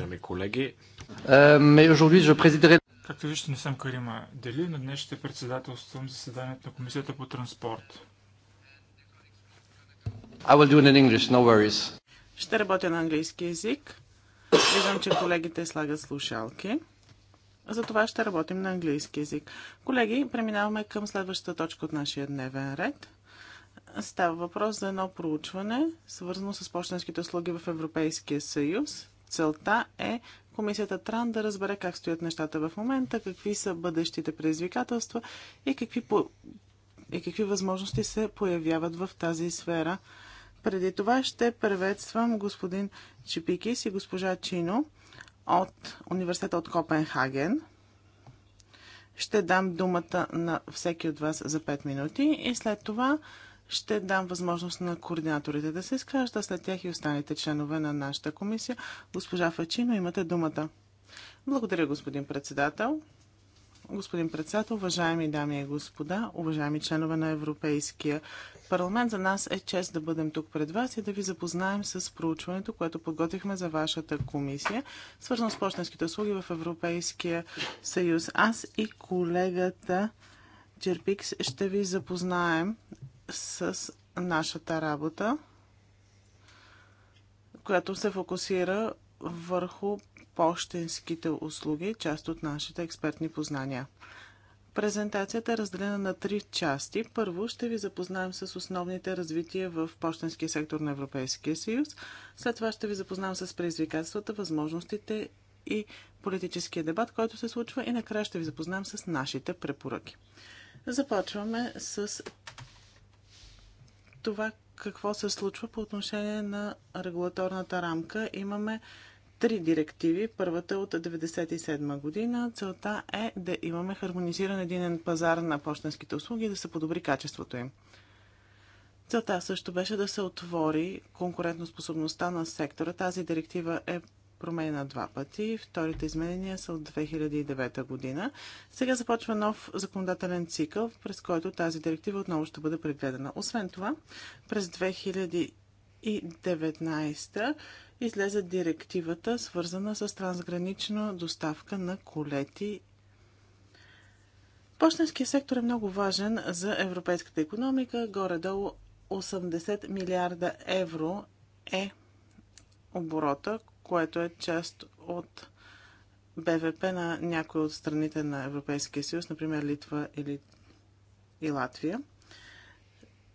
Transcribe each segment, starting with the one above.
уважаеми колеги. Е, Както виждате, не съм Карима Дели, но днес ще председателствам заседанието на Комисията по транспорт. I will do it in English, no worries. Ще работя на английски язик. Виждам, че колегите слагат слушалки. За това ще работим на английски язик. Колеги, преминаваме към следващата точка от нашия дневен ред. Става въпрос за едно проучване, свързано с почтенските услуги в Европейския съюз целта е комисията Тран да разбере как стоят нещата в момента, какви са бъдещите предизвикателства и какви, по... и какви възможности се появяват в тази сфера. Преди това ще приветствам господин Чипикис и госпожа Чино от университета от Копенхаген. Ще дам думата на всеки от вас за 5 минути и след това ще дам възможност на координаторите да се изкажат, а след тях и останалите членове на нашата комисия. Госпожа Фачино, имате думата. Благодаря, господин председател. Господин председател, уважаеми дами и господа, уважаеми членове на Европейския парламент, за нас е чест да бъдем тук пред вас и да ви запознаем с проучването, което подготвихме за вашата комисия, свързано с почтенските услуги в Европейския съюз. Аз и колегата Джерпикс ще ви запознаем с нашата работа, която се фокусира върху пощенските услуги, част от нашите експертни познания. Презентацията е разделена на три части. Първо ще ви запознаем с основните развития в почтенския сектор на Европейския съюз. След това ще ви запознаем с предизвикателствата, възможностите и политическия дебат, който се случва. И накрая ще ви запознаем с нашите препоръки. Започваме с това какво се случва по отношение на регулаторната рамка. Имаме три директиви. Първата е от 1997 година. Целта е да имаме хармонизиран единен пазар на почтенските услуги и да се подобри качеството им. Целта също беше да се отвори конкурентоспособността на сектора. Тази директива е променена два пъти. Вторите изменения са от 2009 година. Сега започва нов законодателен цикъл, през който тази директива отново ще бъде прегледана. Освен това, през 2019 излезе директивата, свързана с трансгранична доставка на колети Почтенският сектор е много важен за европейската економика. Горе-долу 80 милиарда евро е оборота, което е част от БВП на някои от страните на Европейския съюз, например Литва или и Латвия.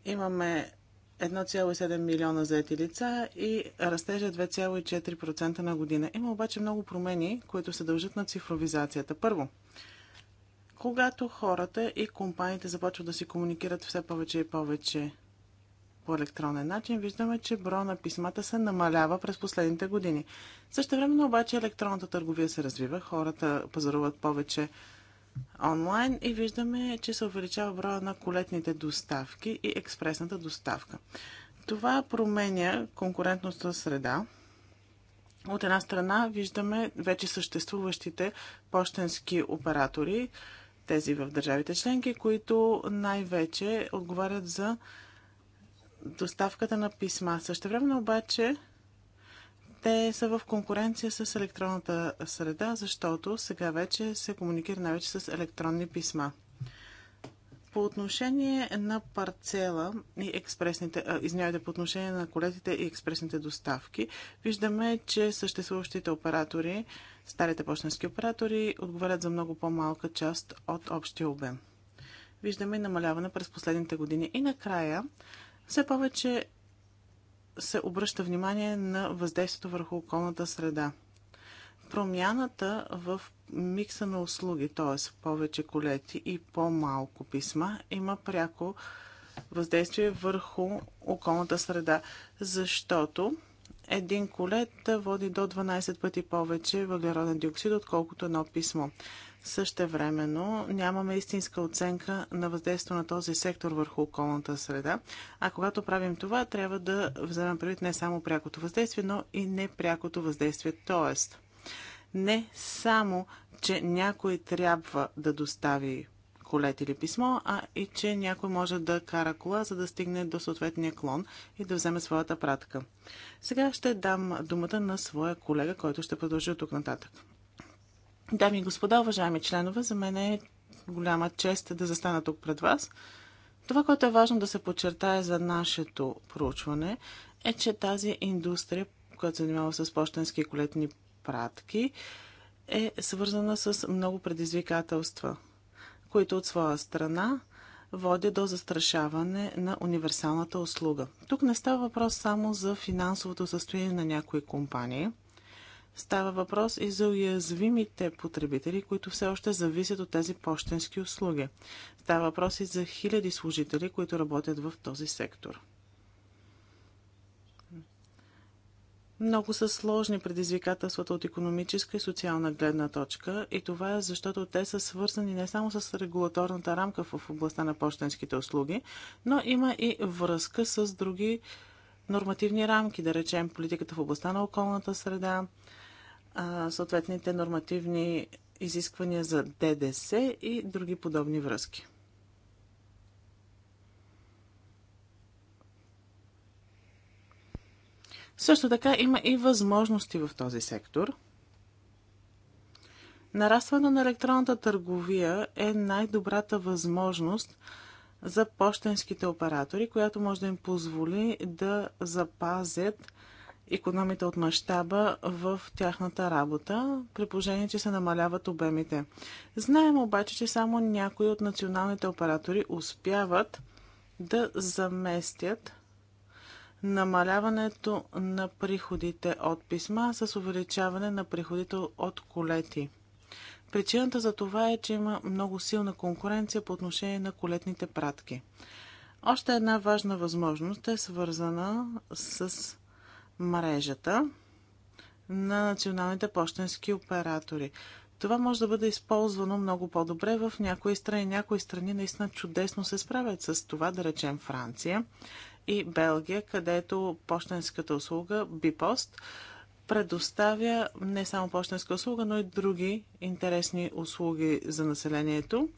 Имаме 1,7 милиона заети лица и растежа 2,4% е на година. Има обаче много промени, които се дължат на цифровизацията. Първо, когато хората и компаниите започват да си комуникират все повече и повече по електронен начин, виждаме, че броя на писмата се намалява през последните години. Също времено обаче електронната търговия се развива, хората пазаруват повече онлайн и виждаме, че се увеличава броя на колетните доставки и експресната доставка. Това променя конкурентната среда. От една страна виждаме вече съществуващите почтенски оператори, тези в държавите членки, които най-вече отговарят за доставката на писма. Също време обаче те са в конкуренция с електронната среда, защото сега вече се комуникира най-вече с електронни писма. По отношение на парцела и експресните, извинявайте, по отношение на колетите и експресните доставки, виждаме, че съществуващите оператори, старите почтенски оператори, отговарят за много по-малка част от общия обем. Виждаме намаляване през последните години. И накрая, все повече се обръща внимание на въздействието върху околната среда. Промяната в микса на услуги, т.е. повече колети и по-малко писма, има пряко въздействие върху околната среда, защото един колет води до 12 пъти повече въглероден диоксид, отколкото едно писмо времено нямаме истинска оценка на въздействието на този сектор върху околната среда, а когато правим това, трябва да вземем предвид не само прякото въздействие, но и непрякото въздействие, т.е. не само, че някой трябва да достави колет или писмо, а и че някой може да кара кола, за да стигне до съответния клон и да вземе своята пратка. Сега ще дам думата на своя колега, който ще продължи от тук нататък. Дами и господа, уважаеми членове, за мен е голяма чест да застана тук пред вас. Това, което е важно да се подчертае за нашето проучване, е, че тази индустрия, която се занимава с почтенски колетни пратки, е свързана с много предизвикателства, които от своя страна води до застрашаване на универсалната услуга. Тук не става въпрос само за финансовото състояние на някои компании – Става въпрос и за уязвимите потребители, които все още зависят от тези почтенски услуги. Става въпрос и за хиляди служители, които работят в този сектор. Много са сложни предизвикателствата от економическа и социална гледна точка и това е защото те са свързани не само с регулаторната рамка в областта на почтенските услуги, но има и връзка с други нормативни рамки, да речем политиката в областта на околната среда, а, съответните нормативни изисквания за ДДС и други подобни връзки. Също така има и възможности в този сектор. Нарастването на електронната търговия е най-добрата възможност за почтенските оператори, която може да им позволи да запазят економите от мащаба в тяхната работа, при положение, че се намаляват обемите. Знаем обаче, че само някои от националните оператори успяват да заместят намаляването на приходите от писма с увеличаване на приходите от колети. Причината за това е, че има много силна конкуренция по отношение на колетните пратки. Още една важна възможност е свързана с мрежата на националните почтенски оператори. Това може да бъде използвано много по-добре в някои страни. Някои страни наистина чудесно се справят с това, да речем Франция и Белгия, където почтенската услуга Бипост предоставя не само почтенска услуга, но и други интересни услуги за населението.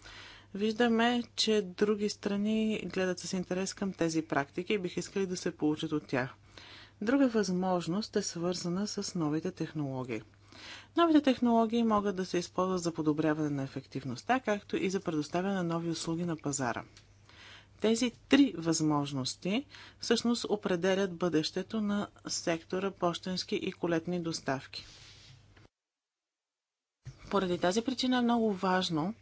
Виждаме, че други страни гледат с интерес към тези практики и бих искали да се получат от тях. Друга възможност е свързана с новите технологии. Новите технологии могат да се използват за подобряване на ефективността, както и за предоставяне на нови услуги на пазара. Тези три възможности всъщност определят бъдещето на сектора почтенски и колетни доставки. Поради тази причина е много важно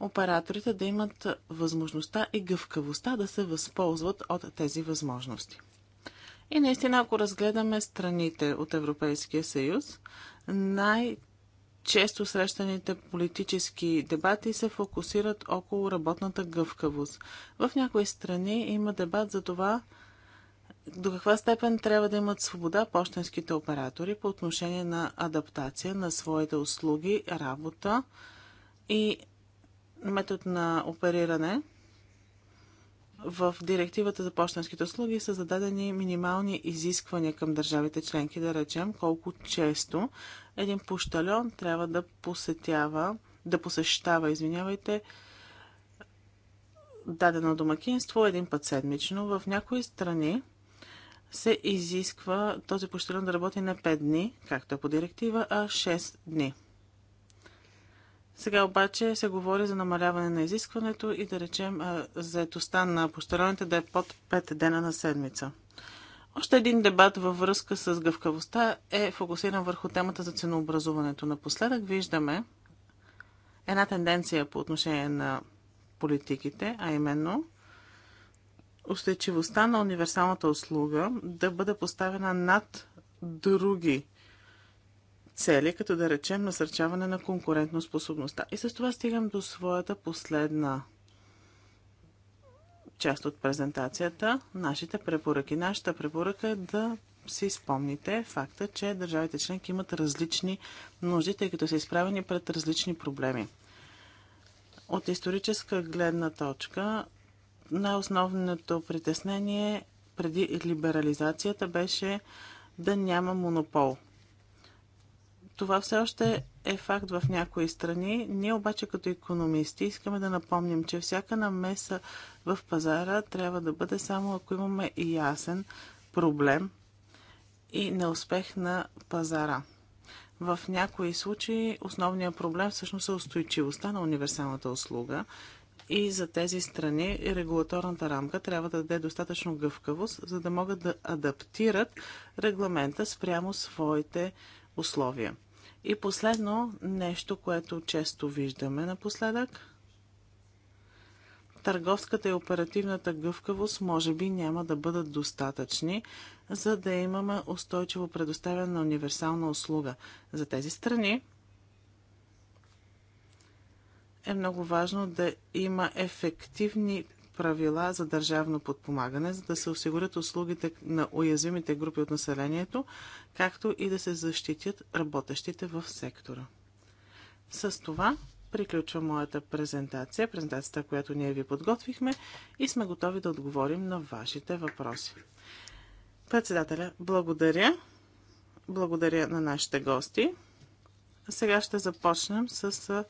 операторите да имат възможността и гъвкавостта да се възползват от тези възможности. И наистина, ако разгледаме страните от Европейския съюз, най- често срещаните политически дебати се фокусират около работната гъвкавост. В някои страни има дебат за това до каква степен трябва да имат свобода почтенските оператори по отношение на адаптация на своите услуги, работа и метод на опериране – в директивата за почтенските услуги са зададени минимални изисквания към държавите членки, да речем колко често един пощальон трябва да посетява, да посещава, извинявайте, дадено домакинство един път седмично. В някои страни се изисква този пощален да работи не 5 дни, както е по директива, а 6 дни. Сега обаче се говори за намаляване на изискването и да речем заетостта на посторонните да е под 5 дена на седмица. Още един дебат във връзка с гъвкавостта е фокусиран върху темата за ценообразуването. Напоследък виждаме една тенденция по отношение на политиките, а именно устойчивостта на универсалната услуга да бъде поставена над други цели, като да речем насърчаване на конкурентно способността. И с това стигам до своята последна част от презентацията. Нашите препоръки. Нашата препоръка е да си спомните факта, че държавите членки имат различни нужди, тъй като са изправени пред различни проблеми. От историческа гледна точка, най-основното притеснение преди либерализацията беше да няма монопол – това все още е факт в някои страни. Ние обаче като економисти искаме да напомним, че всяка намеса в пазара трябва да бъде само ако имаме ясен проблем и неуспех на пазара. В някои случаи основният проблем всъщност е устойчивостта на универсалната услуга и за тези страни регулаторната рамка трябва да даде достатъчно гъвкавост, за да могат да адаптират регламента спрямо своите условия. И последно, нещо, което често виждаме напоследък. Търговската и оперативната гъвкавост може би няма да бъдат достатъчни, за да имаме устойчиво предоставяне на универсална услуга. За тези страни е много важно да има ефективни правила за държавно подпомагане, за да се осигурят услугите на уязвимите групи от населението, както и да се защитят работещите в сектора. С това приключва моята презентация, презентацията, която ние ви подготвихме и сме готови да отговорим на вашите въпроси. Председателя, благодаря. Благодаря на нашите гости. Сега ще започнем с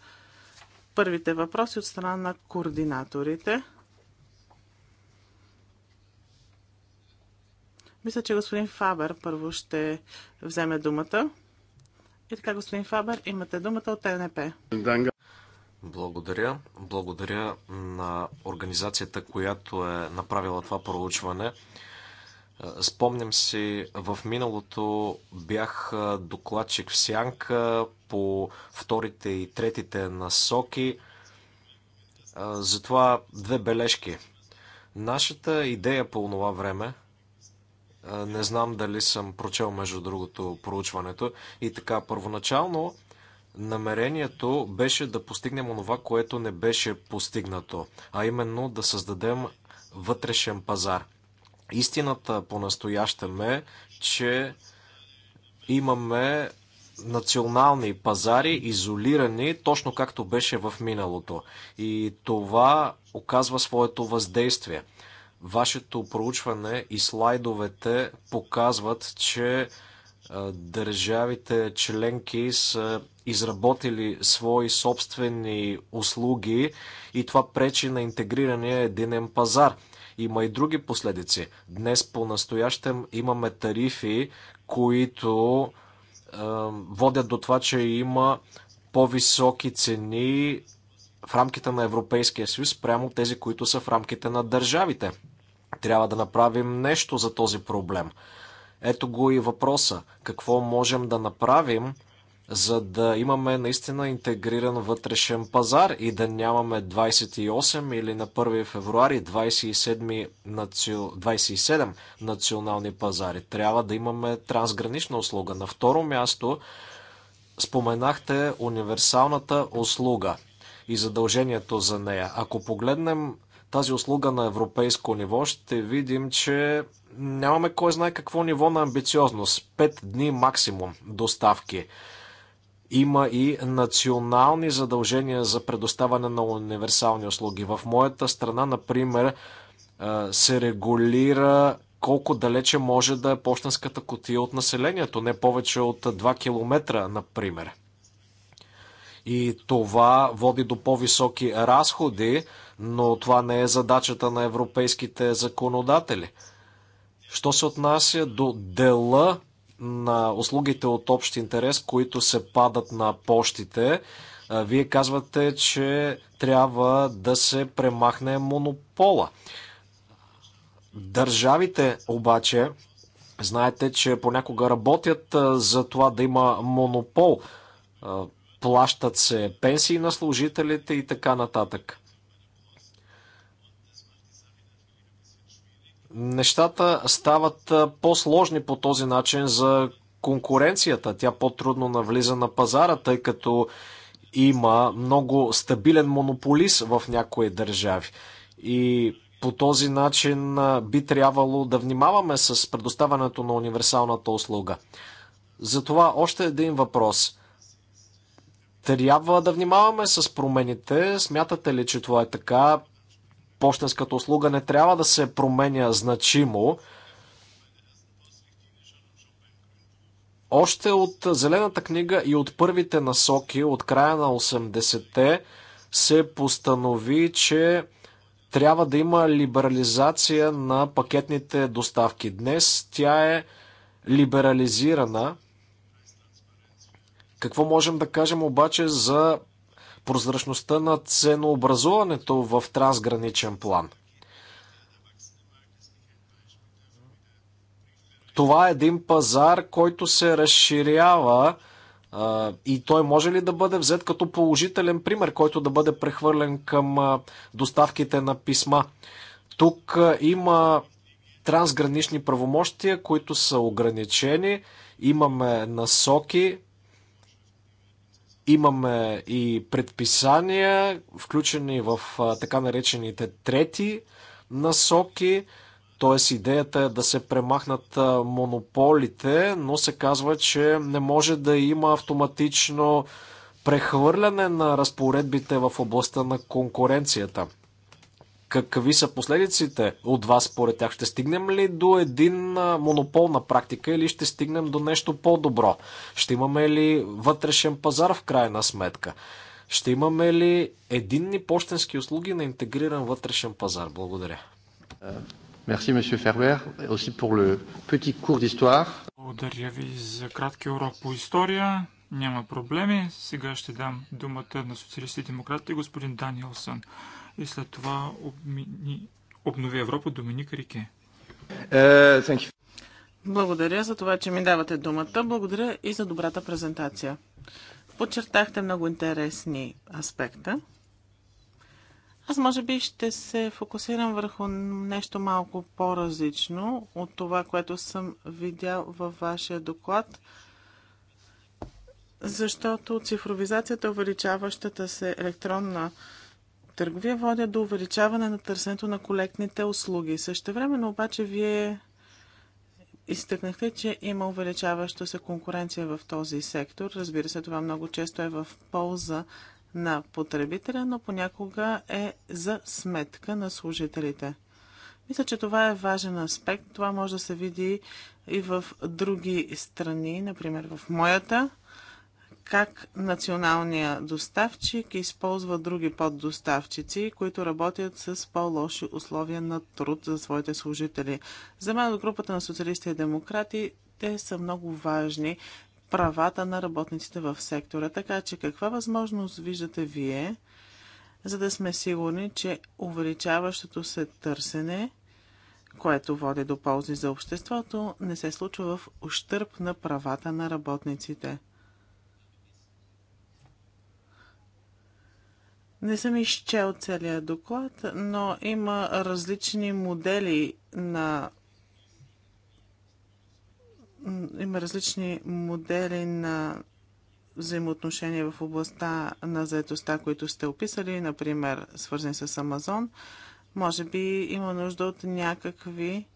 първите въпроси от страна на координаторите – Мисля, че господин Фабер първо ще вземе думата. И така, господин Фабер, имате думата от ТНП. Благодаря. Благодаря на организацията, която е направила това проучване. Спомням си, в миналото бях докладчик в Сянка по вторите и третите насоки. Затова две бележки. Нашата идея по това време – не знам дали съм прочел, между другото, проучването. И така, първоначално намерението беше да постигнем онова, което не беше постигнато, а именно да създадем вътрешен пазар. Истината по-настоящем е, че имаме национални пазари, изолирани, точно както беше в миналото. И това оказва своето въздействие – Вашето проучване и слайдовете показват, че е, държавите членки са изработили свои собствени услуги и това пречи на интегрирания единен пазар. Има и други последици. Днес по-настоящем имаме тарифи, които е, водят до това, че има по-високи цени в рамките на Европейския съюз прямо тези, които са в рамките на държавите. Трябва да направим нещо за този проблем. Ето го и въпроса. Какво можем да направим, за да имаме наистина интегриран вътрешен пазар и да нямаме 28 или на 1 февруари 27, наци... 27 национални пазари. Трябва да имаме трансгранична услуга. На второ място споменахте универсалната услуга и задължението за нея. Ако погледнем тази услуга на европейско ниво, ще видим, че нямаме кой знае какво ниво на амбициозност. Пет дни максимум доставки. Има и национални задължения за предоставяне на универсални услуги. В моята страна, например, се регулира колко далече може да е почтенската котия от населението, не повече от 2 км, например и това води до по-високи разходи, но това не е задачата на европейските законодатели. Що се отнася до дела на услугите от общ интерес, които се падат на почтите, вие казвате, че трябва да се премахне монопола. Държавите обаче, знаете, че понякога работят за това да има монопол плащат се пенсии на служителите и така нататък. Нещата стават по-сложни по този начин за конкуренцията. Тя по-трудно навлиза на пазара, тъй като има много стабилен монополис в някои държави. И по този начин би трябвало да внимаваме с предоставянето на универсалната услуга. Затова още един въпрос – трябва да внимаваме с промените. Смятате ли, че това е така? Пощенската услуга не трябва да се променя значимо. Още от Зелената книга и от първите насоки от края на 80-те се постанови, че трябва да има либерализация на пакетните доставки. Днес тя е либерализирана какво можем да кажем обаче за прозрачността на ценообразуването в трансграничен план? Това е един пазар, който се разширява и той може ли да бъде взет като положителен пример, който да бъде прехвърлен към доставките на писма? Тук има трансгранични правомощия, които са ограничени. Имаме насоки Имаме и предписания, включени в така наречените трети насоки, т.е. идеята е да се премахнат монополите, но се казва, че не може да има автоматично прехвърляне на разпоредбите в областта на конкуренцията. Какви са последиците от вас според тях? Ще стигнем ли до един монопол на практика или ще стигнем до нещо по-добро? Ще имаме ли вътрешен пазар в крайна сметка? Ще имаме ли единни почтенски услуги на интегриран вътрешен пазар? Благодаря. Merci, monsieur Фербер, aussi pour le petit cours d'histoire. Благодаря ви за краткия урок по история. Няма проблеми. Сега ще дам думата на социалистите демократи господин Даниелсън. И след това обмини... обнови Европа Доминик Рике. Uh, Благодаря за това, че ми давате думата. Благодаря и за добрата презентация. Подчертахте много интересни аспекта. Аз може би ще се фокусирам върху нещо малко по-различно от това, което съм видял във вашия доклад, защото цифровизацията, увеличаващата се електронна търговия водят до увеличаване на търсенето на колектните услуги. Също но обаче вие изтъкнахте, че има увеличаваща се конкуренция в този сектор. Разбира се, това много често е в полза на потребителя, но понякога е за сметка на служителите. Мисля, че това е важен аспект. Това може да се види и в други страни, например в моята как националният доставчик използва други поддоставчици, които работят с по-лоши условия на труд за своите служители. За мен от групата на социалисти и демократи те са много важни правата на работниците в сектора. Така че каква възможност виждате вие, за да сме сигурни, че увеличаващото се търсене, което води до ползи за обществото, не се случва в ущърп на правата на работниците? Не съм изчел целият доклад, но има различни модели на има различни модели на взаимоотношения в областта на заедостта, които сте описали, например, свързани с Амазон. Може би има нужда от някакви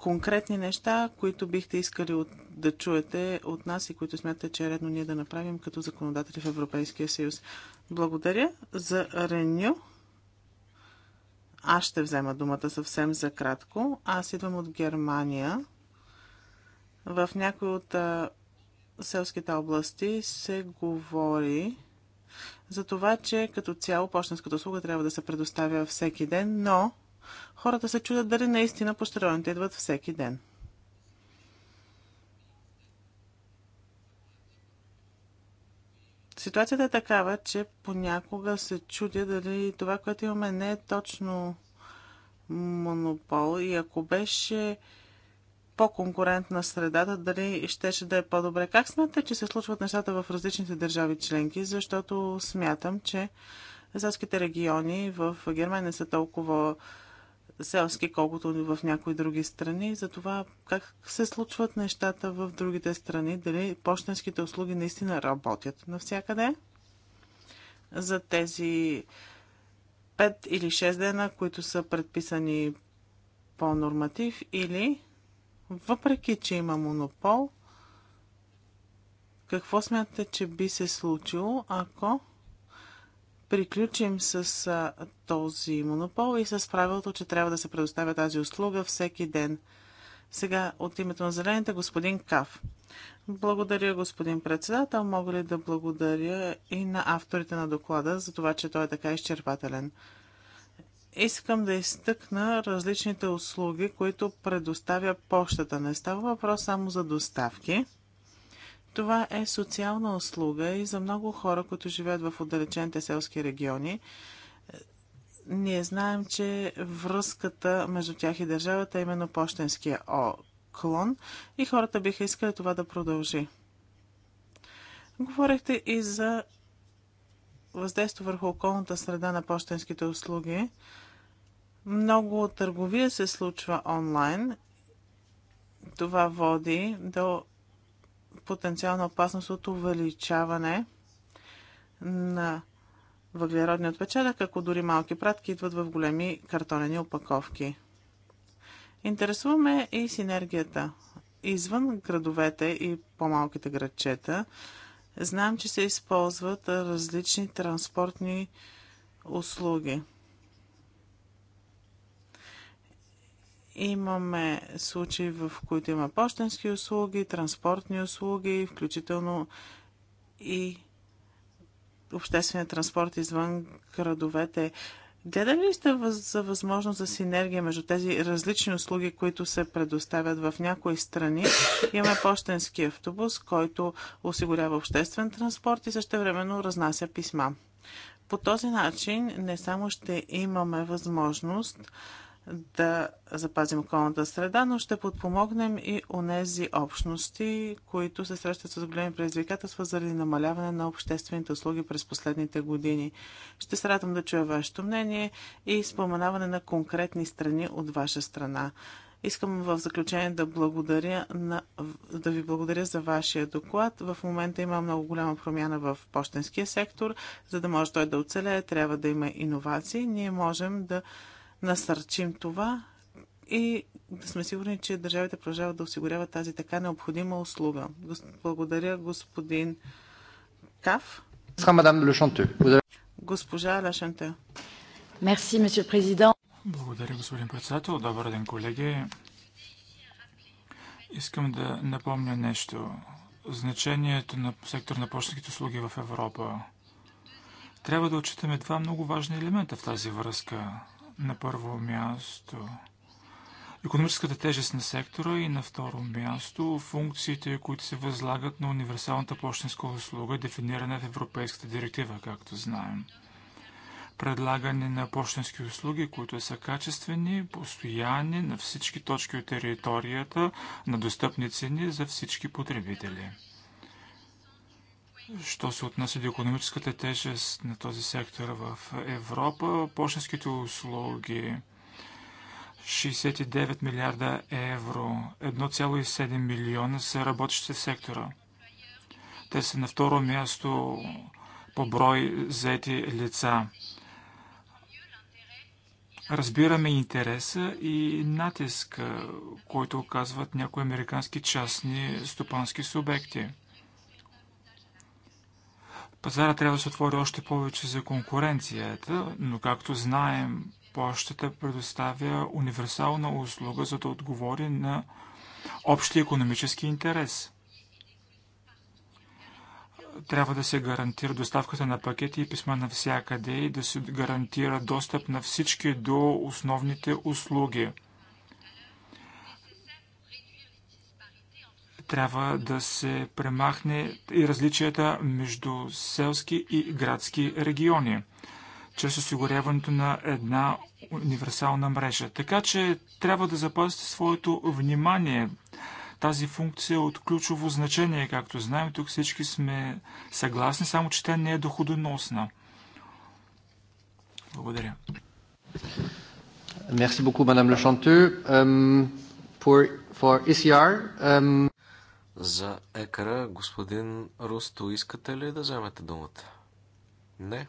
конкретни неща, които бихте искали от, да чуете от нас и които смятате, че е редно ние да направим като законодатели в Европейския съюз. Благодаря за Реню. Аз ще взема думата съвсем за кратко. Аз идвам от Германия. В някои от а, селските области се говори за това, че като цяло почтенската услуга трябва да се предоставя всеки ден, но хората се чудят дали наистина пощероните идват всеки ден. Ситуацията е такава, че понякога се чудя дали това, което имаме, не е точно монопол и ако беше по-конкурентна средата, дали щеше да е по-добре. Как смятате, че се случват нещата в различните държави членки? Защото смятам, че азиатските региони в Германия са толкова селски, колкото в някои други страни. За това как се случват нещата в другите страни, дали почтенските услуги наистина работят навсякъде за тези 5 или 6 дена, които са предписани по норматив или въпреки, че има монопол, какво смятате, че би се случило, ако приключим с а, този монопол и с правилото, че трябва да се предоставя тази услуга всеки ден. Сега от името на зелените господин Кав. Благодаря, господин председател. Мога ли да благодаря и на авторите на доклада за това, че той е така изчерпателен? Искам да изтъкна различните услуги, които предоставя почтата. Не става въпрос само за доставки това е социална услуга и за много хора, които живеят в отдалечените селски региони, ние знаем, че връзката между тях и държавата е именно почтенския оклон, и хората биха искали това да продължи. Говорихте и за въздействието върху околната среда на почтенските услуги. Много търговия се случва онлайн. Това води до потенциална опасност от увеличаване на въглеродния отпечатък, ако дори малки пратки идват в големи картонени опаковки. Интересуваме и синергията. Извън градовете и по-малките градчета, знам, че се използват различни транспортни услуги. Имаме случаи, в които има почтенски услуги, транспортни услуги, включително и обществения транспорт извън градовете. Гледали ли сте за възможност за синергия между тези различни услуги, които се предоставят в някои страни? Имаме почтенски автобус, който осигурява обществен транспорт и също времено разнася писма. По този начин не само ще имаме възможност да запазим околната среда, но ще подпомогнем и онези общности, които се срещат с големи предизвикателства заради намаляване на обществените услуги през последните години. Ще се радвам да чуя вашето мнение и споменаване на конкретни страни от ваша страна. Искам в заключение да, благодаря на, да ви благодаря за вашия доклад. В момента има много голяма промяна в почтенския сектор. За да може той да оцелее, трябва да има иновации. Ние можем да насърчим това и да сме сигурни, че държавите продължават да осигуряват тази така необходима услуга. Благодаря, господин Каф. Госпожа Лешанте. Мерси, месье президент. Благодаря, господин председател. Добър ден, колеги. Искам да напомня нещо. Значението на сектор на почтените услуги в Европа. Трябва да отчитаме два много важни елемента в тази връзка на първо място економическата тежест на сектора и на второ място функциите, които се възлагат на универсалната почтенска услуга, дефинирана в Европейската директива, както знаем. Предлагане на почтенски услуги, които са качествени, постоянни на всички точки от територията, на достъпни цени за всички потребители. Що се отнася до економическата тежест на този сектор в Европа, почтенските услуги 69 милиарда евро, 1,7 милиона са работещи в сектора. Те са на второ място по брой заети лица. Разбираме интереса и натиска, който оказват някои американски частни стопански субекти – Пазара трябва да се отвори още повече за конкуренцията, но както знаем, Пощата предоставя универсална услуга, за да отговори на общия економически интерес. Трябва да се гарантира доставката на пакети и писма навсякъде и да се гарантира достъп на всички до основните услуги – Трябва да се премахне и различията между селски и градски региони, чрез осигуряването на една универсална мрежа. Така че трябва да запазите своето внимание. Тази функция е от ключово значение, както знаем, тук всички сме съгласни, само че тя не е доходоносна. Благодаря. Merci beaucoup, Madame Le Chanteux. Um, pour, for ECR, um... Euh, за екара, господин Русто, искате ли да вземете думата? Не.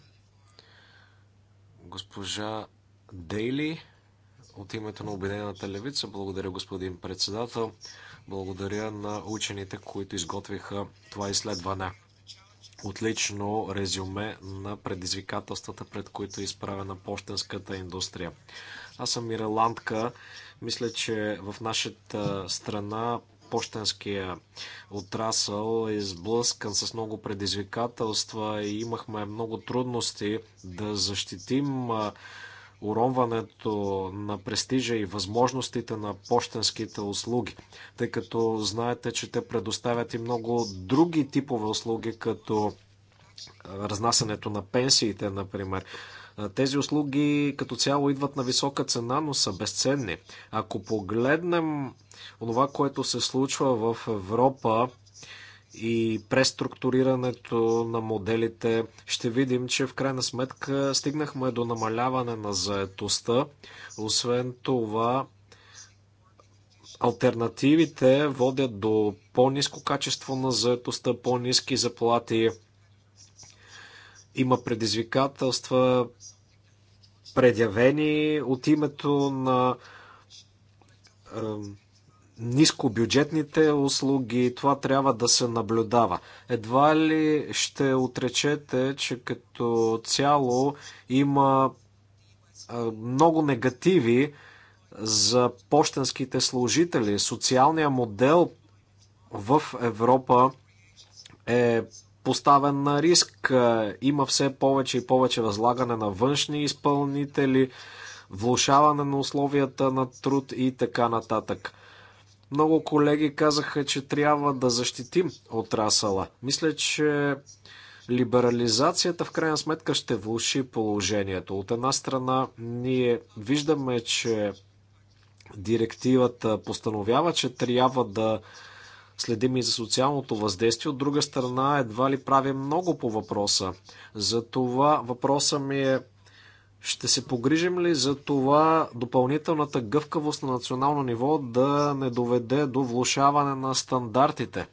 Госпожа Дейли от името на Обединената левица. Благодаря, господин председател. Благодаря на учените, които изготвиха това изследване. Отлично резюме на предизвикателствата, пред които е изправена почтенската индустрия. Аз съм ирландка. Мисля, че в нашата страна почтенския отрасъл е изблъскан с много предизвикателства и имахме много трудности да защитим уронването на престижа и възможностите на почтенските услуги, тъй като знаете, че те предоставят и много други типове услуги, като разнасянето на пенсиите, например. Тези услуги като цяло идват на висока цена, но са безценни. Ако погледнем това, което се случва в Европа и преструктурирането на моделите, ще видим, че в крайна сметка стигнахме до намаляване на заетостта. Освен това, Алтернативите водят до по-низко качество на заетостта, по-низки заплати. Има предизвикателства предявени от името на е, нискобюджетните услуги. Това трябва да се наблюдава. Едва ли ще отречете, че като цяло има е, много негативи за почтенските служители. Социалният модел в Европа е поставен на риск. Е, има все повече и повече възлагане на външни изпълнители, влушаване на условията на труд и така нататък. Много колеги казаха, че трябва да защитим отрасъла. Мисля, че либерализацията в крайна сметка ще влуши положението. От една страна, ние виждаме, че директивата постановява, че трябва да Следим и за социалното въздействие. От друга страна, едва ли правим много по въпроса. За това въпроса ми е ще се погрижим ли за това допълнителната гъвкавост на национално ниво да не доведе до влушаване на стандартите?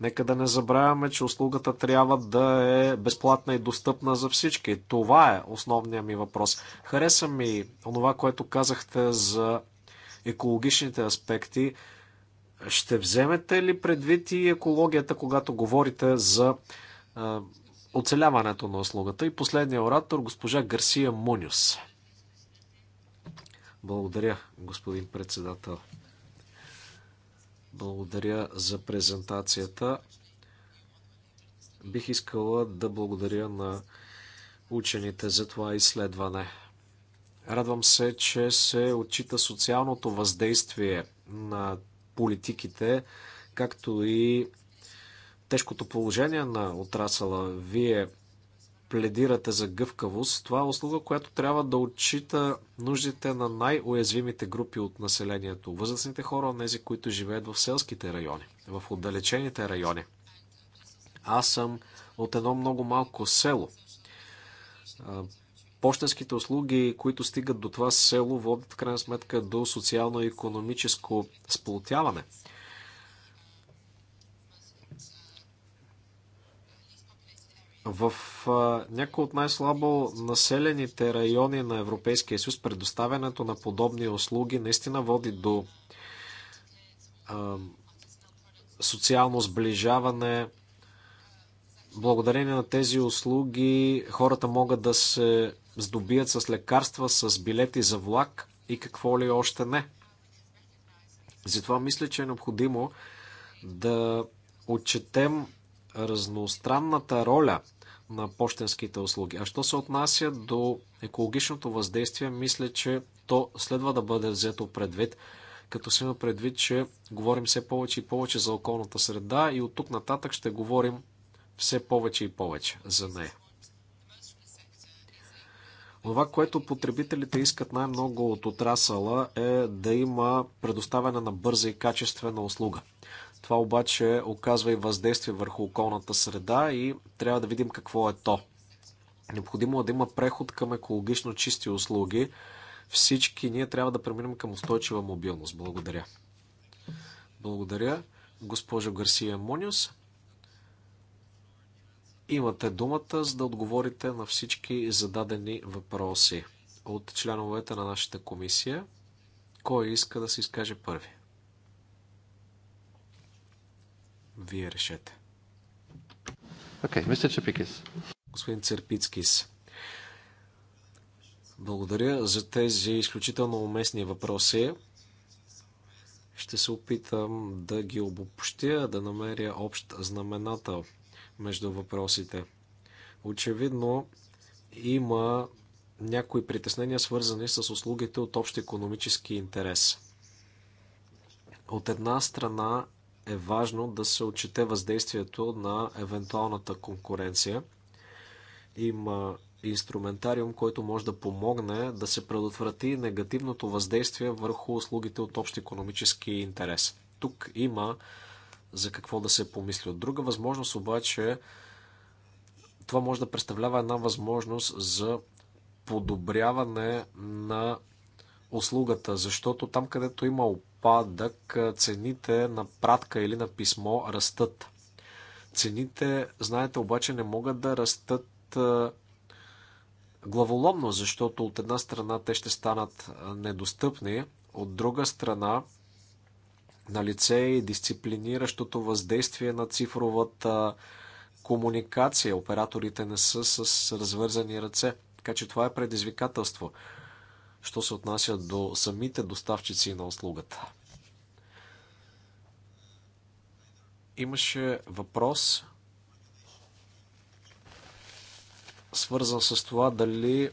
Нека да не забравяме, че услугата трябва да е безплатна и достъпна за всички. Това е основният ми въпрос. Хареса ми онова, което казахте за екологичните аспекти. Ще вземете ли предвид и екологията, когато говорите за оцеляването на услугата? И последния оратор, госпожа Гарсия Мунюс. Благодаря, господин председател. Благодаря за презентацията. Бих искала да благодаря на учените за това изследване. Радвам се, че се отчита социалното въздействие на политиките, както и тежкото положение на отрасъла. Вие пледирате за гъвкавост. Това е услуга, която трябва да отчита нуждите на най-уязвимите групи от населението. Възрастните хора, тези, които живеят в селските райони, в отдалечените райони. Аз съм от едно много малко село. Пощенските услуги, които стигат до това село, водят в крайна сметка до социално-економическо сплотяване. В а, някои от най-слабо населените райони на Европейския съюз предоставянето на подобни услуги наистина води до а, социално сближаване. Благодарение на тези услуги хората могат да се здобият с лекарства, с билети за влак и какво ли още не. Затова мисля, че е необходимо да отчетем разностранната роля на почтенските услуги. А що се отнася до екологичното въздействие, мисля, че то следва да бъде взето предвид, като се има предвид, че говорим все повече и повече за околната среда и от тук нататък ще говорим все повече и повече за нея. Това, което потребителите искат най-много от отрасъла е да има предоставяне на бърза и качествена услуга. Това обаче оказва и въздействие върху околната среда и трябва да видим какво е то. Необходимо е да има преход към екологично чисти услуги. Всички ние трябва да преминем към устойчива мобилност. Благодаря. Благодаря, госпожо Гарсия Мониус. Имате думата, за да отговорите на всички зададени въпроси от членовете на нашата комисия. Кой иска да се изкаже първи? Вие решете. Окей, okay, мистер Чепикис. Господин Церпицкис, благодаря за тези изключително уместни въпроси. Ще се опитам да ги обобщя, да намеря общ знаменател – между въпросите. Очевидно има някои притеснения, свързани с услугите от общ економически интерес. От една страна е важно да се отчете въздействието на евентуалната конкуренция. Има инструментариум, който може да помогне да се предотврати негативното въздействие върху услугите от общ економически интерес. Тук има за какво да се помисли. От друга възможност обаче това може да представлява една възможност за подобряване на услугата, защото там, където има опадък, цените на пратка или на писмо растат. Цените, знаете, обаче не могат да растат главоломно, защото от една страна те ще станат недостъпни, от друга страна на лице и дисциплиниращото въздействие на цифровата комуникация. Операторите не са с развързани ръце, така че това е предизвикателство, що се отнася до самите доставчици на услугата. Имаше въпрос, свързан с това дали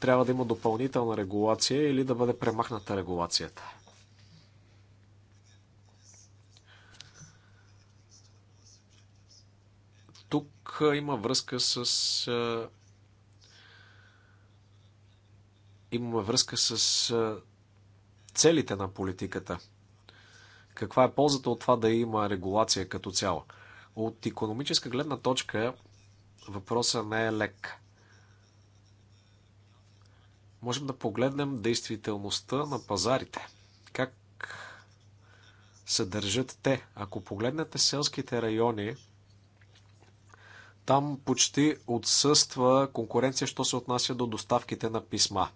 трябва да има допълнителна регулация или да бъде премахната регулацията. Тук има връзка с. Имаме връзка с целите на политиката. Каква е ползата от това да има регулация като цяло? От економическа гледна точка въпросът не е лек. Можем да погледнем действителността на пазарите. Как се държат те? Ако погледнете селските райони, там почти отсъства конкуренция, що се отнася до доставките на писма.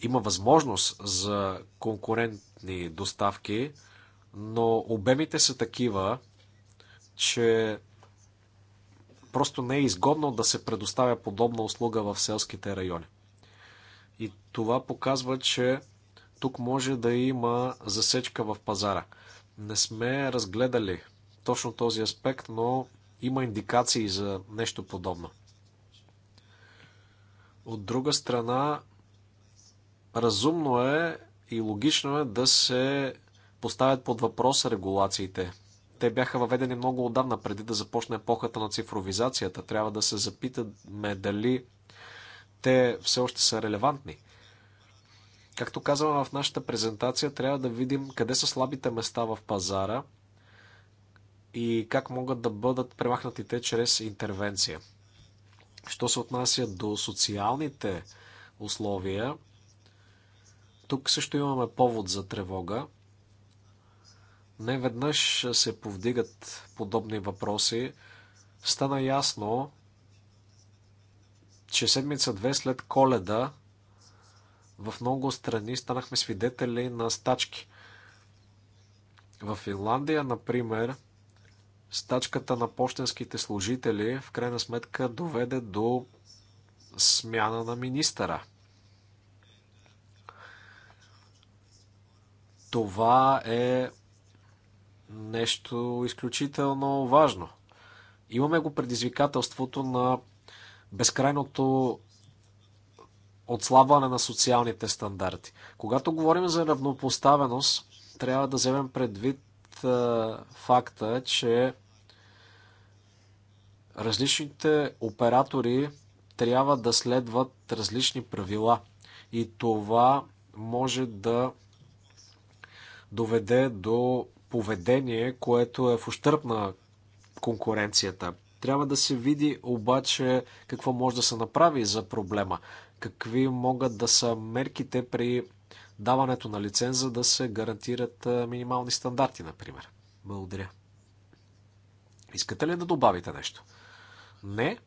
Има възможност за конкурентни доставки, но обемите са такива, че просто не е изгодно да се предоставя подобна услуга в селските райони. И това показва, че тук може да има засечка в пазара. Не сме разгледали точно този аспект, но има индикации за нещо подобно. От друга страна, разумно е и логично е да се поставят под въпрос регулациите. Те бяха въведени много отдавна, преди да започне епохата на цифровизацията. Трябва да се запитаме дали те все още са релевантни. Както казваме в нашата презентация, трябва да видим къде са слабите места в пазара – и как могат да бъдат премахнати те чрез интервенция. Що се отнася до социалните условия, тук също имаме повод за тревога. Не веднъж се повдигат подобни въпроси. Стана ясно, че седмица-две след коледа в много страни станахме свидетели на стачки. В Финландия, например, стачката на почтенските служители в крайна сметка доведе до смяна на министъра. Това е нещо изключително важно. Имаме го предизвикателството на безкрайното отслабване на социалните стандарти. Когато говорим за равнопоставеност, трябва да вземем предвид факта, че Различните оператори трябва да следват различни правила и това може да доведе до поведение, което е в ущърп на конкуренцията. Трябва да се види обаче какво може да се направи за проблема. Какви могат да са мерките при даването на лиценза да се гарантират минимални стандарти, например. Благодаря. Искате ли да добавите нещо? Не.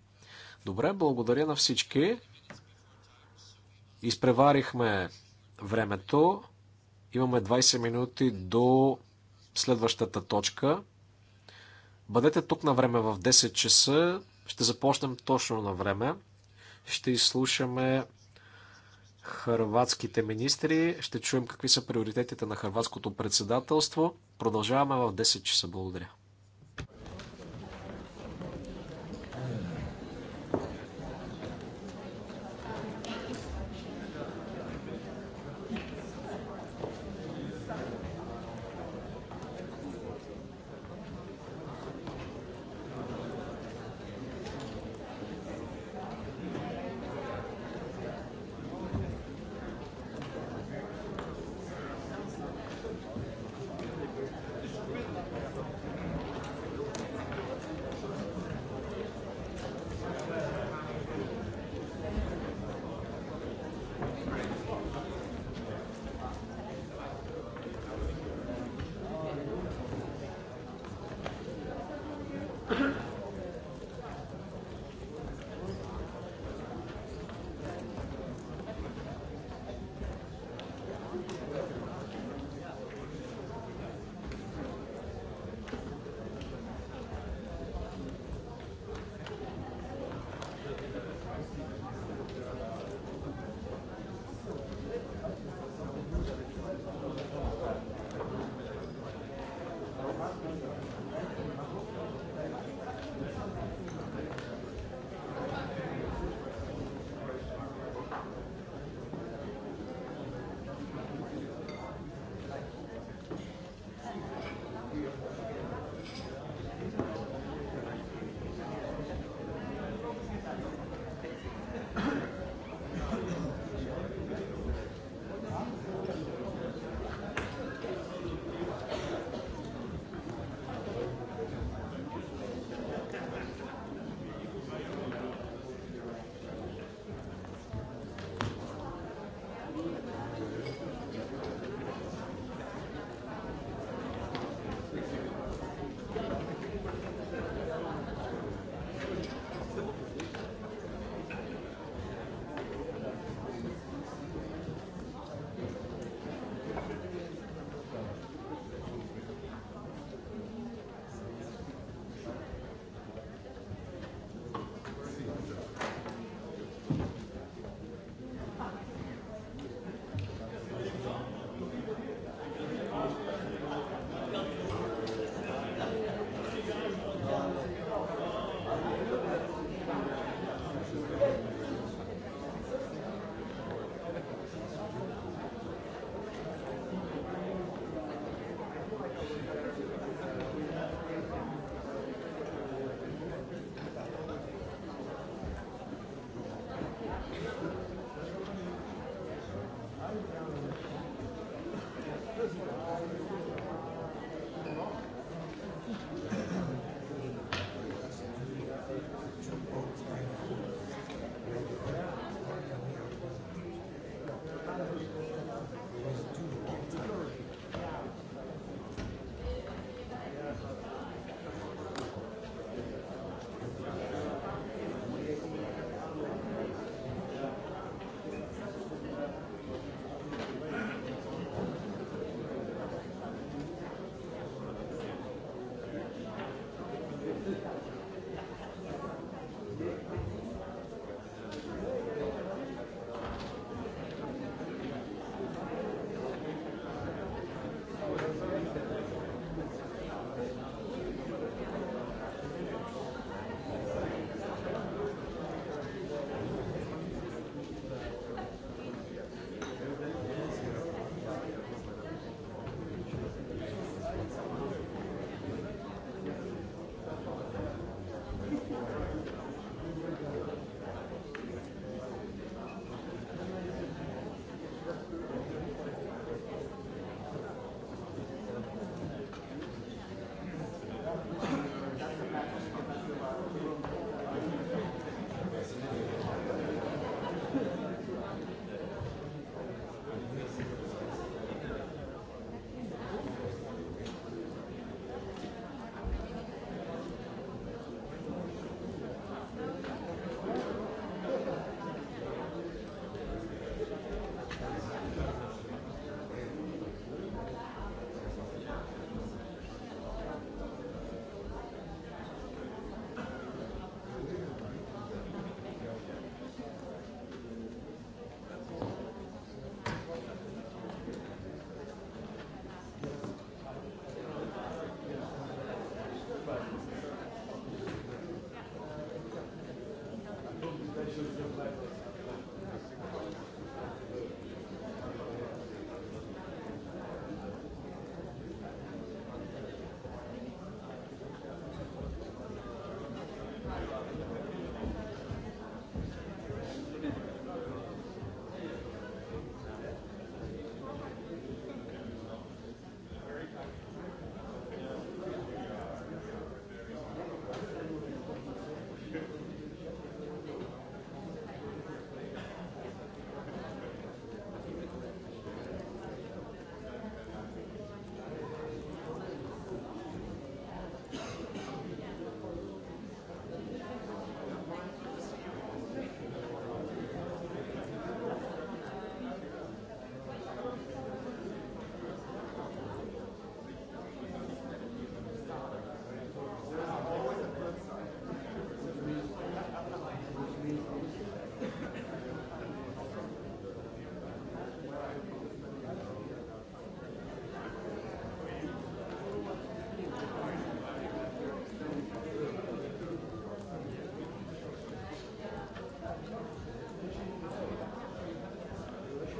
Добре, благодаря на всички. Изпреварихме времето. Имаме 20 минути до следващата точка. Бъдете тук на време в 10 часа. Ще започнем точно на време. Ще изслушаме хърватските министри. Ще чуем какви са приоритетите на хърватското председателство. Продължаваме в 10 часа. Благодаря.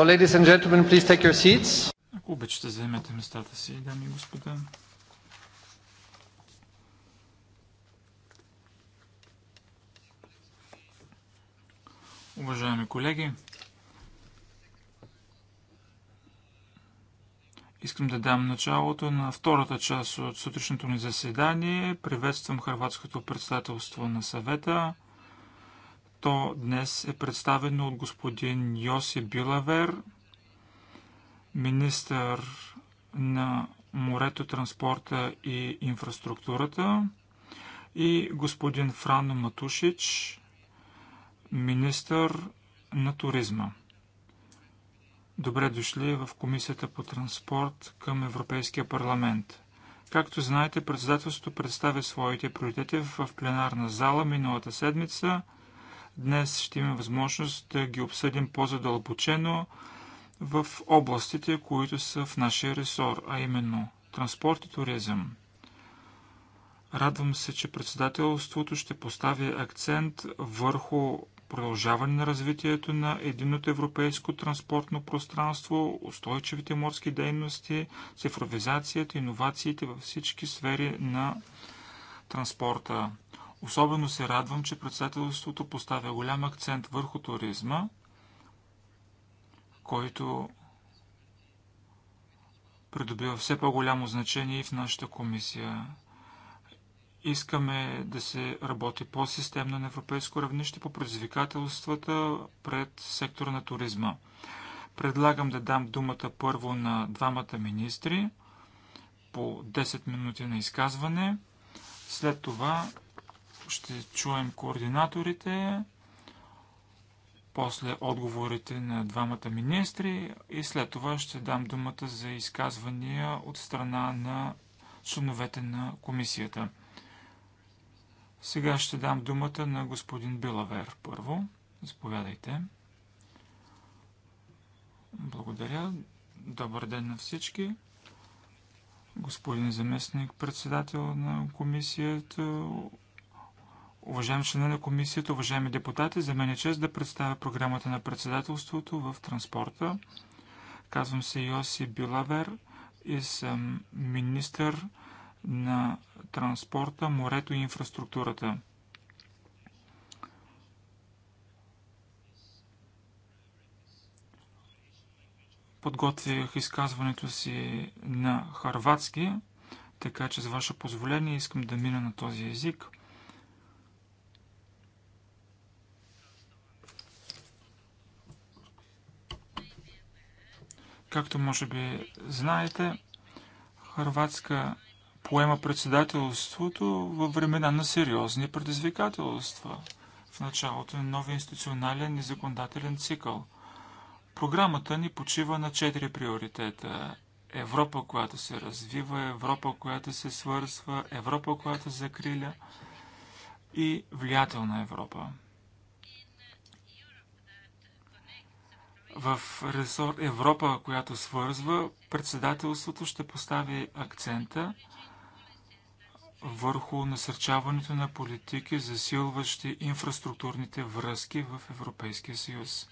So, ladies and gentlemen, please take your seats. Ако обичате, заемете местата си, дами и господа. Уважаеми колеги, Искам да дам началото на втората част от сутрешното ни заседание. Приветствам хрватското председателство на съвета. То днес е представено от господин Йоси Билавер, министър на морето, транспорта и инфраструктурата и господин Франо Матушич, министър на туризма. Добре дошли в Комисията по транспорт към Европейския парламент. Както знаете, председателството представя своите приоритети в пленарна зала миналата седмица – Днес ще имаме възможност да ги обсъдим по-задълбочено в областите, които са в нашия ресор, а именно транспорт и туризъм. Радвам се, че председателството ще постави акцент върху продължаване на развитието на единното европейско транспортно пространство, устойчивите морски дейности, цифровизацията, иновациите във всички сфери на транспорта. Особено се радвам, че председателството поставя голям акцент върху туризма, който придобива все по-голямо значение и в нашата комисия. Искаме да се работи по-системно на европейско равнище по предизвикателствата пред сектора на туризма. Предлагам да дам думата първо на двамата министри по 10 минути на изказване. След това ще чуем координаторите, после отговорите на двамата министри и след това ще дам думата за изказвания от страна на членовете на комисията. Сега ще дам думата на господин Билавер първо. Заповядайте. Благодаря. Добър ден на всички. Господин заместник председател на комисията, Уважаеми членове на комисията, уважаеми депутати, за мен е чест да представя програмата на председателството в транспорта. Казвам се Йоси Билавер и съм министър на транспорта, морето и инфраструктурата. Подготвих изказването си на харватски, така че с ваше позволение искам да мина на този език – Както може би знаете, Харватска поема председателството във времена на сериозни предизвикателства в началото на нови институционален и законодателен цикъл. Програмата ни почива на четири приоритета. Европа, която се развива, Европа, която се свързва, Европа, която закриля и влиятелна Европа. в ресор Европа, която свързва, председателството ще постави акцента върху насърчаването на политики, засилващи инфраструктурните връзки в Европейския съюз.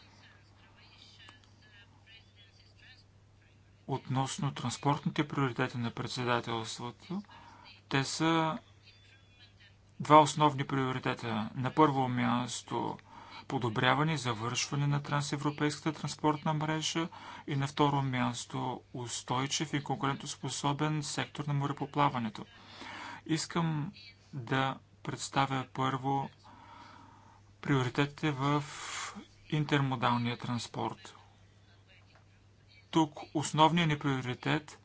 Относно транспортните приоритети на председателството, те са два основни приоритета. На първо място – подобряване и завършване на трансевропейската транспортна мрежа и на второ място устойчив и конкурентоспособен сектор на морепоплаването. Искам да представя първо приоритетите в интермодалния транспорт. Тук основният ни приоритет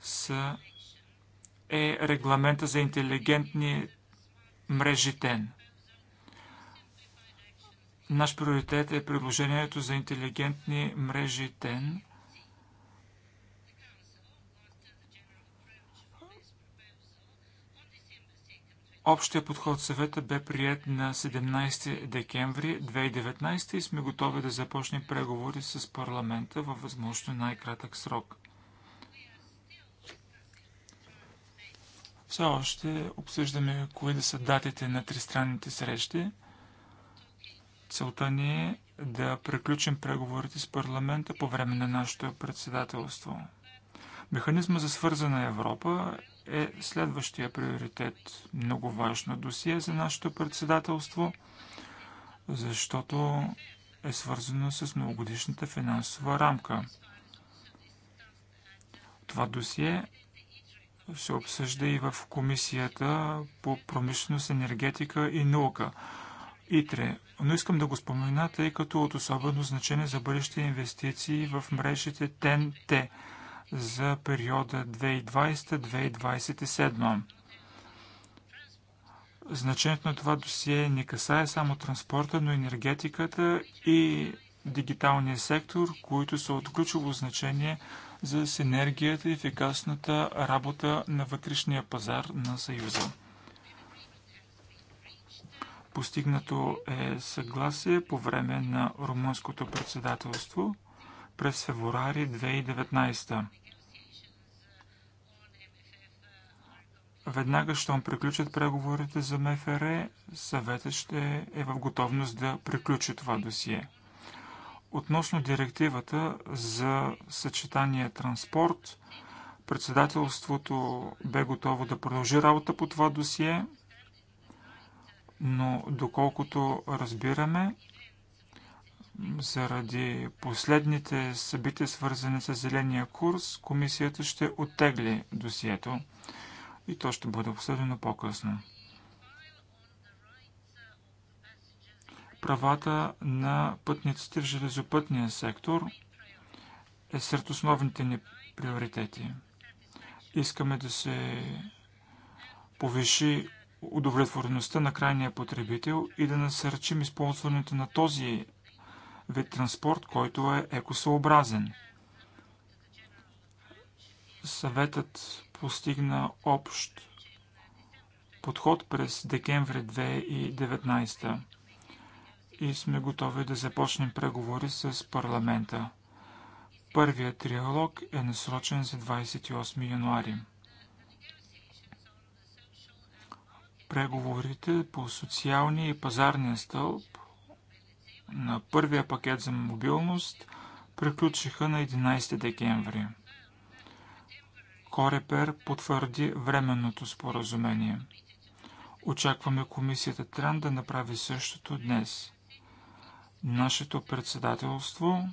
са, е регламента за интелигентни мрежи ТЕН – Наш приоритет е предложението за интелигентни мрежи ТЕН. Общия подход съвета бе прият на 17 декември 2019 и сме готови да започнем преговори с парламента във възможно най-кратък срок. Все още обсъждаме кои да са датите на тристранните срещи. Целта ни е да приключим преговорите с парламента по време на нашето председателство. Механизма за свързана Европа е следващия приоритет. Много важно досие за нашето председателство, защото е свързано с многогодишната финансова рамка. Това досие се обсъжда и в Комисията по промишленост, енергетика и наука – ИТРЕ, но искам да го спомена, тъй като от особено значение за бъдещите инвестиции в мрежите ТНТ за периода 2020-2027. Значението на това досие не касае само транспорта, но енергетиката и дигиталния сектор, които са от ключово значение за синергията и ефикасната работа на вътрешния пазар на Съюза. Постигнато е съгласие по време на румънското председателство през февруари 2019. Веднага, щом приключат преговорите за МФР, съветът ще е в готовност да приключи това досие. Относно директивата за съчетание транспорт, председателството бе готово да продължи работа по това досие – но доколкото разбираме, заради последните събития, свързани с зеления курс, комисията ще оттегли досието и то ще бъде обсъдено по-късно. Правата на пътниците в железопътния сектор е сред основните ни приоритети. Искаме да се повиши удовлетвореността на крайния потребител и да насърчим използването на този вид транспорт, който е екосъобразен. Съветът постигна общ подход през декември 2019 и сме готови да започнем преговори с парламента. Първият триалог е насрочен за 28 януари. преговорите по социалния и пазарния стълб на първия пакет за мобилност приключиха на 11 декември. Корепер потвърди временното споразумение. Очакваме комисията Тран да направи същото днес. Нашето председателство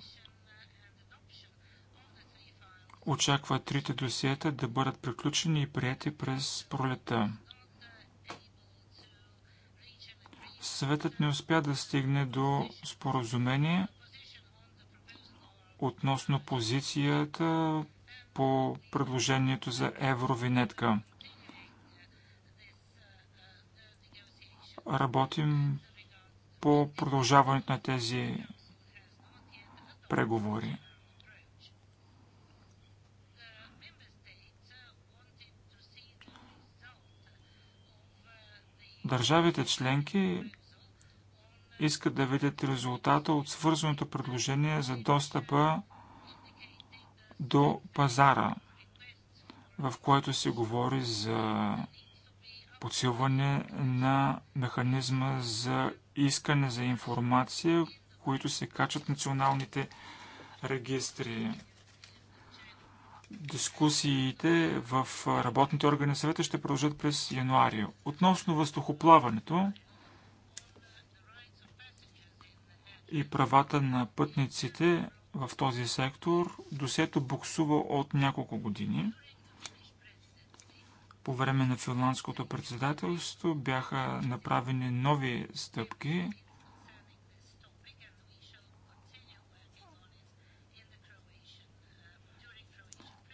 очаква трите досиета да бъдат приключени и прияти през пролета. Съветът не успя да стигне до споразумение относно позицията по предложението за евровинетка. Работим по продължаването на тези преговори. Държавите членки искат да видят резултата от свързаното предложение за достъпа до пазара, в което се говори за подсилване на механизма за искане за информация, които се качат националните регистри. Дискусиите в работните органи на съвета ще продължат през януари. Относно въздухоплаването и правата на пътниците в този сектор, досето буксува от няколко години. По време на финландското председателство бяха направени нови стъпки –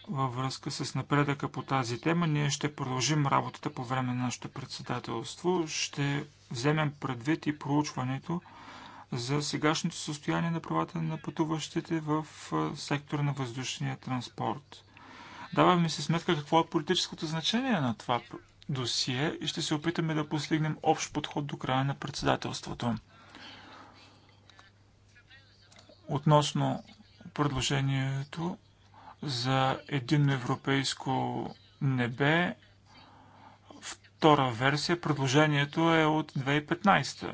във връзка с напредъка по тази тема. Ние ще продължим работата по време на нашето председателство. Ще вземем предвид и проучването за сегашното състояние на правата на пътуващите в сектора на въздушния транспорт. Даваме се сметка какво е политическото значение на това досие и ще се опитаме да постигнем общ подход до края на председателството. Относно предложението за единно европейско небе. Втора версия. Предложението е от 2015.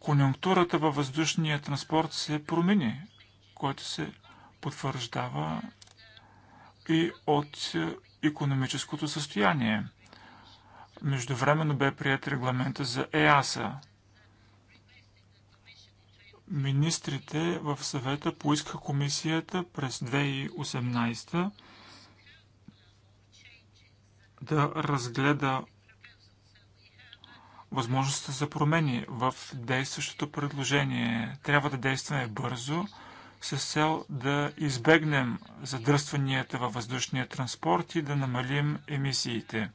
Конюнктурата във въздушния транспорт се промени, което се потвърждава и от економическото състояние. Междувременно бе прият регламента за ЕАСА – Министрите в съвета поиска комисията през 2018 да разгледа възможността за промени в действащото предложение. Трябва да действаме бързо с цел да избегнем задръстванията във въздушния транспорт и да намалим емисиите.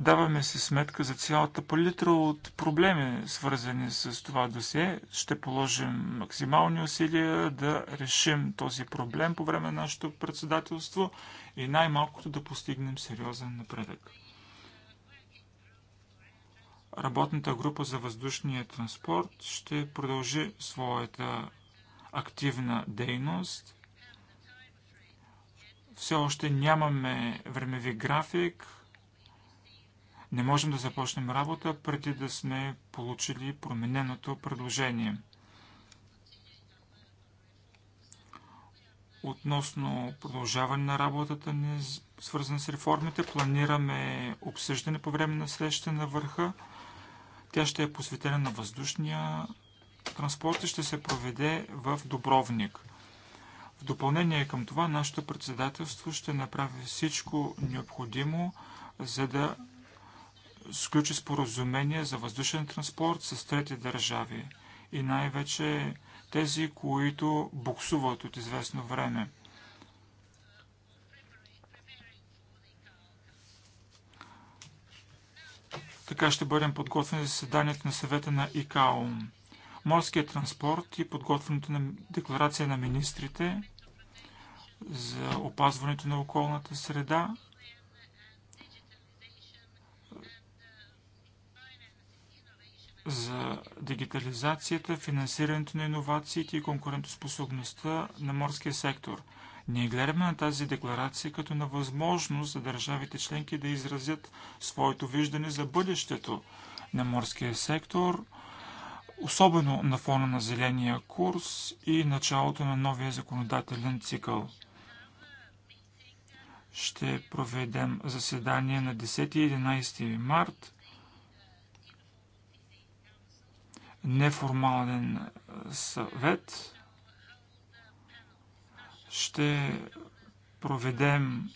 Даваме си сметка за цялата палитра от проблеми, свързани с това досие. Ще положим максимални усилия да решим този проблем по време на нашето председателство и най-малкото да постигнем сериозен напредък. Работната група за въздушния транспорт ще продължи своята активна дейност. Все още нямаме времеви график, не можем да започнем работа преди да сме получили промененото предложение. Относно продължаване на работата ни, свързана с реформите, планираме обсъждане по време на среща на върха. Тя ще е посветена на въздушния транспорт и ще се проведе в Добровник. В допълнение към това, нашето председателство ще направи всичко необходимо, за да сключи споразумение за въздушен транспорт с трети държави и най-вече тези, които буксуват от известно време. Така ще бъдем подготвени за съседанието на съвета на ИКАО. Морският транспорт и подготвянето на декларация на министрите за опазването на околната среда за дигитализацията, финансирането на иновациите и конкурентоспособността на морския сектор. Ние гледаме на тази декларация като на възможност за държавите членки да изразят своето виждане за бъдещето на морския сектор, особено на фона на зеления курс и началото на новия законодателен цикъл. Ще проведем заседание на 10 и 11 март неформален съвет ще проведем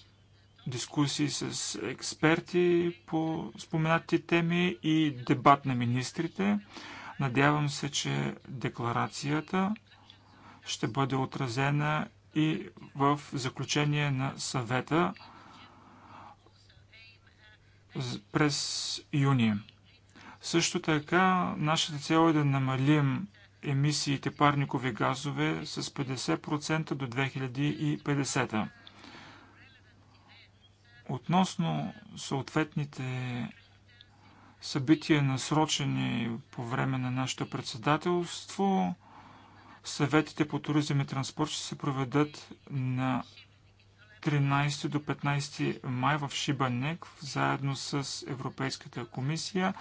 дискусии с експерти по споменатите теми и дебат на министрите. Надявам се, че декларацията ще бъде отразена и в заключение на съвета през юни. Също така, нашата цел е да намалим емисиите парникови газове с 50% до 2050. Относно съответните събития, насрочени по време на нашето председателство, съветите по туризъм и транспорт ще се проведат на 13 до 15 май в Шибанек, заедно с Европейската комисия.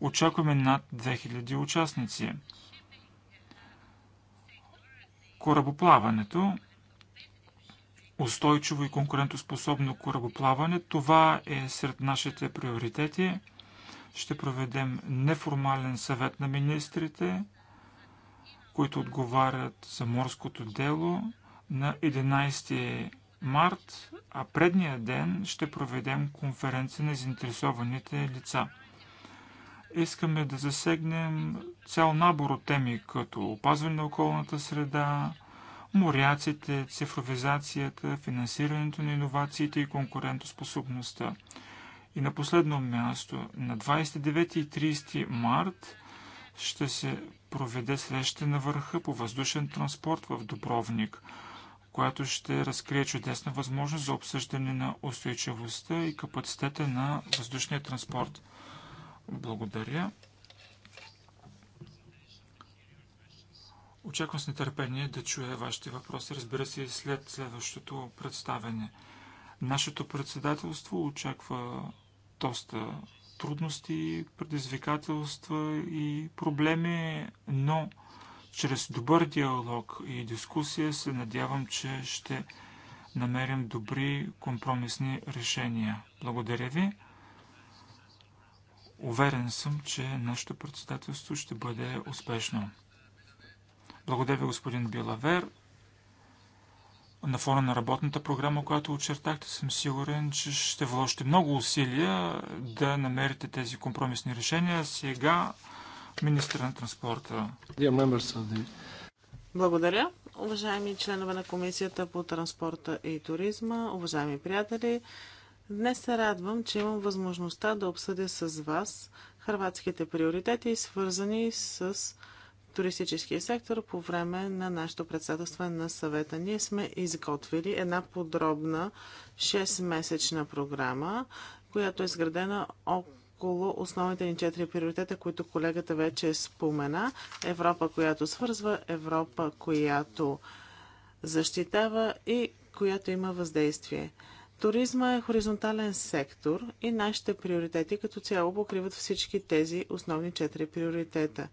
Очакваме над 2000 участници. Корабоплаването, устойчиво и конкурентоспособно корабоплаване, това е сред нашите приоритети. Ще проведем неформален съвет на министрите, които отговарят за морското дело на 11 март, а предния ден ще проведем конференция на заинтересованите лица искаме да засегнем цял набор от теми, като опазване на околната среда, моряците, цифровизацията, финансирането на иновациите и конкурентоспособността. И на последно място, на 29 и 30 март ще се проведе среща на върха по въздушен транспорт в Добровник, която ще разкрие чудесна възможност за обсъждане на устойчивостта и капацитета на въздушния транспорт. Благодаря. Очаквам с нетърпение да чуя вашите въпроси, разбира се, след следващото представене. Нашето председателство очаква доста трудности, предизвикателства и проблеми, но чрез добър диалог и дискусия се надявам, че ще намерим добри компромисни решения. Благодаря ви. Уверен съм, че нашето председателство ще бъде успешно. Благодаря ви, господин Билавер. На фона на работната програма, която очертахте, съм сигурен, че ще вложите много усилия да намерите тези компромисни решения. Сега министър на транспорта. Благодаря. Уважаеми членове на Комисията по транспорта и туризма, уважаеми приятели, Днес се радвам, че имам възможността да обсъдя с вас хрватските приоритети, свързани с туристическия сектор по време на нашето председателство на съвета. Ние сме изготвили една подробна 6-месечна програма, която е изградена около основните ни 4 приоритета, които колегата вече спомена. Европа, която свързва, Европа, която защитава и която има въздействие. Туризма е хоризонтален сектор и нашите приоритети като цяло покриват всички тези основни четири приоритета.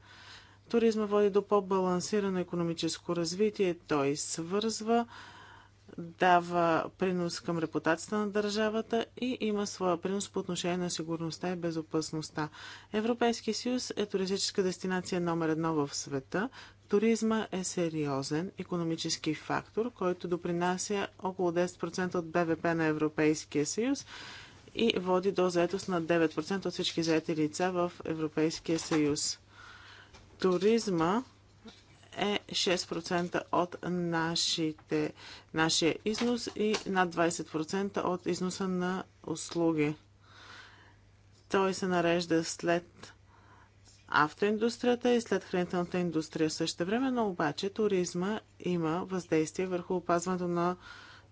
Туризма води до по-балансирано економическо развитие, той свързва дава принос към репутацията на държавата и има своя принос по отношение на сигурността и безопасността. Европейския съюз е туристическа дестинация номер едно в света. Туризма е сериозен економически фактор, който допринася около 10% от БВП на Европейския съюз и води до заетост на 9% от всички заети лица в Европейския съюз. Туризма е 6% от нашите, нашия износ и над 20% от износа на услуги. Той се нарежда след автоиндустрията и след хранителната индустрия. Също време, но обаче туризма има въздействие върху опазването на,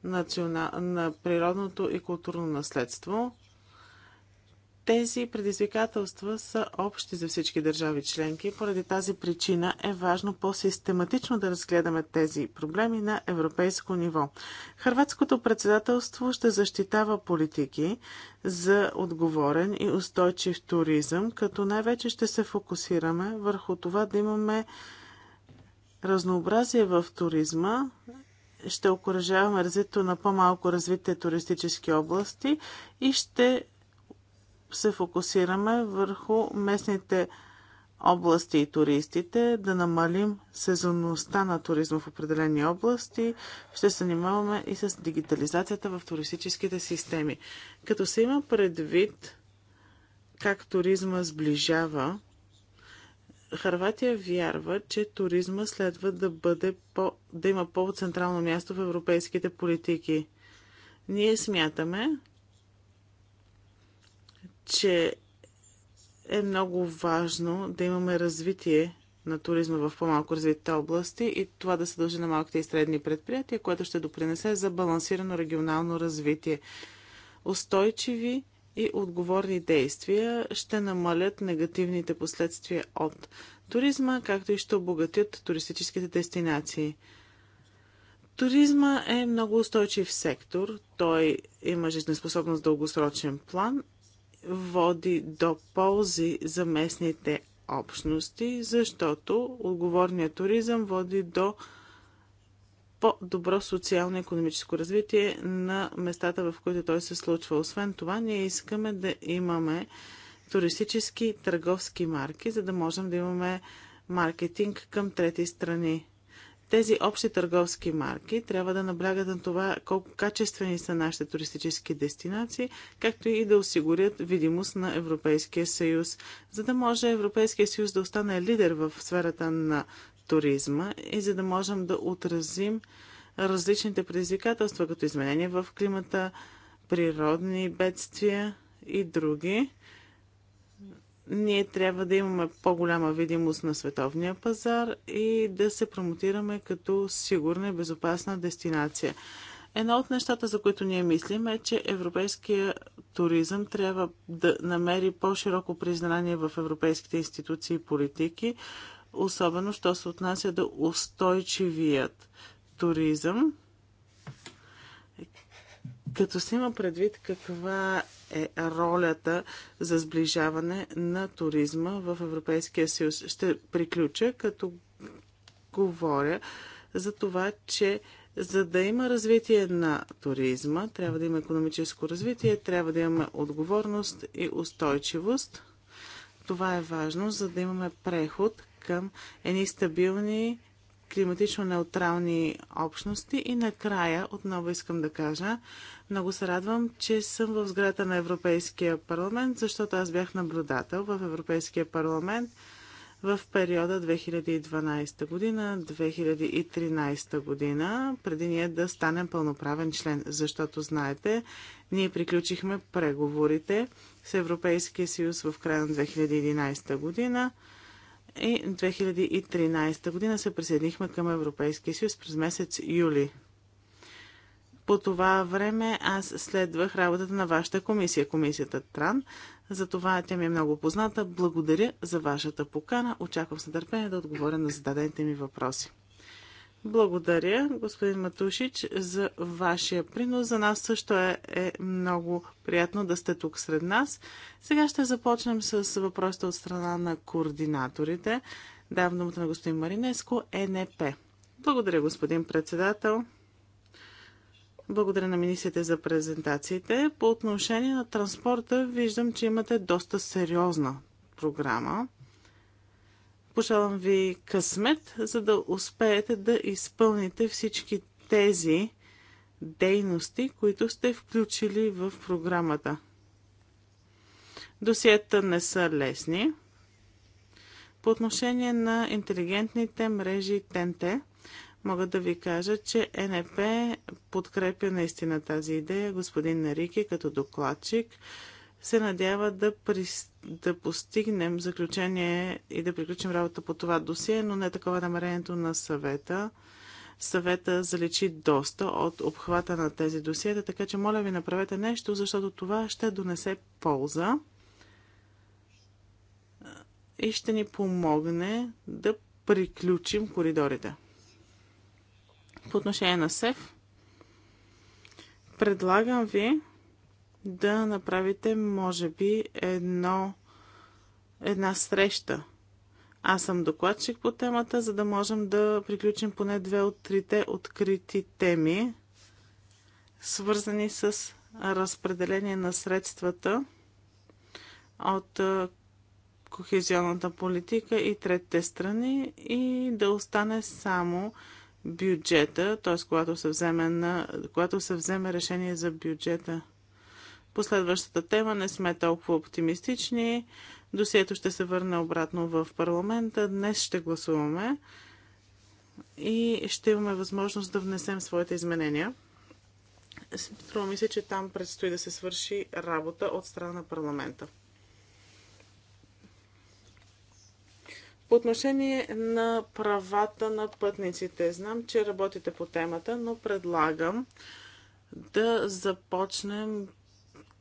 национа... на природното и културно наследство тези предизвикателства са общи за всички държави членки. Поради тази причина е важно по-систематично да разгледаме тези проблеми на европейско ниво. Хрватското председателство ще защитава политики за отговорен и устойчив туризъм, като най-вече ще се фокусираме върху това да имаме разнообразие в туризма, ще окоръжаваме развитието на по-малко развитите туристически области и ще се фокусираме върху местните области и туристите, да намалим сезонността на туризма в определени области, ще се занимаваме и с дигитализацията в туристическите системи. Като се има предвид как туризма сближава, Харватия вярва, че туризма следва да, бъде по, да има по-централно място в европейските политики. Ние смятаме, че е много важно да имаме развитие на туризма в по-малко развитите области и това да се дължи на малките и средни предприятия, което ще допринесе за балансирано регионално развитие. Устойчиви и отговорни действия ще намалят негативните последствия от туризма, както и ще обогатят туристическите дестинации. Туризма е много устойчив сектор. Той има жизнеспособност в дългосрочен план води до ползи за местните общности, защото отговорният туризъм води до по-добро социално-економическо развитие на местата, в които той се случва. Освен това, ние искаме да имаме туристически търговски марки, за да можем да имаме маркетинг към трети страни. Тези общи търговски марки трябва да наблягат на това колко качествени са нашите туристически дестинации, както и да осигурят видимост на Европейския съюз, за да може Европейския съюз да остане лидер в сферата на туризма и за да можем да отразим различните предизвикателства, като изменения в климата, природни бедствия и други ние трябва да имаме по-голяма видимост на световния пазар и да се промотираме като сигурна и безопасна дестинация. Едно от нещата, за които ние мислим е, че европейския туризъм трябва да намери по-широко признание в европейските институции и политики, особено, що се отнася до устойчивият туризъм. Като се има предвид каква е ролята за сближаване на туризма в Европейския съюз. Ще приключа като говоря за това, че за да има развитие на туризма, трябва да има економическо развитие, трябва да имаме отговорност и устойчивост. Това е важно, за да имаме преход към едни стабилни климатично неутрални общности. И накрая, отново искам да кажа, много се радвам, че съм в сграда на Европейския парламент, защото аз бях наблюдател в Европейския парламент в периода 2012 година, 2013 година, преди ние да станем пълноправен член, защото знаете, ние приключихме преговорите с Европейския съюз в края на 2011 година и 2013 година се присъединихме към Европейския съюз през месец юли. По това време аз следвах работата на вашата комисия, комисията Тран. За това тя ми е много позната. Благодаря за вашата покана. Очаквам с нетърпение да отговоря на зададените ми въпроси. Благодаря, господин Матушич, за вашия принос. За нас също е, е много приятно да сте тук сред нас. Сега ще започнем с въпросите от страна на координаторите. Давам думата на господин Маринеско, ЕНП. Благодаря, господин председател. Благодаря на министрите за презентациите. По отношение на транспорта, виждам, че имате доста сериозна програма. Пожелавам ви късмет, за да успеете да изпълните всички тези дейности, които сте включили в програмата. Досията не са лесни. По отношение на интелигентните мрежи ТНТ, мога да ви кажа, че НП е подкрепя наистина тази идея. Господин Нарики като докладчик се надява да, при... да постигнем заключение и да приключим работа по това досие, но не такова намерението на съвета. Съвета заличи доста от обхвата на тези досиета, така че моля ви направете нещо, защото това ще донесе полза и ще ни помогне да приключим коридорите. По отношение на СЕФ, предлагам ви да направите, може би, едно, една среща. Аз съм докладчик по темата, за да можем да приключим поне две от трите открити теми, свързани с разпределение на средствата от кохезионната политика и третите страни и да остане само бюджета, т.е. когато когато се вземе решение за бюджета последващата тема не сме толкова оптимистични. Досието ще се върне обратно в парламента. Днес ще гласуваме и ще имаме възможност да внесем своите изменения. Струва ми се, че там предстои да се свърши работа от страна на парламента. По отношение на правата на пътниците, знам, че работите по темата, но предлагам да започнем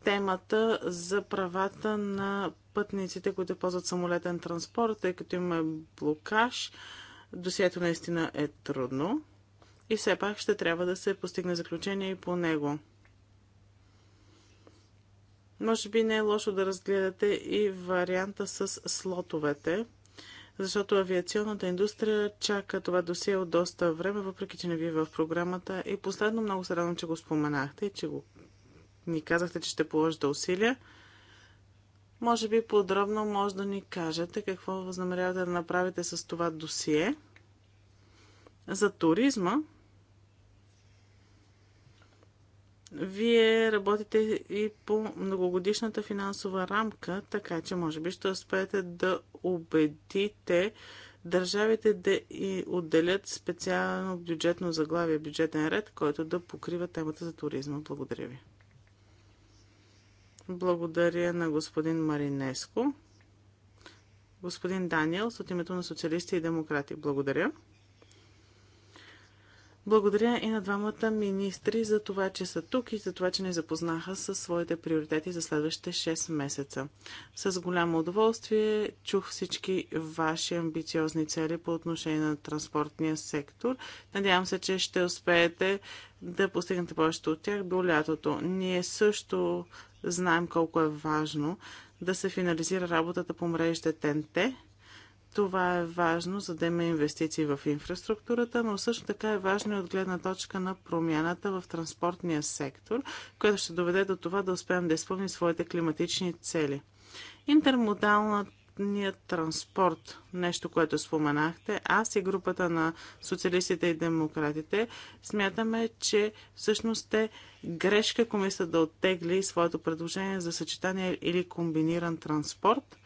темата за правата на пътниците, които ползват самолетен транспорт, тъй като има блокаж. Досието наистина е трудно и все пак ще трябва да се постигне заключение и по него. Може би не е лошо да разгледате и варианта с слотовете, защото авиационната индустрия чака това досие от доста време, въпреки че не ви е в програмата. И последно много се радвам, че го споменахте и че го ни казахте, че ще положите усилия. Може би подробно може да ни кажете какво възнамерявате да направите с това досие за туризма. Вие работите и по многогодишната финансова рамка, така че може би ще успеете да убедите държавите да и отделят специално бюджетно заглавие, бюджетен ред, който да покрива темата за туризма. Благодаря ви. Благодаря на господин Маринеско. Господин Даниел, от името на социалисти и демократи. Благодаря. Благодаря и на двамата министри за това, че са тук и за това, че ни запознаха с своите приоритети за следващите 6 месеца. С голямо удоволствие чух всички ваши амбициозни цели по отношение на транспортния сектор. Надявам се, че ще успеете да постигнете повечето от тях до лятото. Ние също Знаем колко е важно да се финализира работата по мрежите ТНТ. Това е важно, за да има инвестиции в инфраструктурата, но също така е важно и от гледна точка на промяната в транспортния сектор, което ще доведе до това да успеем да изпълним своите климатични цели. Интермодалната пътния транспорт, нещо, което споменахте. Аз и групата на социалистите и демократите смятаме, че всъщност е грешка комисията да оттегли своето предложение за съчетание или комбиниран транспорт.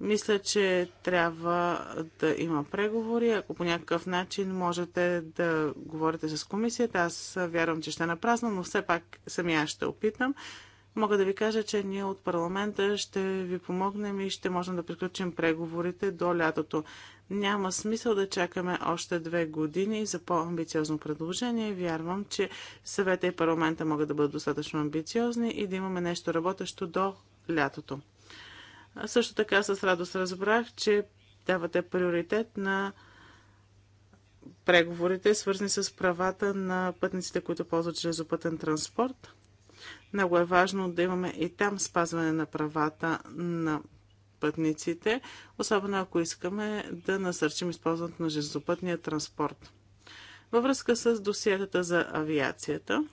Мисля, че трябва да има преговори. Ако по някакъв начин можете да говорите с комисията, аз вярвам, че ще е напразна, но все пак самия ще опитам. Мога да ви кажа, че ние от парламента ще ви помогнем и ще можем да приключим преговорите до лятото. Няма смисъл да чакаме още две години за по-амбициозно предложение. Вярвам, че съвета и парламента могат да бъдат достатъчно амбициозни и да имаме нещо работещо до лятото. Също така с радост разбрах, че давате приоритет на преговорите, свързани с правата на пътниците, които ползват железопътен транспорт. Много е важно да имаме и там спазване на правата на пътниците, особено ако искаме да насърчим използването на железопътния транспорт. Във връзка с досиетата за авиацията,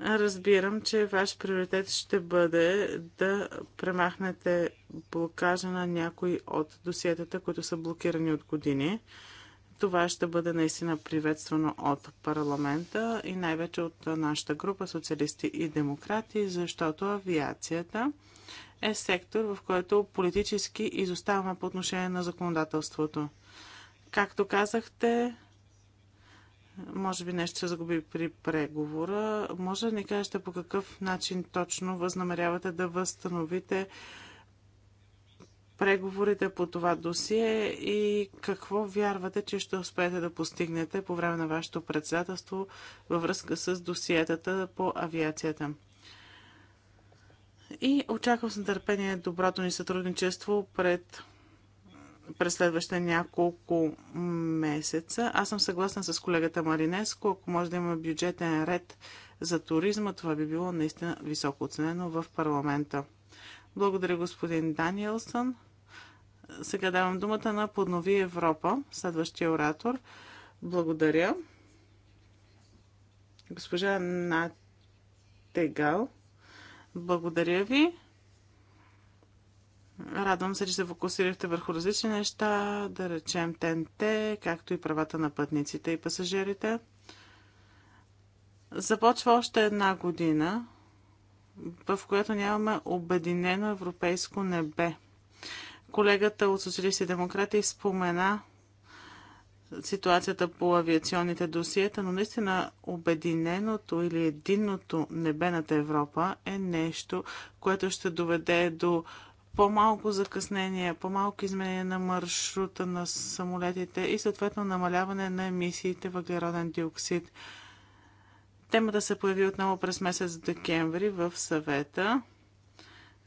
разбирам, че ваш приоритет ще бъде да премахнете блокажа на някои от досиетата, които са блокирани от години. Това ще бъде наистина приветствано от парламента и най-вече от нашата група социалисти и демократи, защото авиацията е сектор, в който политически изоставаме по отношение на законодателството. Както казахте, може би нещо се загуби при преговора. Може да ни кажете по какъв начин точно възнамерявате да възстановите преговорите по това досие и какво вярвате, че ще успеете да постигнете по време на вашето председателство във връзка с досиетата по авиацията. И очаквам с нетърпение доброто ни сътрудничество пред през следващите няколко месеца. Аз съм съгласна с колегата Маринеско. Ако може да има бюджетен ред за туризма, това би било наистина високо оценено в парламента. Благодаря господин Даниелсън. Сега давам думата на Поднови Европа, следващия оратор. Благодаря. Госпожа Натегал, благодаря ви. Радвам се, че се фокусирахте върху различни неща, да речем ТНТ, както и правата на пътниците и пасажирите. Започва още една година, в която нямаме обединено европейско небе. Колегата от Социалисти демократи спомена ситуацията по авиационните досиета, но наистина обединеното или единното небе над Европа е нещо, което ще доведе до по-малко закъснение, по-малко изменение на маршрута на самолетите и съответно намаляване на емисиите въглероден диоксид. Темата се появи отново през месец декември в съвета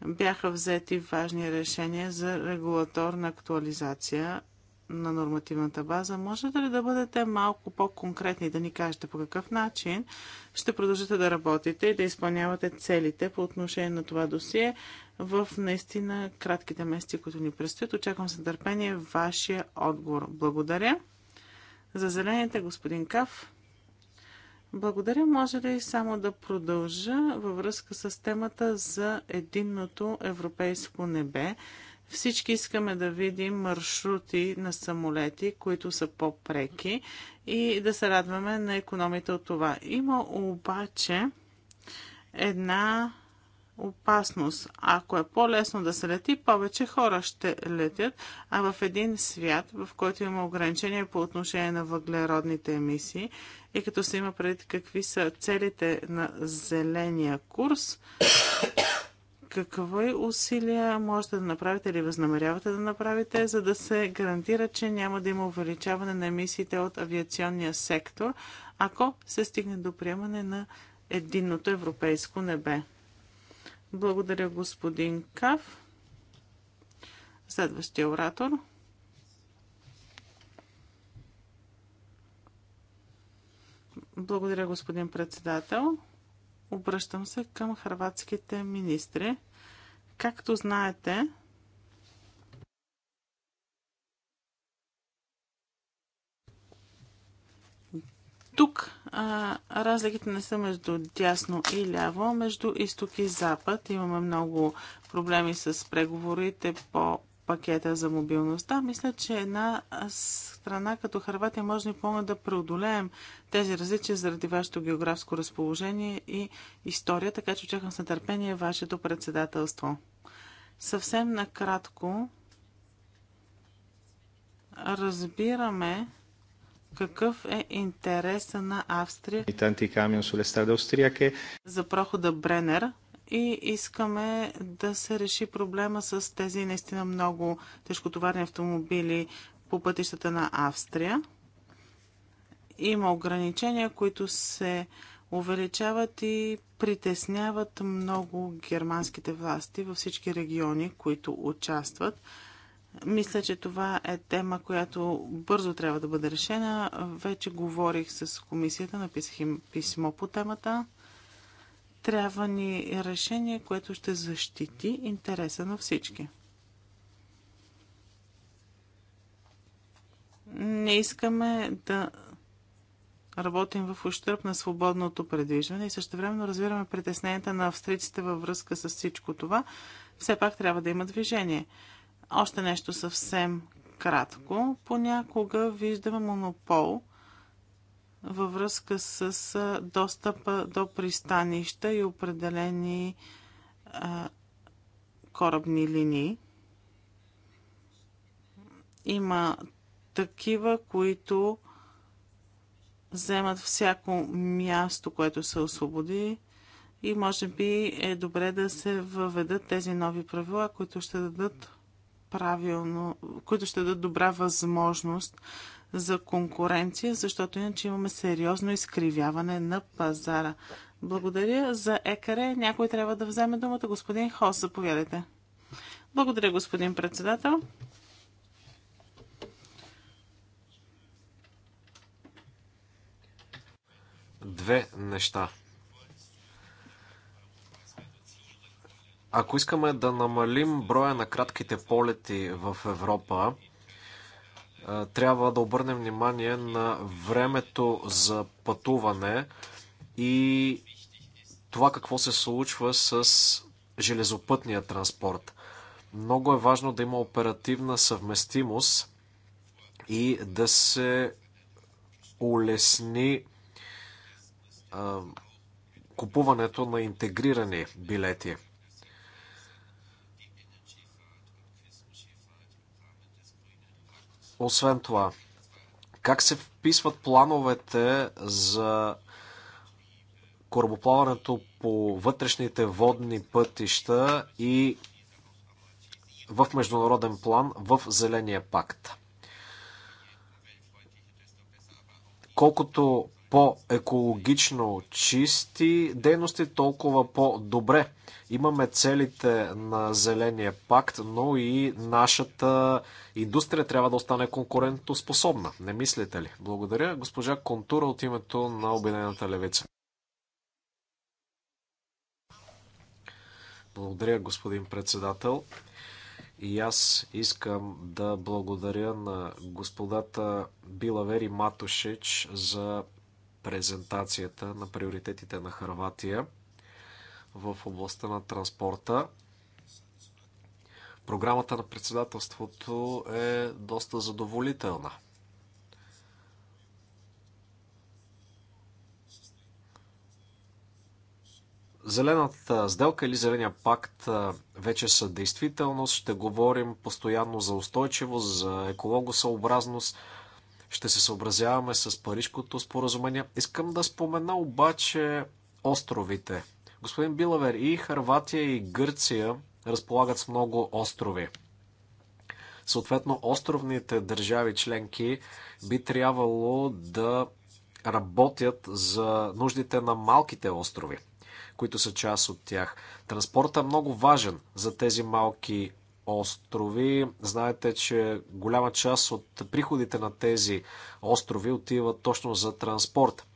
бяха взети важни решения за регулаторна актуализация на нормативната база. Можете ли да бъдете малко по-конкретни, да ни кажете по какъв начин ще продължите да работите и да изпълнявате целите по отношение на това досие в наистина кратките месеци, които ни предстоят? Очаквам с търпение вашия отговор. Благодаря. За зелените, господин Кав. Благодаря. Може ли само да продължа във връзка с темата за единното европейско небе? Всички искаме да видим маршрути на самолети, които са по-преки и да се радваме на економите от това. Има обаче една опасност. Ако е по-лесно да се лети, повече хора ще летят, а в един свят, в който има ограничения по отношение на въглеродните емисии и като се има преди какви са целите на зеления курс, какви усилия можете да направите или възнамерявате да направите, за да се гарантира, че няма да има увеличаване на емисиите от авиационния сектор, ако се стигне до приемане на единното европейско небе? Благодаря, господин Кав. Следващия оратор. Благодаря, господин председател. Обръщам се към хрватските министри. Както знаете, тук а, разликите не са между дясно и ляво, между изток и запад. Имаме много проблеми с преговорите по пакета за мобилността. Мисля, че една страна като Харватия може ни помогна да преодолеем тези различия заради вашето географско разположение и история, така че очаквам с нетърпение вашето председателство. Съвсем накратко разбираме какъв е интереса на Австрия за прохода Бренер и искаме да се реши проблема с тези наистина много тежкотоварни автомобили по пътищата на Австрия. Има ограничения, които се увеличават и притесняват много германските власти във всички региони, които участват. Мисля, че това е тема, която бързо трябва да бъде решена. Вече говорих с комисията, написах им писмо по темата. Трябва ни решение, което ще защити интереса на всички. Не искаме да работим в ущърп на свободното предвижване и също времено разбираме притесненията на австрийците във връзка с всичко това. Все пак трябва да има движение. Още нещо съвсем кратко. Понякога виждаме монопол във връзка с достъпа до пристанища и определени а, корабни линии. Има такива, които вземат всяко място, което се освободи и може би е добре да се въведат тези нови правила, които ще дадат правилно, които ще дадат добра възможност за конкуренция, защото иначе имаме сериозно изкривяване на пазара. Благодаря за екаре. Някой трябва да вземе думата. Господин Хос, заповядайте. Благодаря, господин председател. Две неща Ако искаме да намалим броя на кратките полети в Европа, е, трябва да обърнем внимание на времето за пътуване и това какво се случва с железопътния транспорт. Много е важно да има оперативна съвместимост и да се улесни е, купуването на интегрирани билети. Освен това, как се вписват плановете за корабоплаването по вътрешните водни пътища и в международен план в Зеления пакт? Колкото по-екологично чисти дейности, толкова по-добре. Имаме целите на Зеления пакт, но и нашата индустрия трябва да остане конкурентоспособна. Не мислите ли? Благодаря, госпожа Контура от името на Обединената левица. Благодаря, господин председател. И аз искам да благодаря на господата Билавери Матошеч за презентацията на приоритетите на Харватия в областта на транспорта. Програмата на председателството е доста задоволителна. Зелената сделка или зеления пакт вече са действителност. Ще говорим постоянно за устойчивост, за екологосъобразност. Ще се съобразяваме с Парижкото споразумение. Искам да спомена обаче островите. Господин Билавер, и Харватия, и Гърция разполагат с много острови. Съответно, островните държави членки би трябвало да работят за нуждите на малките острови, които са част от тях. Транспортът е много важен за тези малки острови. Знаете, че голяма част от приходите на тези острови отиват точно за транспорт.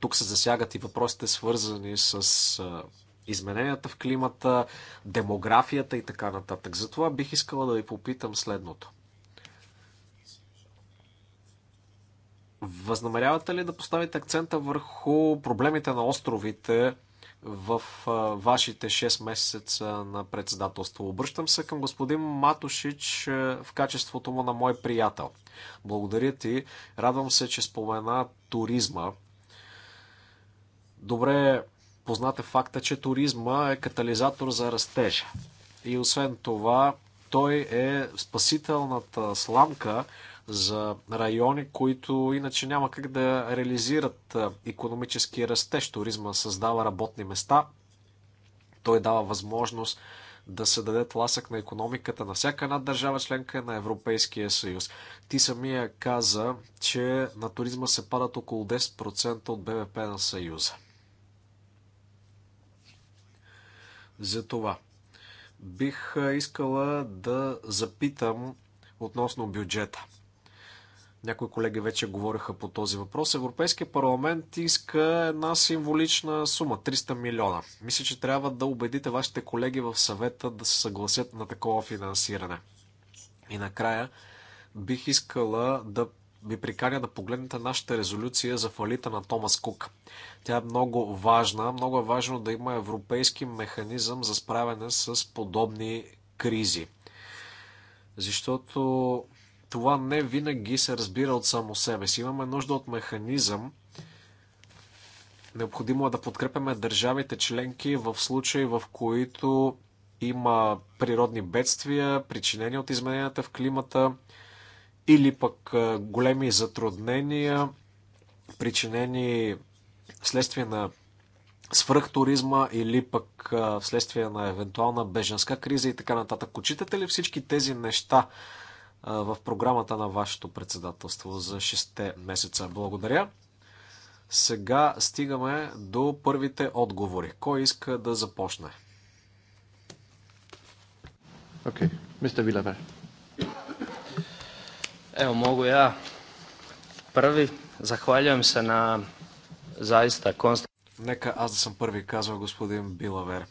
Тук се засягат и въпросите свързани с измененията в климата, демографията и така нататък. Затова бих искала да ви попитам следното. Възнамерявате ли да поставите акцента върху проблемите на островите, в вашите 6 месеца на председателство. Обръщам се към господин Матушич в качеството му на мой приятел. Благодаря ти. Радвам се, че спомена туризма. Добре познате факта, че туризма е катализатор за растежа. И освен това, той е спасителната сламка за райони, които иначе няма как да реализират економически растеж. Туризма създава работни места, той дава възможност да се даде тласък на економиката на всяка една държава членка на Европейския съюз. Ти самия каза, че на туризма се падат около 10% от БВП на съюза. Затова бих искала да запитам относно бюджета – някои колеги вече говориха по този въпрос. Европейския парламент иска една символична сума 300 милиона. Мисля, че трябва да убедите вашите колеги в съвета да се съгласят на такова финансиране. И накрая бих искала да ви приканя да погледнете нашата резолюция за фалита на Томас Кук. Тя е много важна. Много е важно да има европейски механизъм за справяне с подобни кризи. Защото това не винаги се разбира от само себе си. Имаме нужда от механизъм. Необходимо е да подкрепяме държавите членки в случаи, в които има природни бедствия, причинени от измененията в климата или пък големи затруднения, причинени вследствие на свръхтуризма или пък вследствие на евентуална беженска криза и така нататък. Очитате ли всички тези неща в програмата на вашето председателство за 6 месеца. Благодаря. Сега стигаме до първите отговори. Кой иска да започне? Окей, мистер Вилевер. Evo mogu ja prvi. Zahvaljujem se na zaista konstantno. Нека аз да съм първи, казва господин Билавер.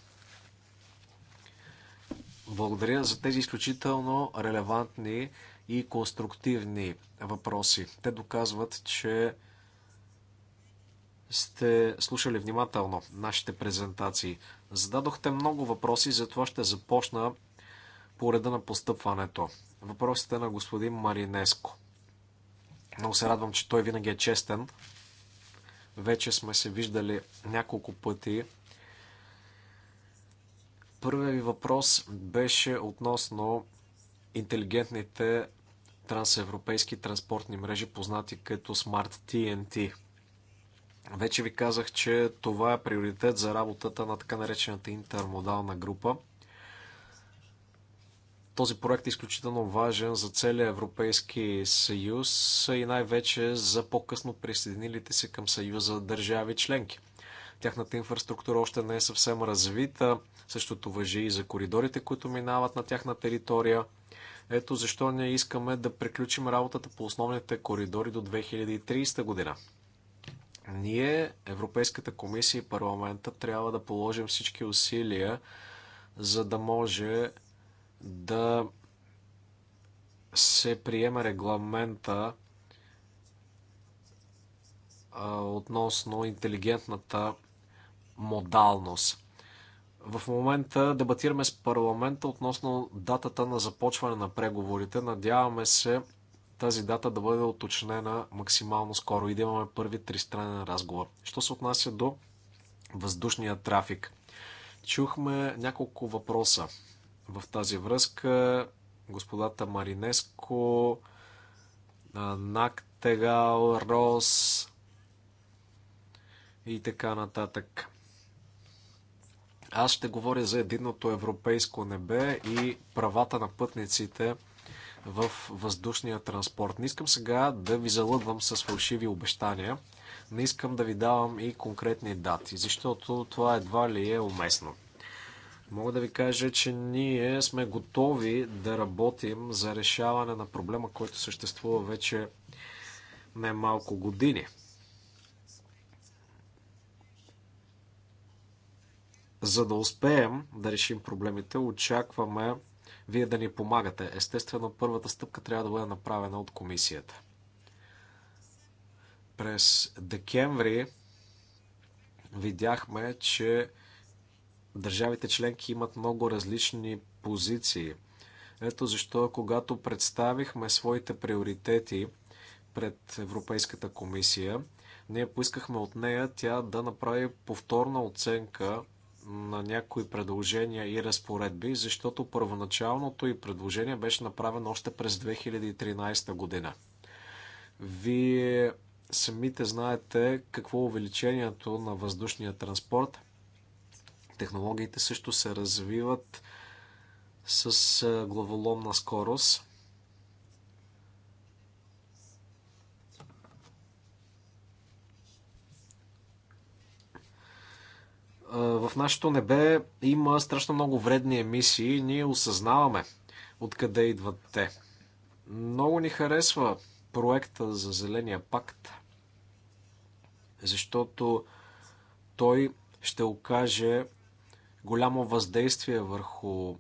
Благодаря за тези изключително релевантни и конструктивни въпроси. Те доказват, че сте слушали внимателно нашите презентации. Зададохте много въпроси, затова ще започна по реда на постъпването. Въпросите на господин Маринеско. Много се радвам, че той винаги е честен. Вече сме се виждали няколко пъти Първият ви въпрос беше относно интелигентните трансевропейски транспортни мрежи, познати като Smart TNT. Вече ви казах, че това е приоритет за работата на така наречената интермодална група. Този проект е изключително важен за целия Европейски съюз и най-вече за по-късно присъединилите се към съюза държави членки. Тяхната инфраструктура още не е съвсем развита. Същото въжи и за коридорите, които минават на тяхна територия. Ето защо ние искаме да приключим работата по основните коридори до 2030 година. Ние, Европейската комисия и парламента, трябва да положим всички усилия, за да може да се приеме регламента а, относно интелигентната модалност. В момента дебатираме с парламента относно датата на започване на преговорите. Надяваме се тази дата да бъде уточнена максимално скоро и да имаме първи тристранен разговор. Що се отнася до въздушния трафик? Чухме няколко въпроса в тази връзка. Господата Маринеско, Нактегал, Рос и така нататък. Аз ще говоря за единното европейско небе и правата на пътниците в въздушния транспорт. Не искам сега да ви залъгвам с фалшиви обещания. Не искам да ви давам и конкретни дати, защото това едва ли е уместно. Мога да ви кажа, че ние сме готови да работим за решаване на проблема, който съществува вече не малко години – За да успеем да решим проблемите, очакваме вие да ни помагате. Естествено, първата стъпка трябва да бъде направена от комисията. През декември видяхме, че държавите членки имат много различни позиции. Ето защо, когато представихме своите приоритети пред Европейската комисия, ние поискахме от нея тя да направи повторна оценка на някои предложения и разпоредби, защото първоначалното и предложение беше направено още през 2013 година. Вие самите знаете какво е увеличението на въздушния транспорт. Технологиите също се развиват с главоломна скорост. в нашето небе има страшно много вредни емисии и ние осъзнаваме откъде идват те. Много ни харесва проекта за Зеления пакт, защото той ще окаже голямо въздействие върху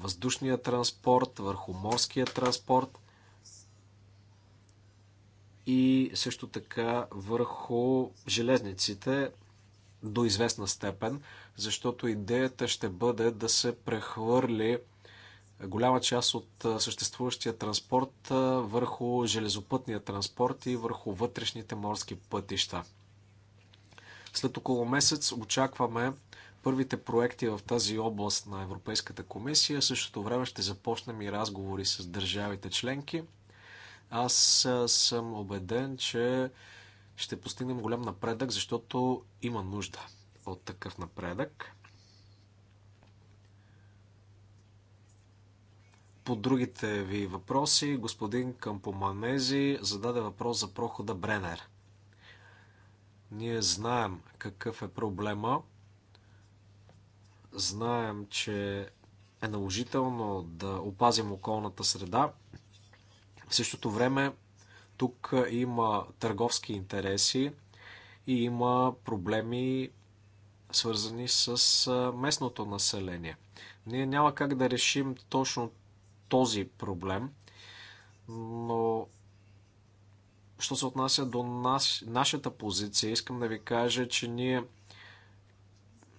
въздушния транспорт, върху морския транспорт и също така върху железниците до известна степен, защото идеята ще бъде да се прехвърли голяма част от съществуващия транспорт върху железопътния транспорт и върху вътрешните морски пътища. След около месец очакваме първите проекти в тази област на Европейската комисия. същото време ще започнем и разговори с държавите членки. Аз съм убеден, че ще постигнем голям напредък, защото има нужда от такъв напредък. По другите ви въпроси, господин Кампоманези зададе въпрос за прохода Бренер. Ние знаем какъв е проблема. Знаем, че е наложително да опазим околната среда. В същото време тук има търговски интереси и има проблеми свързани с местното население. Ние няма как да решим точно този проблем, но що се отнася до нас, нашата позиция, искам да ви кажа, че ние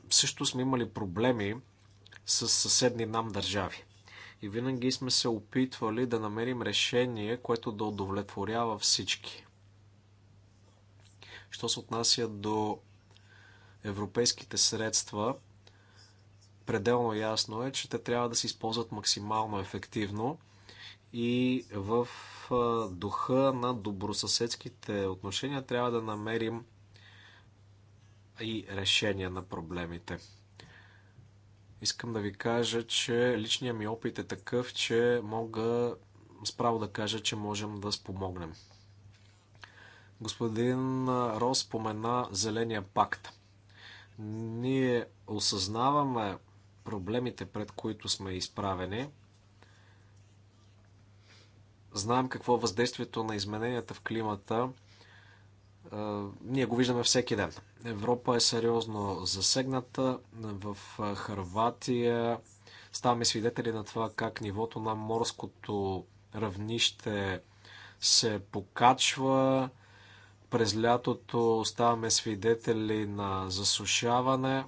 също сме имали проблеми с съседни нам държави. И винаги сме се опитвали да намерим решение, което да удовлетворява всички. Що се отнася до европейските средства, пределно ясно е, че те трябва да се използват максимално ефективно и в духа на добросъседските отношения трябва да намерим и решение на проблемите. Искам да ви кажа, че личният ми опит е такъв, че мога справо да кажа, че можем да спомогнем. Господин Рос спомена Зеления пакт. Ние осъзнаваме проблемите, пред които сме изправени. Знаем какво е въздействието на измененията в климата ние го виждаме всеки ден. Европа е сериозно засегната. В Харватия ставаме свидетели на това как нивото на морското равнище се покачва. През лятото ставаме свидетели на засушаване.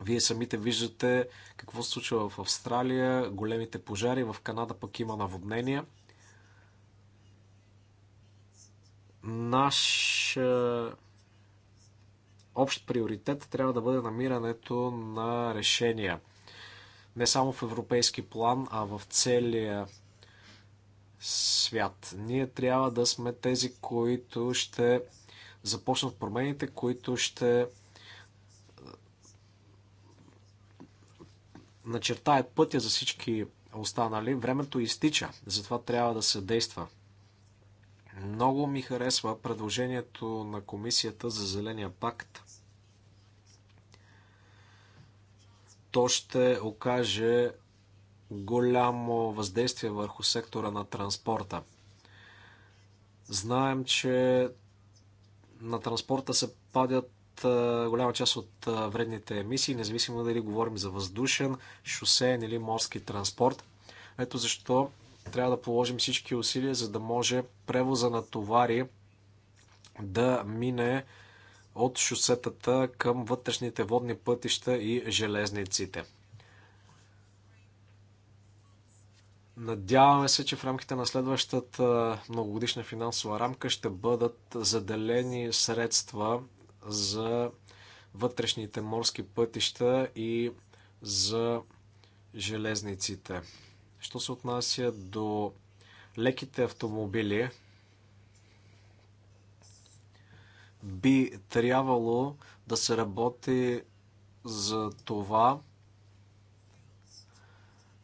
Вие самите виждате какво се случва в Австралия, големите пожари, в Канада пък има наводнения. Наш е, общ приоритет трябва да бъде намирането на решения. Не само в европейски план, а в целия свят. Ние трябва да сме тези, които ще започнат промените, които ще начертаят пътя за всички останали. Времето изтича, затова трябва да се действа. Много ми харесва предложението на комисията за Зеления пакт. То ще окаже голямо въздействие върху сектора на транспорта. Знаем, че на транспорта се падят голяма част от вредните емисии, независимо дали говорим за въздушен, шосеен или морски транспорт. Ето защо трябва да положим всички усилия, за да може превоза на товари да мине от шосетата към вътрешните водни пътища и железниците. Надяваме се, че в рамките на следващата многогодишна финансова рамка ще бъдат заделени средства за вътрешните морски пътища и за железниците. Що се отнася до леките автомобили, би трябвало да се работи за това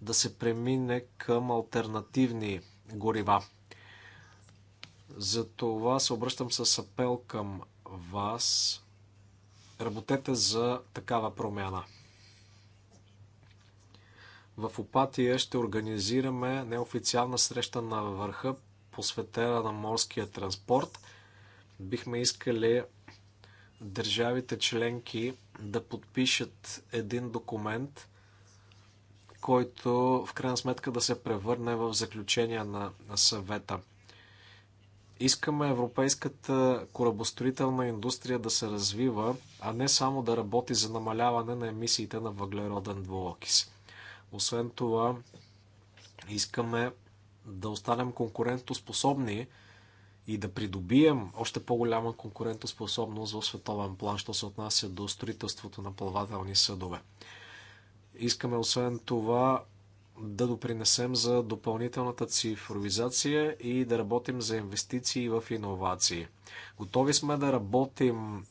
да се премине към альтернативни горива. За това се обръщам с апел към вас. Работете за такава промяна. В Опатия ще организираме неофициална среща на върха, посветена на морския транспорт. Бихме искали държавите членки да подпишат един документ, който в крайна сметка да се превърне в заключение на, на съвета. Искаме европейската корабостроителна индустрия да се развива, а не само да работи за намаляване на емисиите на въглероден двуокис. Освен това, искаме да останем конкурентоспособни и да придобием още по-голяма конкурентоспособност в световен план, що се отнася до строителството на плавателни съдове. Искаме освен това да допринесем за допълнителната цифровизация и да работим за инвестиции в иновации. Готови сме да работим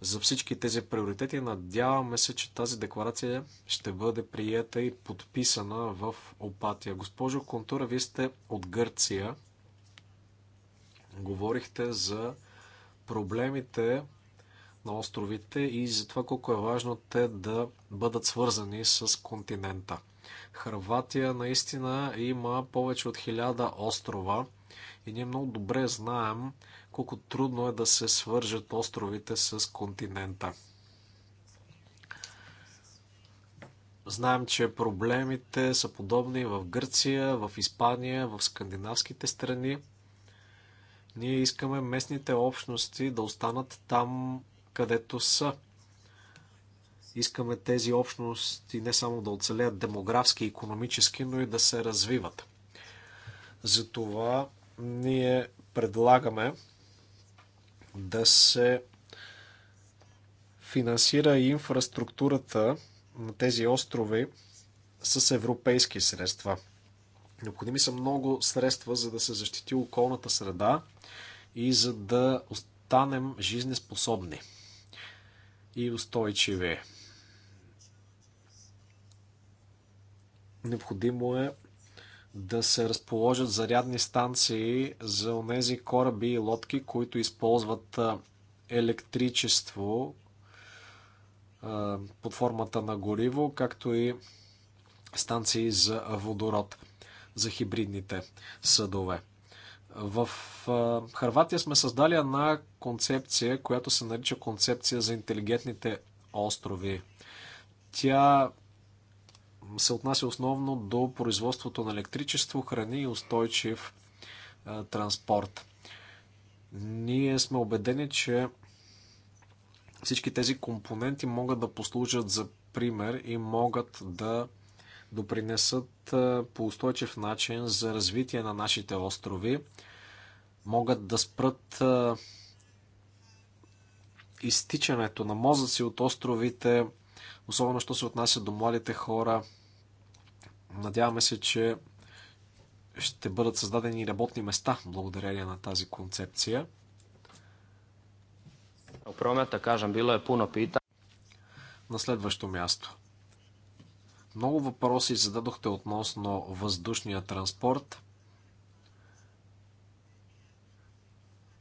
за всички тези приоритети. Надяваме се, че тази декларация ще бъде прията и подписана в Опатия. Госпожо Контура, вие сте от Гърция. Говорихте за проблемите на островите и за това колко е важно те да бъдат свързани с континента. Харватия наистина има повече от хиляда острова и ние много добре знаем колко трудно е да се свържат островите с континента. Знаем, че проблемите са подобни в Гърция, в Испания, в скандинавските страни. Ние искаме местните общности да останат там, където са. Искаме тези общности не само да оцелеят демографски и економически, но и да се развиват. Затова ние предлагаме да се финансира и инфраструктурата на тези острови с европейски средства. Необходими са много средства, за да се защити околната среда и за да останем жизнеспособни и устойчиви. Необходимо е да се разположат зарядни станции за онези кораби и лодки, които използват електричество под формата на гориво, както и станции за водород за хибридните съдове. В Харватия сме създали една концепция, която се нарича концепция за интелигентните острови. Тя се отнася основно до производството на електричество, храни и устойчив транспорт. Ние сме убедени, че всички тези компоненти могат да послужат за пример и могат да допринесат по устойчив начин за развитие на нашите острови, могат да спрат изтичането на мозъци от островите, особено що се отнася до младите хора – Надяваме се, че ще бъдат създадени работни места благодарение на тази концепция. U prometa, kažem, е je puno е На следващо място. Много въпроси зададохте относно въздушния транспорт.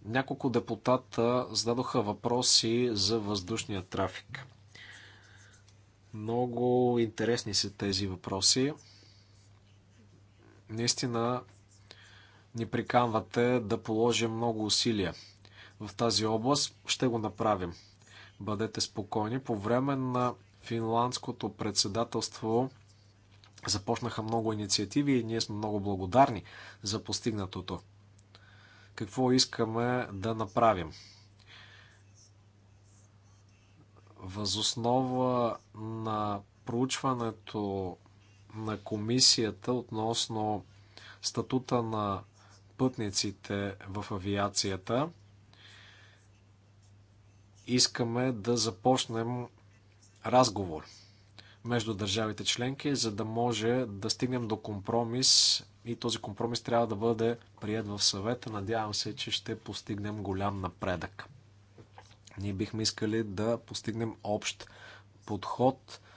Няколко депутата зададоха въпроси за въздушния трафик. Много интересни са тези въпроси. Наистина ни приканвате да положим много усилия в тази област. Ще го направим. Бъдете спокойни. По време на финландското председателство започнаха много инициативи и ние сме много благодарни за постигнатото. Какво искаме да направим? Възоснова на проучването на комисията относно статута на пътниците в авиацията. Искаме да започнем разговор между държавите членки, за да може да стигнем до компромис и този компромис трябва да бъде прият в съвета. Надявам се, че ще постигнем голям напредък. Ние бихме искали да постигнем общ подход –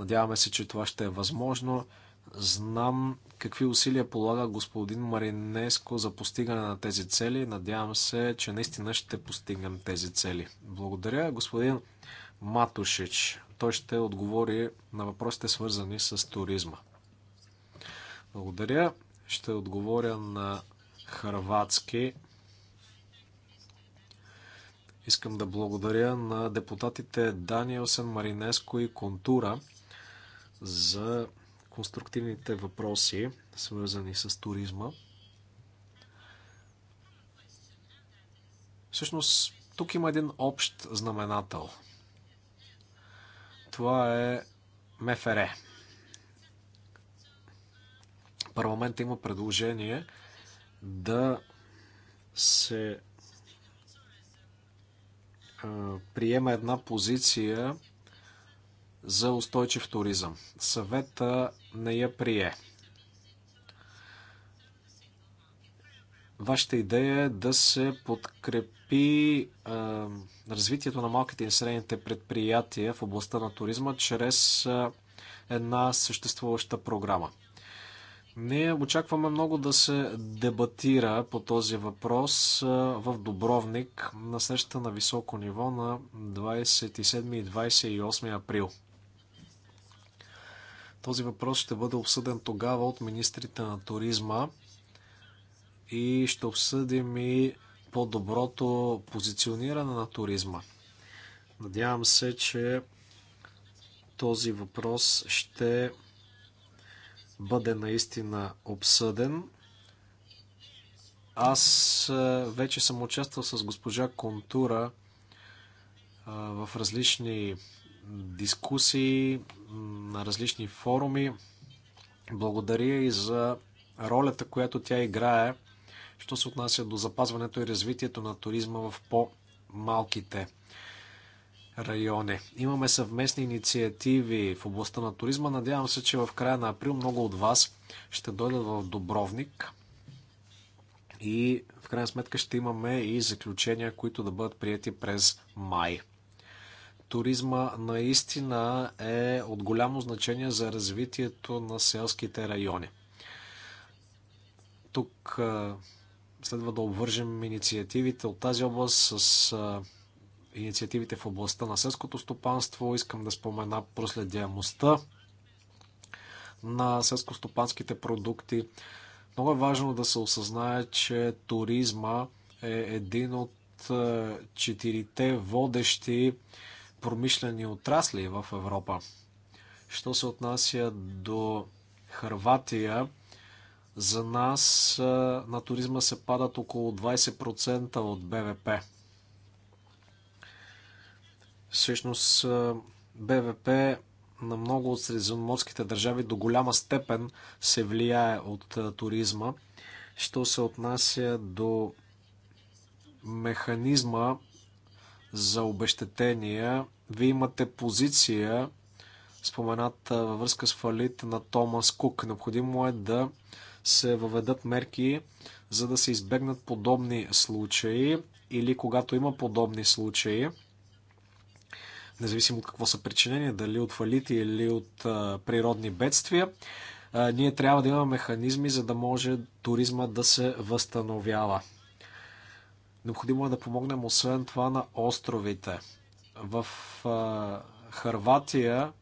Надяваме се, че това ще е възможно. Знам какви усилия полага господин Маринеско за постигане на тези цели. Надявам се, че наистина ще постигнем тези цели. Благодаря, господин Матушич. Той ще отговори на въпросите свързани с туризма. Благодаря. Ще отговоря на харватски. Искам да благодаря на депутатите Даниелсен, Маринеско и Контура – за конструктивните въпроси, свързани с туризма. Всъщност, тук има един общ знаменател. Това е МФР. Парламент има предложение да се приема една позиция за устойчив туризъм. Съвета не я прие. Вашата идея е да се подкрепи е, развитието на малките и средните предприятия в областта на туризма чрез е, една съществуваща програма. Ние очакваме много да се дебатира по този въпрос в Добровник на среща на високо ниво на 27 и 28 април. Този въпрос ще бъде обсъден тогава от министрите на туризма и ще обсъдим и по-доброто позициониране на туризма. Надявам се, че този въпрос ще бъде наистина обсъден. Аз е, вече съм участвал с госпожа Контура е, в различни дискусии на различни форуми. Благодаря и за ролята, която тя играе, що се отнася до запазването и развитието на туризма в по-малките райони. Имаме съвместни инициативи в областта на туризма. Надявам се, че в края на април много от вас ще дойдат в Добровник и в крайна сметка ще имаме и заключения, които да бъдат прияти през май туризма наистина е от голямо значение за развитието на селските райони. Тук следва да обвържем инициативите от тази област с инициативите в областта на селското стопанство. Искам да спомена проследяемостта на селско-стопанските продукти. Много е важно да се осъзнае, че туризма е един от четирите водещи промишлени отрасли в Европа. Що се отнася до Харватия, за нас на туризма се падат около 20% от БВП. Всъщност БВП на много от средиземноморските държави до голяма степен се влияе от туризма. Що се отнася до механизма за обещетения. Вие имате позиция, спомената във връзка с фалит на Томас Кук. Необходимо е да се въведат мерки, за да се избегнат подобни случаи или когато има подобни случаи, независимо от какво са причинени, дали от фалити или от а, природни бедствия, а, ние трябва да имаме механизми, за да може туризма да се възстановява. Необходимо е да помогнем освен това на островите. В Харватия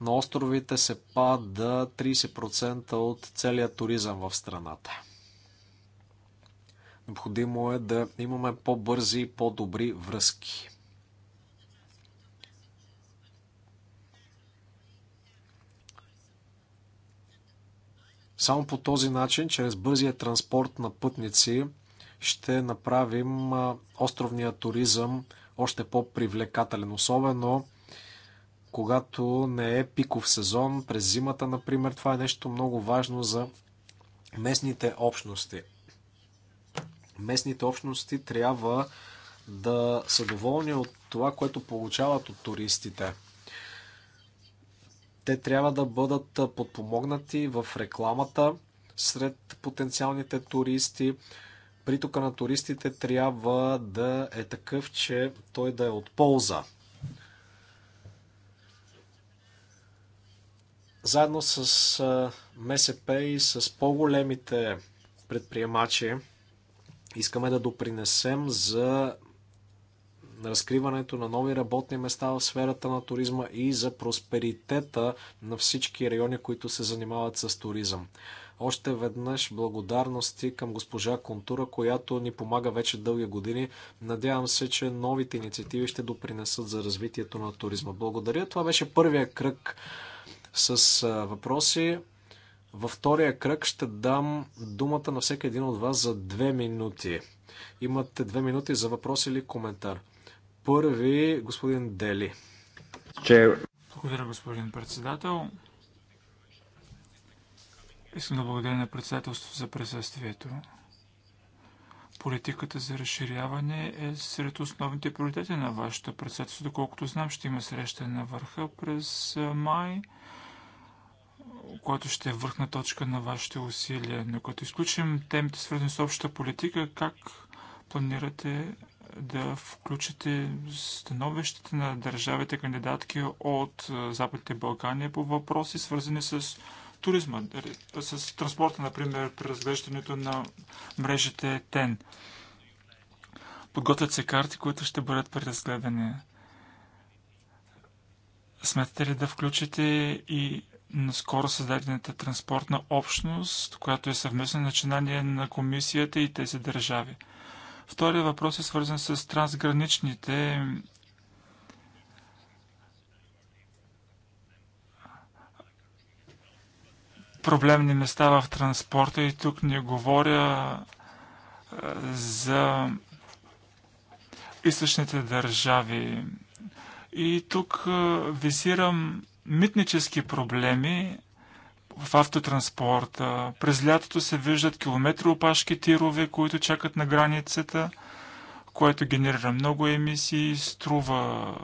на островите се пада 30% от целият туризъм в страната. Необходимо е да имаме по-бързи и по-добри връзки. Само по този начин, чрез бързия транспорт на пътници, ще направим островния туризъм още по-привлекателен, особено когато не е пиков сезон, през зимата, например, това е нещо много важно за местните общности. Местните общности трябва да са доволни от това, което получават от туристите. Те трябва да бъдат подпомогнати в рекламата сред потенциалните туристи притока на туристите трябва да е такъв, че той да е от полза. Заедно с МСП и с по-големите предприемачи искаме да допринесем за разкриването на нови работни места в сферата на туризма и за просперитета на всички райони, които се занимават с туризъм. Още веднъж благодарности към госпожа Контура, която ни помага вече дълги години. Надявам се, че новите инициативи ще допринесат за развитието на туризма. Благодаря. Това беше първия кръг с въпроси. Във втория кръг ще дам думата на всеки един от вас за две минути. Имате две минути за въпрос или коментар. Първи, господин Дели. Благодаря, господин председател. Искам да благодаря на председателство за присъствието. Политиката за разширяване е сред основните приоритети на вашето председателство. Доколкото знам, ще има среща на върха през май, което ще е върхна точка на вашите усилия. Но като изключим темите свързани с общата политика, как планирате да включите становищите на държавите кандидатки от Западните Балкани по въпроси, свързани с туризма, нали? с транспорта, например, при разглеждането на мрежите ТЕН. Подготвят се карти, които ще бъдат разгледане. Смятате ли да включите и наскоро създадената транспортна общност, която е съвместно начинание на комисията и тези държави? Втория въпрос е свързан с трансграничните проблемни места в транспорта и тук не говоря за източните държави. И тук визирам митнически проблеми в автотранспорта. През лятото се виждат километри опашки тирове, които чакат на границата, което генерира много емисии, струва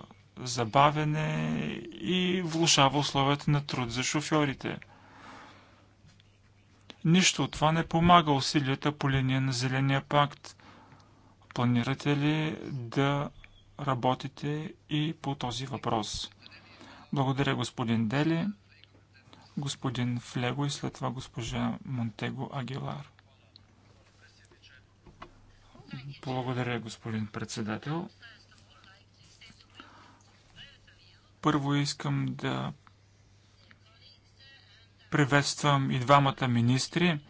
забавене и влушава условията на труд за шофьорите – Нищо от това не помага усилията по линия на Зеления пакт. Планирате ли да работите и по този въпрос? Благодаря господин Дели, господин Флего и след това госпожа Монтего Агилар. Благодаря, господин председател. Първо искам да Приветствам и двамата министри.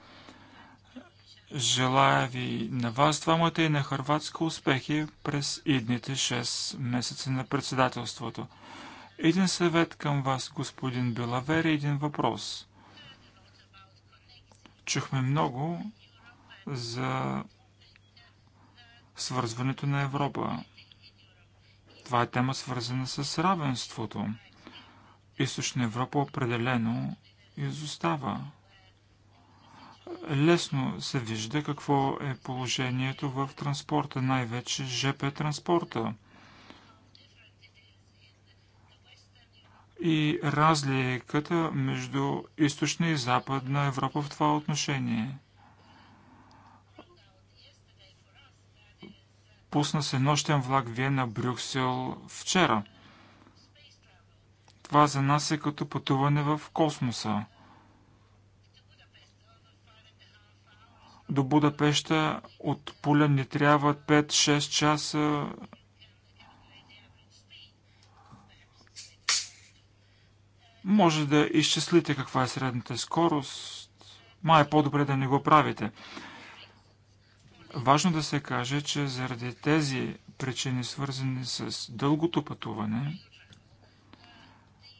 Желая ви на вас двамата и на Харватска успехи през идните 6 месеца на председателството. Един съвет към вас, господин Белавер, и един въпрос. Чухме много за свързването на Европа. Това е тема свързана с равенството. Източна Европа определено изостава. Лесно се вижда какво е положението в транспорта, най-вече ЖП транспорта. И разликата между източна и западна Европа в това отношение. Пусна се нощен влак Виена-Брюксел вчера. Това за нас е като пътуване в космоса. До Будапеща от поля ни трябват 5-6 часа Може да изчислите каква е средната скорост. Май е по-добре да не го правите. Важно да се каже, че заради тези причини, свързани с дългото пътуване,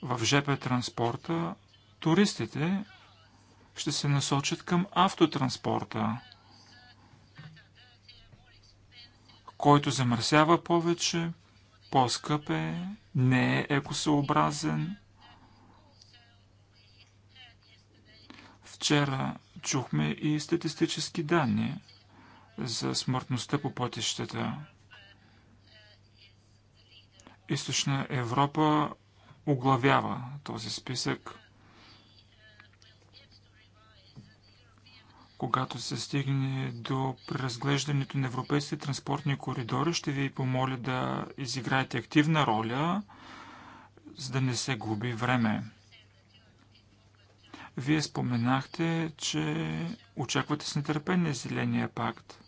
в ЖП транспорта, туристите ще се насочат към автотранспорта, който замърсява повече, по-скъп е, не е екосъобразен. Вчера чухме и статистически данни за смъртността по пътищата. Източна Европа оглавява този списък. Когато се стигне до преразглеждането на европейските транспортни коридори, ще ви помоля да изиграете активна роля, за да не се губи време. Вие споменахте, че очаквате с нетърпение Зеления пакт.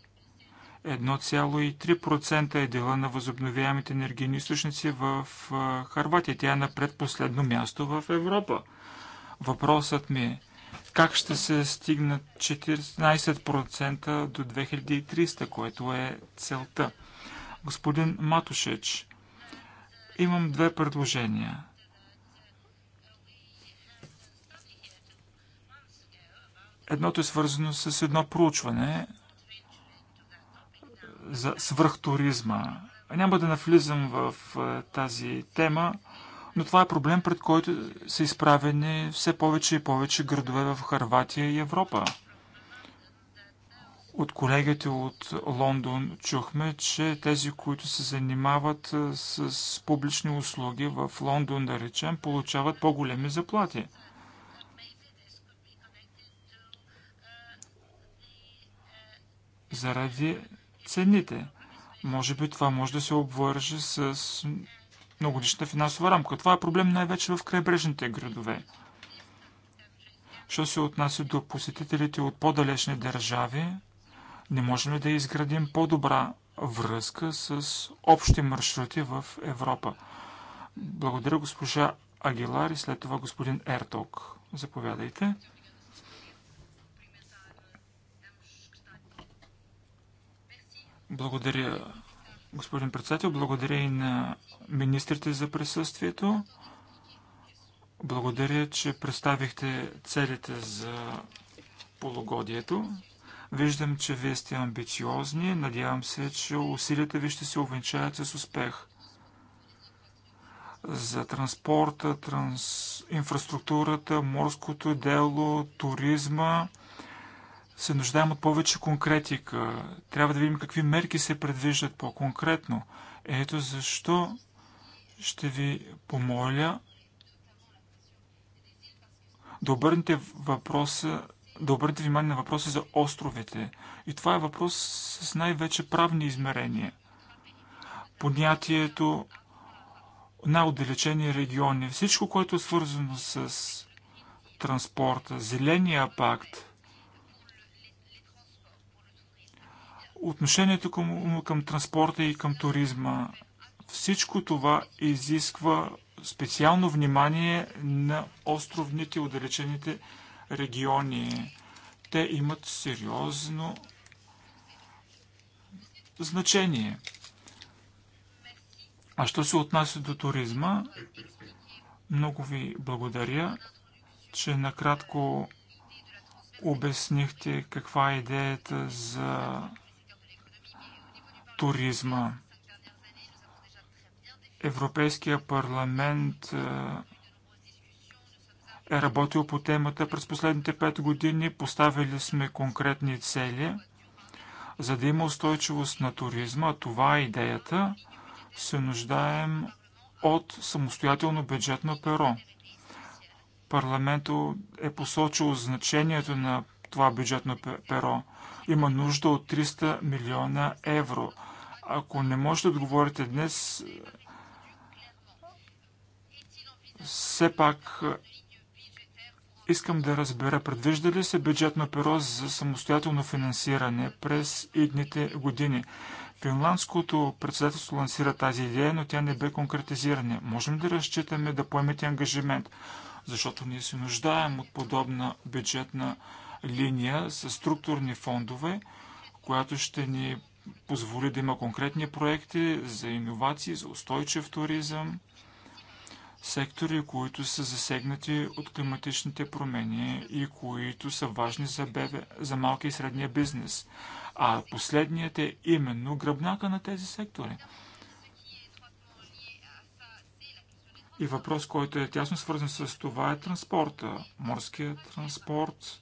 1,3% е дела на възобновяемите енергийни източници в Харватия. Тя е на предпоследно място в Европа. Въпросът ми е как ще се стигнат 14% до 2300, което е целта. Господин Матушеч, имам две предложения. Едното е свързано с едно проучване, за свръхтуризма. Няма да навлизам в е, тази тема, но това е проблем, пред който са изправени все повече и повече градове в Харватия и Европа. От колегите от Лондон чухме, че тези, които се занимават е, с публични услуги в Лондон, да речем, получават по-големи заплати. Заради цените. Може би това може да се обвърже с многодишната финансова рамка. Това е проблем най-вече в крайбрежните градове. Що се отнася до посетителите от по-далечни държави, не можем да изградим по-добра връзка с общи маршрути в Европа. Благодаря госпожа Агилар и след това господин Ерток. Заповядайте. Благодаря, господин председател. Благодаря и на министрите за присъствието. Благодаря, че представихте целите за полугодието. Виждам, че вие сте амбициозни. Надявам се, че усилията ви ще се увенчаят с успех. За транспорта, транс... инфраструктурата, морското дело, туризма – се нуждаем от повече конкретика. Трябва да видим какви мерки се предвиждат по-конкретно. Ето защо ще ви помоля да обърнете, въпроса, да обърнете внимание на въпроса за островите. И това е въпрос с най-вече правни измерения. Понятието на отдалечени региони, всичко, което е свързано с транспорта, зеления пакт – отношението към, към транспорта и към туризма. Всичко това изисква специално внимание на островните отдалечените региони. Те имат сериозно значение. А що се отнася до туризма, много ви благодаря, че накратко обяснихте каква е идеята за туризма. Европейския парламент е, е работил по темата през последните 5 години. Поставили сме конкретни цели, за да има устойчивост на туризма. Това е идеята. Се нуждаем от самостоятелно бюджетно перо. Парламентът е посочил значението на това бюджетно перо. Има нужда от 300 милиона евро – ако не можете да отговорите днес, все пак искам да разбера, предвижда ли се бюджетно перо за самостоятелно финансиране през идните години? Финландското председателство лансира тази идея, но тя не бе конкретизирана. Можем да разчитаме да поемете ангажимент, защото ние се нуждаем от подобна бюджетна линия с структурни фондове, която ще ни позволи да има конкретни проекти за иновации, за устойчив туризъм, сектори, които са засегнати от климатичните промени и които са важни за, бебе, за малкия и средния бизнес. А последният е именно гръбнака на тези сектори. И въпрос, който е тясно свързан с това е транспорта. Морският транспорт,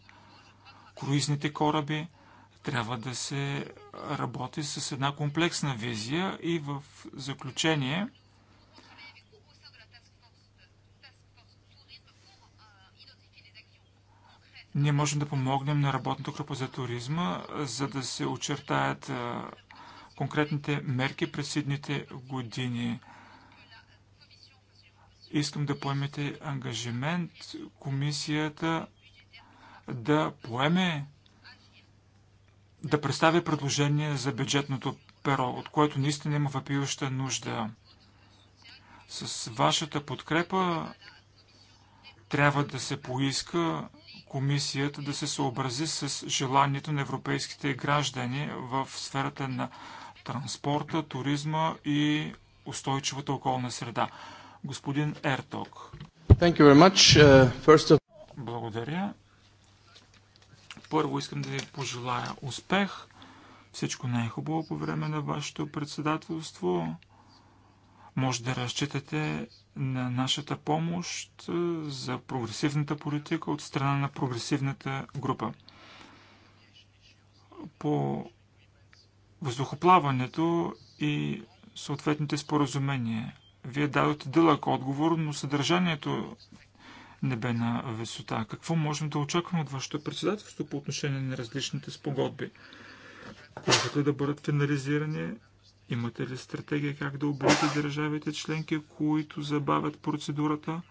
круизните кораби – трябва да се работи с една комплексна визия и в заключение ние можем да помогнем на работната група за туризма, за да се очертаят конкретните мерки през следните години. Искам да поемете ангажимент комисията да поеме да представя предложение за бюджетното перо, от което наистина има въпиваща нужда. С вашата подкрепа трябва да се поиска комисията да се съобрази с желанието на европейските граждани в сферата на транспорта, туризма и устойчивата околна среда. Господин Ерток. Uh, Благодаря. Първо искам да ви пожелая успех. Всичко най-хубаво е по време на вашето председателство. Може да разчитате на нашата помощ е, за прогресивната политика от страна на прогресивната група. По въздухоплаването и съответните споразумения. Вие дадохте дълъг отговор, но съдържанието Небена висота. Какво можем да очакваме от вашето председателство по отношение на различните спогодби? Когато да бъдат финализирани, имате ли стратегия как да обидите държавите членки, които забавят процедурата?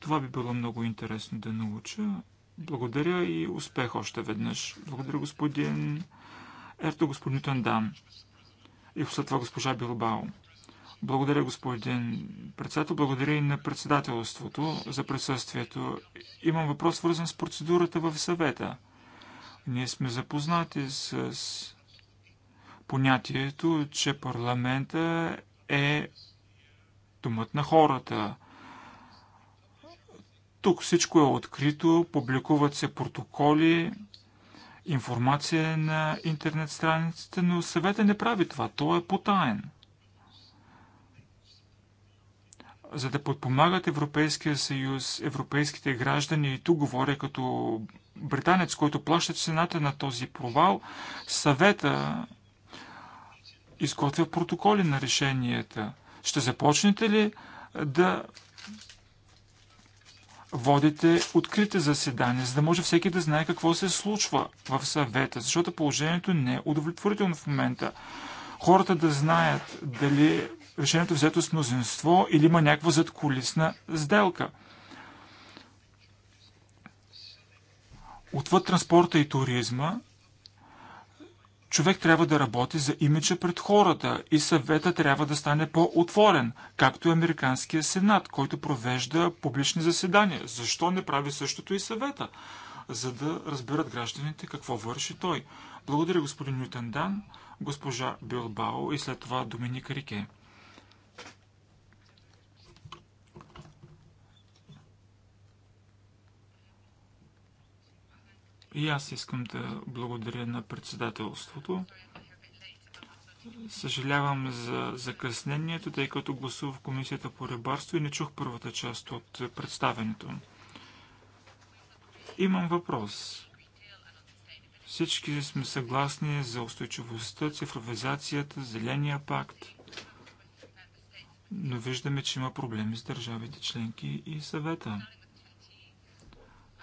Това би било много интересно да науча. Благодаря и успех още веднъж. Благодаря господин Ерто, господин Тандан. И след това госпожа Билбао. Благодаря, господин председател. Благодаря и на председателството за присъствието. Имам въпрос, свързан с процедурата в съвета. Ние сме запознати с понятието, че парламента е думът на хората. Тук всичко е открито, публикуват се протоколи, информация на интернет страницата, но съвета не прави това. Той е потаен. за да подпомагат Европейския съюз, европейските граждани, и тук говоря като британец, който плаща цената на този провал, съвета изготвя протоколи на решенията. Ще започнете ли да водите открите заседания, за да може всеки да знае какво се случва в съвета, защото положението не е удовлетворително в момента. Хората да знаят дали решението е взето с мнозинство или има някаква задколисна сделка. Отвъд транспорта и туризма, човек трябва да работи за имиджа пред хората и съвета трябва да стане по-отворен, както и Американския сенат, който провежда публични заседания. Защо не прави същото и съвета? За да разберат гражданите какво върши той. Благодаря господин Нютендан, госпожа Билбао и след това Доминик Рике. И аз искам да благодаря на председателството. Съжалявам за закъснението, тъй като гласувах комисията по рибарство и не чух първата част от представенето. Имам въпрос. Всички сме съгласни за устойчивостта, цифровизацията, зеления пакт. Но виждаме, че има проблеми с държавите членки и съвета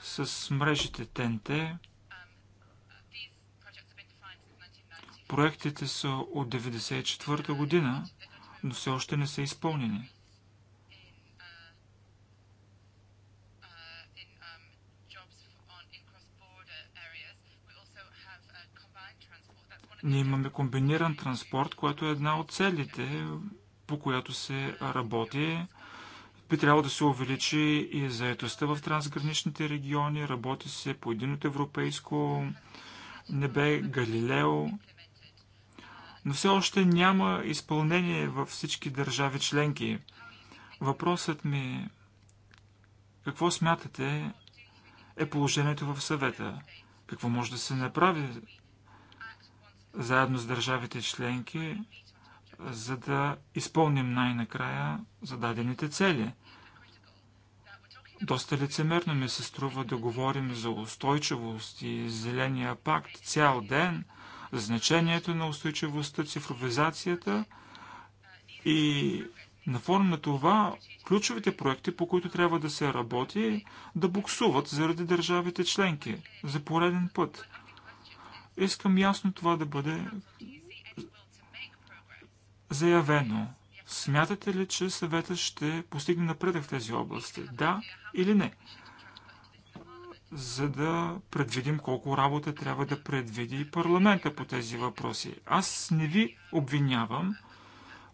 с мрежите ТНТ. Проектите са от 1994 година, но все още не са изпълнени. Ние имаме комбиниран транспорт, което е една от целите, по която се работи би трябвало да се увеличи и заетостта в трансграничните региони. Работи се по един от европейско небе Галилео. Но все още няма изпълнение във всички държави членки. Въпросът ми е какво смятате е положението в съвета? Какво може да се направи заедно с държавите членки, за да изпълним най-накрая зададените цели? Доста лицемерно ми се струва да говорим за устойчивост и зеления пакт цял ден, значението на устойчивостта, цифровизацията и на фона на това ключовите проекти, по които трябва да се работи, да буксуват заради държавите членки за пореден път. Искам ясно това да бъде заявено. Смятате ли, че съветът ще постигне напредък в тези области? Да или не? За да предвидим колко работа трябва да предвиди и парламента по тези въпроси. Аз не ви обвинявам,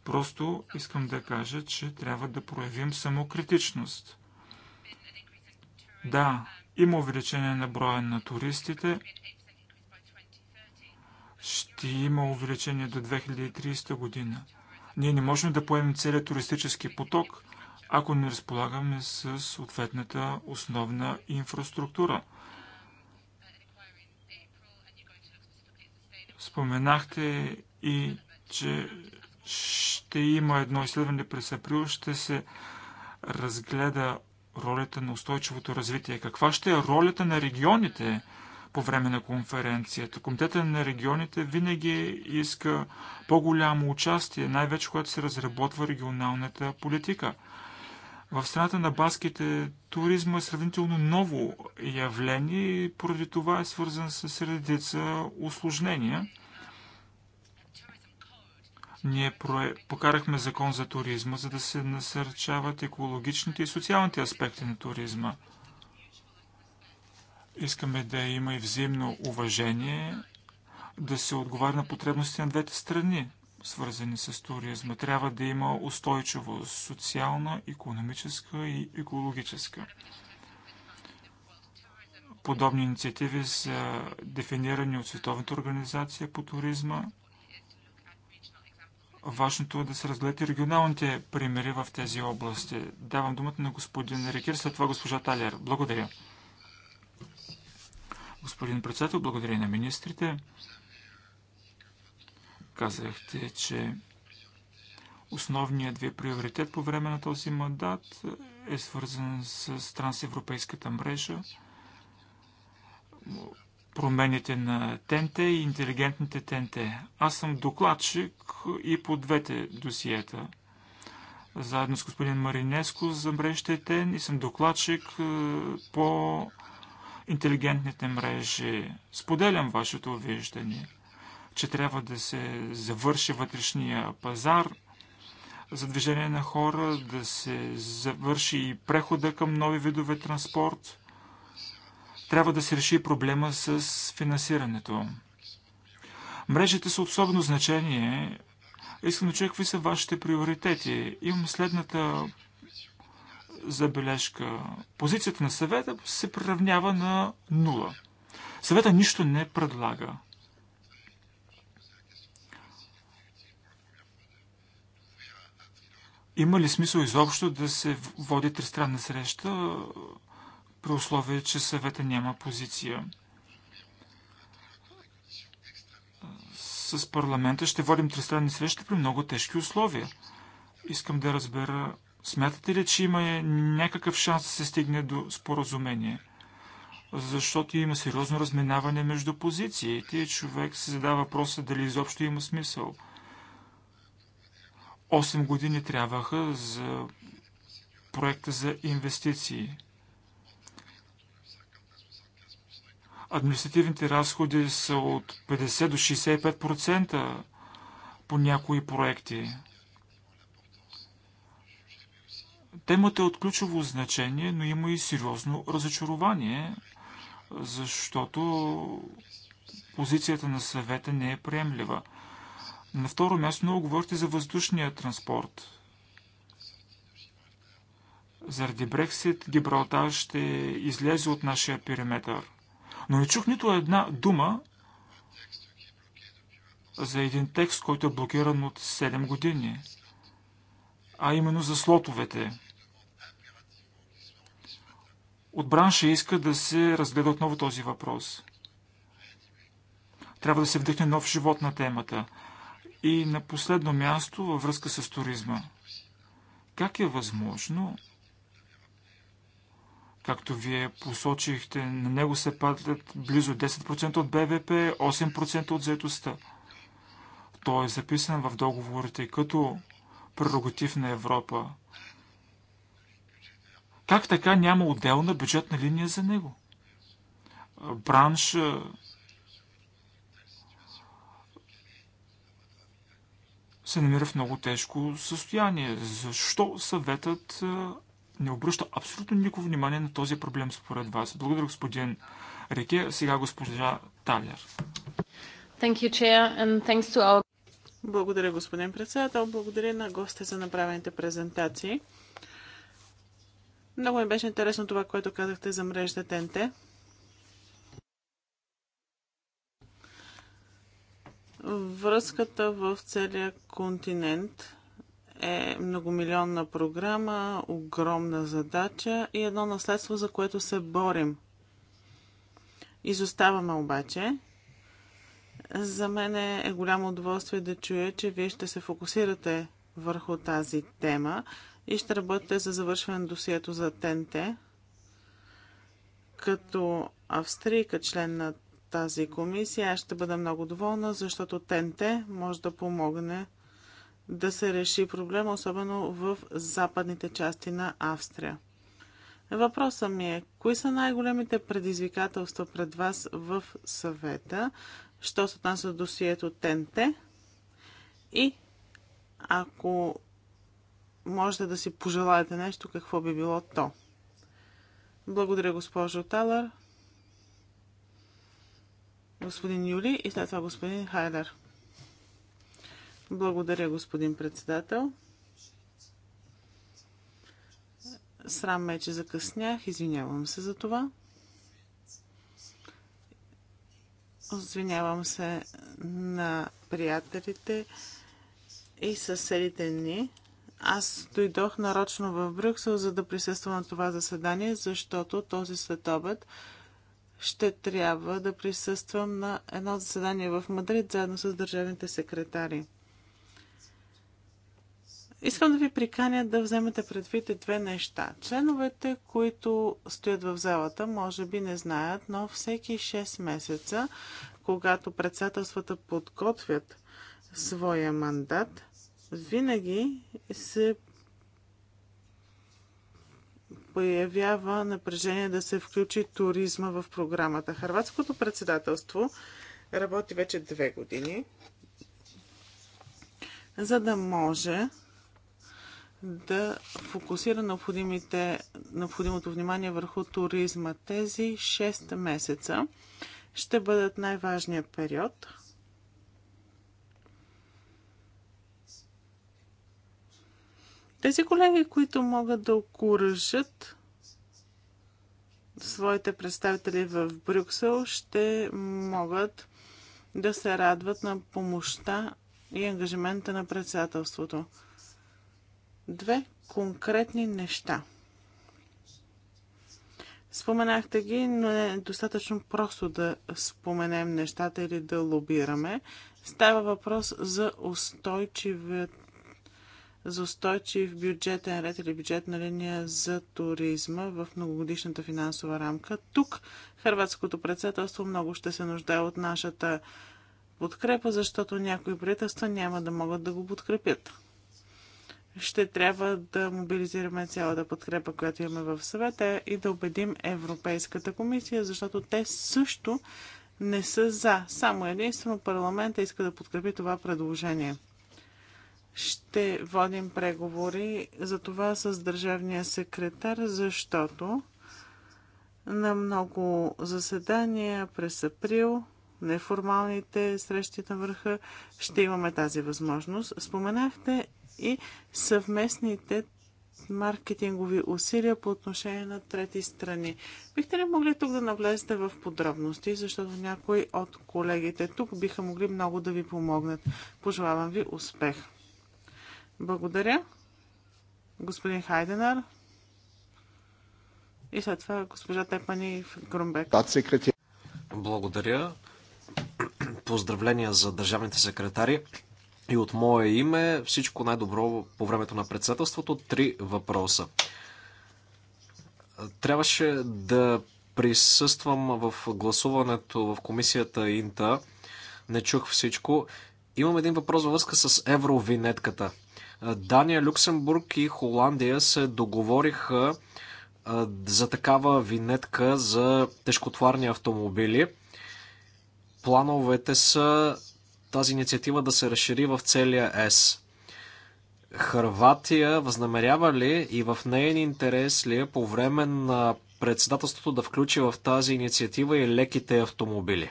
просто искам да кажа, че трябва да проявим самокритичност. Да, има увеличение на броя на туристите, ще има увеличение до 2030 година – ние не можем да поемем целият туристически поток, ако не разполагаме с съответната основна инфраструктура. Споменахте и, че ще има едно изследване през април, ще се разгледа ролята на устойчивото развитие. Каква ще е ролята на регионите? по време на конференцията. Комитета на регионите винаги иска по-голямо участие, най-вече когато се разработва регионалната политика. В страната на баските туризма е сравнително ново явление и поради това е свързан с редица осложнения. Ние покарахме закон за туризма, за да се насърчават екологичните и социалните аспекти на туризма – Искаме да има и взаимно уважение, да се отговаря на потребностите на двете страни, свързани с туризма. Трябва да има устойчиво социална, економическа и екологическа. Подобни инициативи са дефинирани от Световната организация по туризма. Важното е да се разгледат и регионалните примери в тези области. Давам думата на господин Рекир, след това госпожа Талер. Благодаря. Господин председател, благодаря на министрите. Казахте, че основният ви приоритет по време на този мандат е свързан с трансевропейската мрежа, промените на ТНТ и интелигентните ТНТ. Аз съм докладчик и по двете досиета. Заедно с господин Маринеско за мрежите ТН и съм докладчик е, по интелигентните мрежи. Споделям вашето виждане, че трябва да се завърши вътрешния пазар за движение на хора, да се завърши и прехода към нови видове транспорт. Трябва да се реши проблема с финансирането. Мрежите са особено значение. Искам да чуя какви са вашите приоритети. Имам следната забележка. Позицията на съвета се приравнява на нула. Съвета нищо не предлага. Има ли смисъл изобщо да се води тристранна среща при условие, че съвета няма позиция? С парламента ще водим тристранни срещи при много тежки условия. Искам да разбера Смятате ли, че има някакъв шанс да се стигне до споразумение? Защото има сериозно разминаване между позициите и човек се задава въпроса дали изобщо има смисъл. 8 години трябваха за проекта за инвестиции. Административните разходи са от 50 до 65% по някои проекти. Темата е от ключово значение, но има и сериозно разочарование, защото позицията на съвета не е приемлива. На второ място много говорите за въздушния транспорт. Заради Брексит Гибралтар ще излезе от нашия периметър. Но не чух нито една дума за един текст, който е блокиран от 7 години а именно за слотовете. От бранша иска да се разгледа отново този въпрос. Трябва да се вдъхне нов живот на темата. И на последно място във връзка с туризма. Как е възможно, както вие посочихте, на него се падат близо 10% от БВП, 8% от заетостта. Той е записан в договорите като прерогатив на Европа. Как така няма отделна бюджетна линия за него? Бранш се намира в много тежко състояние. Защо съветът не обръща абсолютно никакво внимание на този проблем според вас? Благодаря, господин Реке. Сега госпожа Талер. Thank you, Chair, and thanks to our благодаря, господин председател. Благодаря на гостите за направените презентации. Много ми беше интересно това, което казахте за мрежата ТНТ. Връзката в целия континент е многомилионна програма, огромна задача и едно наследство, за което се борим. Изоставаме обаче. За мен е, е голямо удоволствие да чуя, че вие ще се фокусирате върху тази тема и ще работите за завършване на досието за ТНТ. Като австрийка, член на тази комисия, аз ще бъда много доволна, защото ТНТ може да помогне да се реши проблема, особено в западните части на Австрия. Въпросът ми е, кои са най-големите предизвикателства пред вас в съвета що се отнася до досието ТНТ и ако можете да си пожелаете нещо, какво би било то. Благодаря, госпожо Талър. Господин Юли и след това господин Хайлер. Благодаря, господин председател. Срам ме, че закъснях. Извинявам се за това. Извинявам се на приятелите и съседите ни. Аз дойдох нарочно в Брюксел, за да присъствам на това заседание, защото този следобед ще трябва да присъствам на едно заседание в Мадрид, заедно с държавните секретари. Искам да ви приканя да вземете предвид две неща. Членовете, които стоят в залата, може би не знаят, но всеки 6 месеца, когато председателствата подготвят своя мандат, винаги се появява напрежение да се включи туризма в програмата. Харватското председателство работи вече две години, за да може да фокусира необходимото внимание върху туризма. Тези 6 месеца ще бъдат най-важният период. Тези колеги, които могат да окоръжат своите представители в Брюксел, ще могат да се радват на помощта и ангажимента на председателството две конкретни неща. Споменахте ги, но е достатъчно просто да споменем нещата или да лобираме. Става въпрос за устойчив, за устойчив бюджетен ред или бюджетна линия за туризма в многогодишната финансова рамка. Тук Хрватското председателство много ще се нуждае от нашата подкрепа, защото някои правителства няма да могат да го подкрепят ще трябва да мобилизираме цялата подкрепа, която имаме в съвета и да убедим Европейската комисия, защото те също не са за. Само единствено парламента иска да подкрепи това предложение. Ще водим преговори за това с държавния секретар, защото на много заседания през април неформалните срещи на върха ще имаме тази възможност. Споменахте и съвместните маркетингови усилия по отношение на трети страни. Бихте ли могли тук да навлезете в подробности, защото някои от колегите тук биха могли много да ви помогнат. Пожелавам ви успех! Благодаря. Господин Хайденар. И след това госпожа Тепани в Грумбек. Благодаря. Поздравления за държавните секретари и от мое име. Всичко най-добро по времето на председателството. Три въпроса. Трябваше да присъствам в гласуването в комисията Инта. Не чух всичко. Имам един въпрос във връзка с евровинетката. Дания, Люксембург и Холандия се договориха за такава винетка за тежкотварни автомобили. Плановете са тази инициатива да се разшири в целия ЕС. Харватия възнамерява ли и в нейен интерес ли е по време на председателството да включи в тази инициатива и леките автомобили?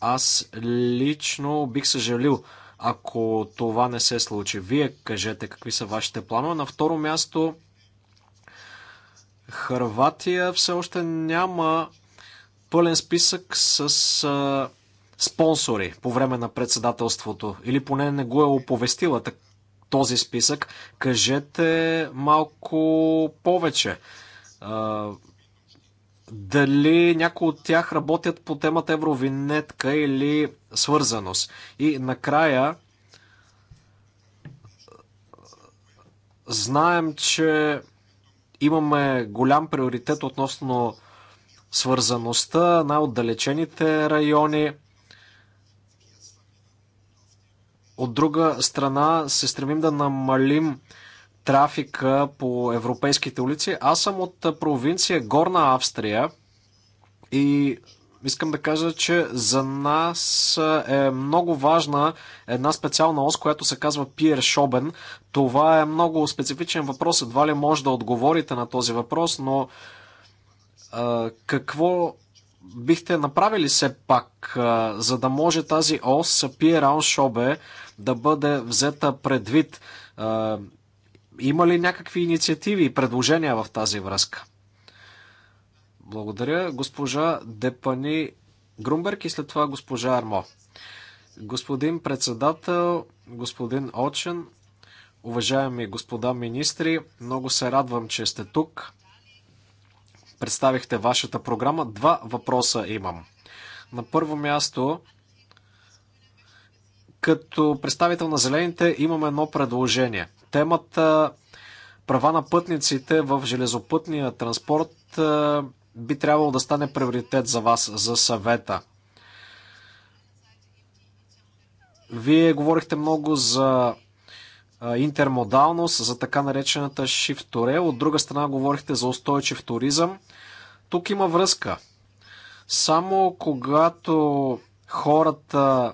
Аз лично бих съжалил, ако това не се случи. Вие кажете какви са вашите планове. На второ място, Харватия все още няма пълен списък с спонсори по време на председателството или поне не го е оповестила този списък. Кажете малко повече. Дали някои от тях работят по темата евровинетка или свързаност? И накрая знаем, че имаме голям приоритет относно свързаността, най-отдалечените райони – От друга страна се стремим да намалим трафика по европейските улици. Аз съм от провинция Горна Австрия и искам да кажа, че за нас е много важна една специална ос, която се казва Пиер Шобен. Това е много специфичен въпрос. Едва ли може да отговорите на този въпрос, но а, какво бихте направили все пак, за да може тази ос Пиеран Шобе да бъде взета предвид? Има ли някакви инициативи и предложения в тази връзка? Благодаря, госпожа Депани Грумберг и след това госпожа Армо. Господин председател, господин Очен, уважаеми господа министри, много се радвам, че сте тук представихте вашата програма. Два въпроса имам. На първо място, като представител на Зелените имам едно предложение. Темата права на пътниците в железопътния транспорт е, би трябвало да стане приоритет за вас, за съвета. Вие говорихте много за интермодалност, за така наречената шифторе. От друга страна говорихте за устойчив туризъм. Тук има връзка. Само когато хората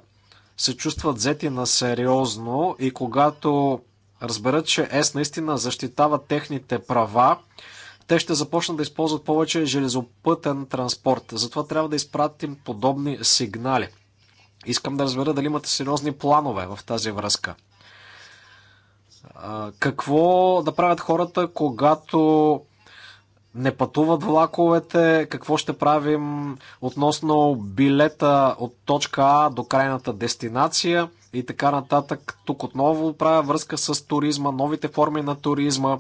се чувстват взети на сериозно и когато разберат, че ЕС наистина защитава техните права, те ще започнат да използват повече железопътен транспорт. Затова трябва да изпратим подобни сигнали. Искам да разбера дали имате сериозни планове в тази връзка. Какво да правят хората, когато не пътуват влаковете? Какво ще правим относно билета от точка А до крайната дестинация и така нататък? Тук отново правя връзка с туризма, новите форми на туризма.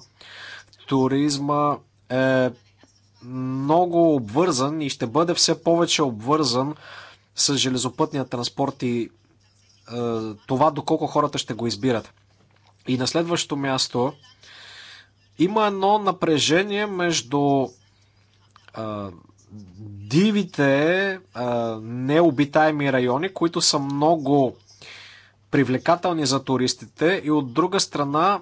Туризма е много обвързан и ще бъде все повече обвързан с железопътния транспорт и е, това доколко хората ще го избират. И на следващо място има едно напрежение между а, дивите а, необитаеми райони, които са много привлекателни за туристите и от друга страна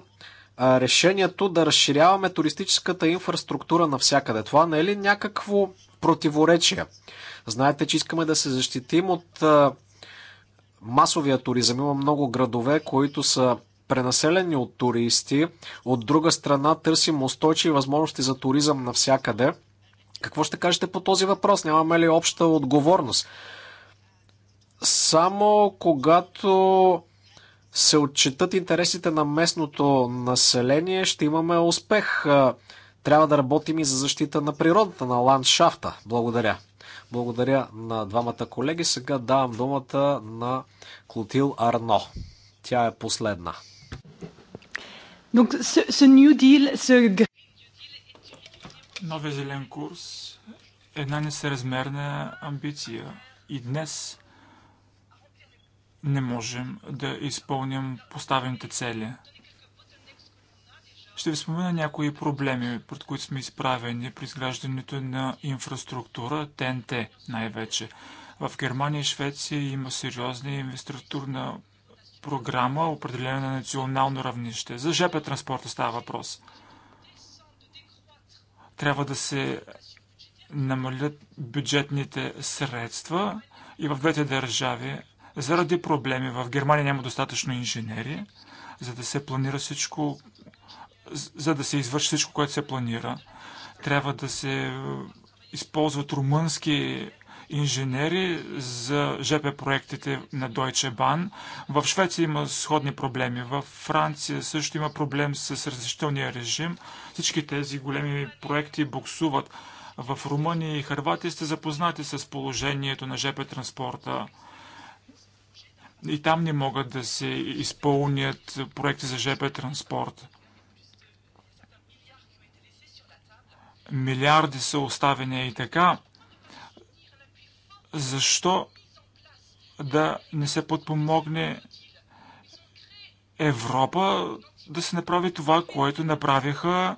а, решението да разширяваме туристическата инфраструктура навсякъде. Това не е ли някакво противоречие? Знаете, че искаме да се защитим от а, масовия туризъм. Има много градове, които са пренаселени от туристи. От друга страна търсим устойчиви възможности за туризъм навсякъде. Какво ще кажете по този въпрос? Нямаме ли обща отговорност? Само когато се отчитат интересите на местното население, ще имаме успех. Трябва да работим и за защита на природата, на ландшафта. Благодаря. Благодаря на двамата колеги. Сега давам думата на Клотил Арно. Тя е последна. Donc ce, ce New Deal, ce... Новия зелен курс е една несъразмерна амбиция и днес не можем да изпълним поставените цели. Ще ви спомена някои проблеми, пред които сме изправени при изграждането на инфраструктура, ТНТ най-вече. В Германия и Швеция има сериозна инфраструктурна програма, определена на национално равнище. За ЖП транспорта става въпрос. Трябва да се намалят бюджетните средства и в двете държави заради проблеми. В Германия няма достатъчно инженери, за да се планира всичко, за да се извърши всичко, което се планира. Трябва да се използват румънски инженери за ЖП проектите на Deutsche Bahn. В Швеция има сходни проблеми. В Франция също има проблем с разрешителния режим. Всички тези големи проекти буксуват. В Румъния и Харватия сте запознати с положението на ЖП транспорта. И там не могат да се изпълнят проекти за ЖП транспорт. Милиарди са оставени и така защо да не се подпомогне Европа да се направи това, което направиха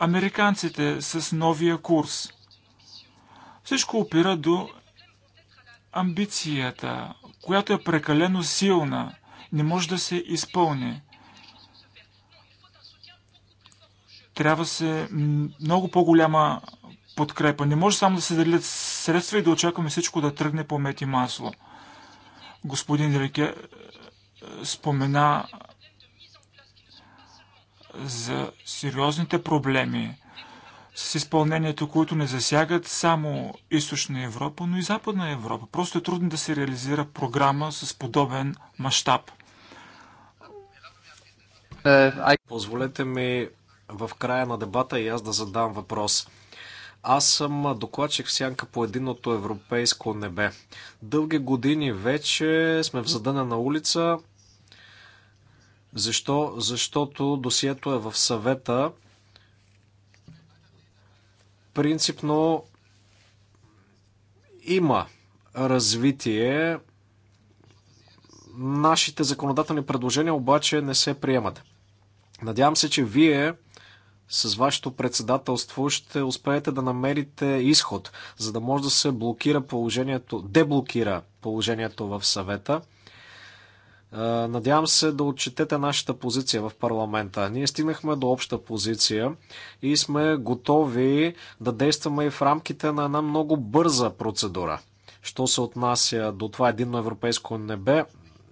американците с новия курс? Всичко опира до амбицията, която е прекалено силна, не може да се изпълни. Трябва се много по-голяма подкрепа. Не може само да се делят средства и да очакваме всичко да тръгне по мет и масло. Господин Реке е, спомена за сериозните проблеми с изпълнението, които не засягат само източна Европа, но и западна Европа. Просто е трудно да се реализира програма с подобен мащаб. Е, Позволете ми в края на дебата и аз да задам въпрос. Аз съм докладчик в сянка по единното европейско небе. Дълги години вече сме в на улица. Защо? Защото досието е в съвета. Принципно има развитие. Нашите законодателни предложения обаче не се приемат. Надявам се, че вие с вашето председателство ще успеете да намерите изход, за да може да се блокира положението, деблокира положението в съвета. Надявам се да отчетете нашата позиция в парламента. Ние стигнахме до обща позиция и сме готови да действаме и в рамките на една много бърза процедура. Що се отнася до това единно европейско небе,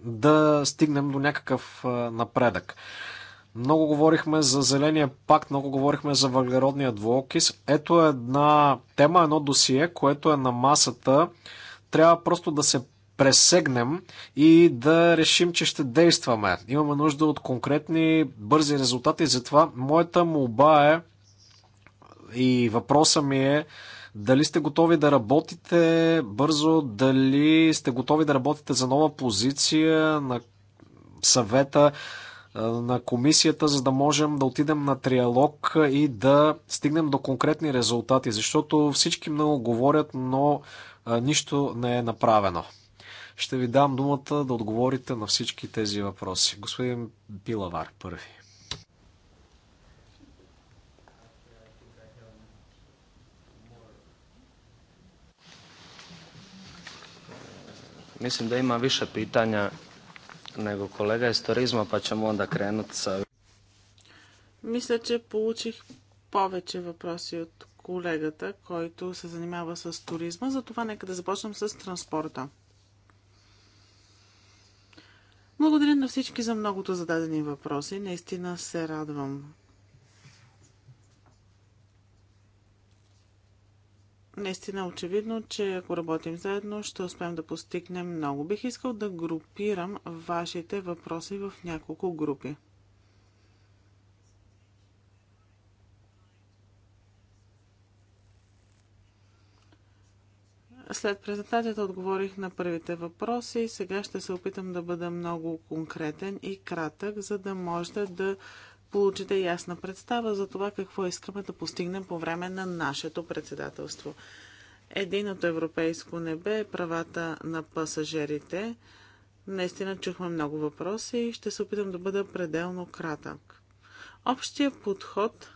да стигнем до някакъв напредък. Много говорихме за Зеления пакт, много говорихме за въглеродния двуокис. Ето една тема, едно досие, което е на масата. Трябва просто да се пресегнем и да решим, че ще действаме. Имаме нужда от конкретни бързи резултати, затова моята молба е и въпроса ми е дали сте готови да работите бързо, дали сте готови да работите за нова позиция на съвета на комисията, за да можем да отидем на триалог и да стигнем до конкретни резултати, защото всички много говорят, но нищо не е направено. Ще ви дам думата да отговорите на всички тези въпроси. Господин Пилавар първи. Mislim da ima više pitanja nego kolega iz turizma, pa ćemo onda krenuti sa... Мисля, че получих повече въпроси от колегата, който се занимава с туризма. Затова нека да започнем с транспорта. Благодаря на всички за многото зададени въпроси. Наистина се радвам, наистина очевидно, че ако работим заедно, ще успеем да постигнем много. Бих искал да групирам вашите въпроси в няколко групи. След презентацията отговорих на първите въпроси. Сега ще се опитам да бъда много конкретен и кратък, за да можете да получите ясна представа за това какво искаме да постигнем по време на нашето председателство. Единото европейско небе е правата на пасажирите. Наистина чухме много въпроси и ще се опитам да бъда пределно кратък. Общия подход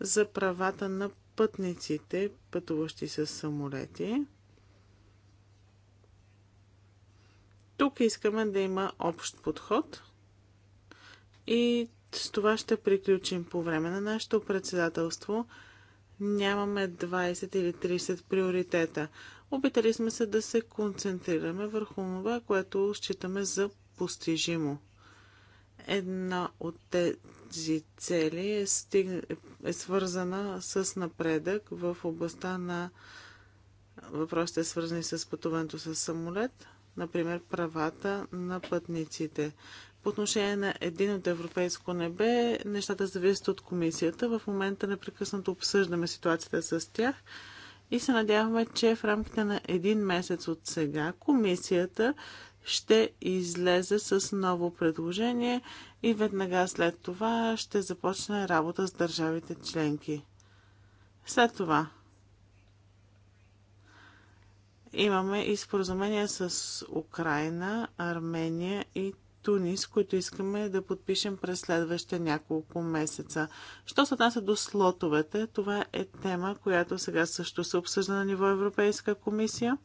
за правата на пътниците, пътуващи с самолети. Тук искаме да има общ подход – и с това ще приключим по време на нашето председателство. Нямаме 20 или 30 приоритета. Опитали сме се да се концентрираме върху това, което считаме за постижимо. Една от тези цели е, стиг... е свързана с напредък в областта на въпросите, свързани с пътуването с самолет, например правата на пътниците. По отношение на един от европейско небе, нещата зависят от комисията. В момента непрекъснато обсъждаме ситуацията с тях и се надяваме, че в рамките на един месец от сега комисията ще излезе с ново предложение и веднага след това ще започне работа с държавите членки. След това имаме и споразумение с Украина, Армения и Тунис, които искаме да подпишем през следващите няколко месеца. Що се отнася до слотовете, това е тема, която сега също се обсъжда на ниво Европейска комисия.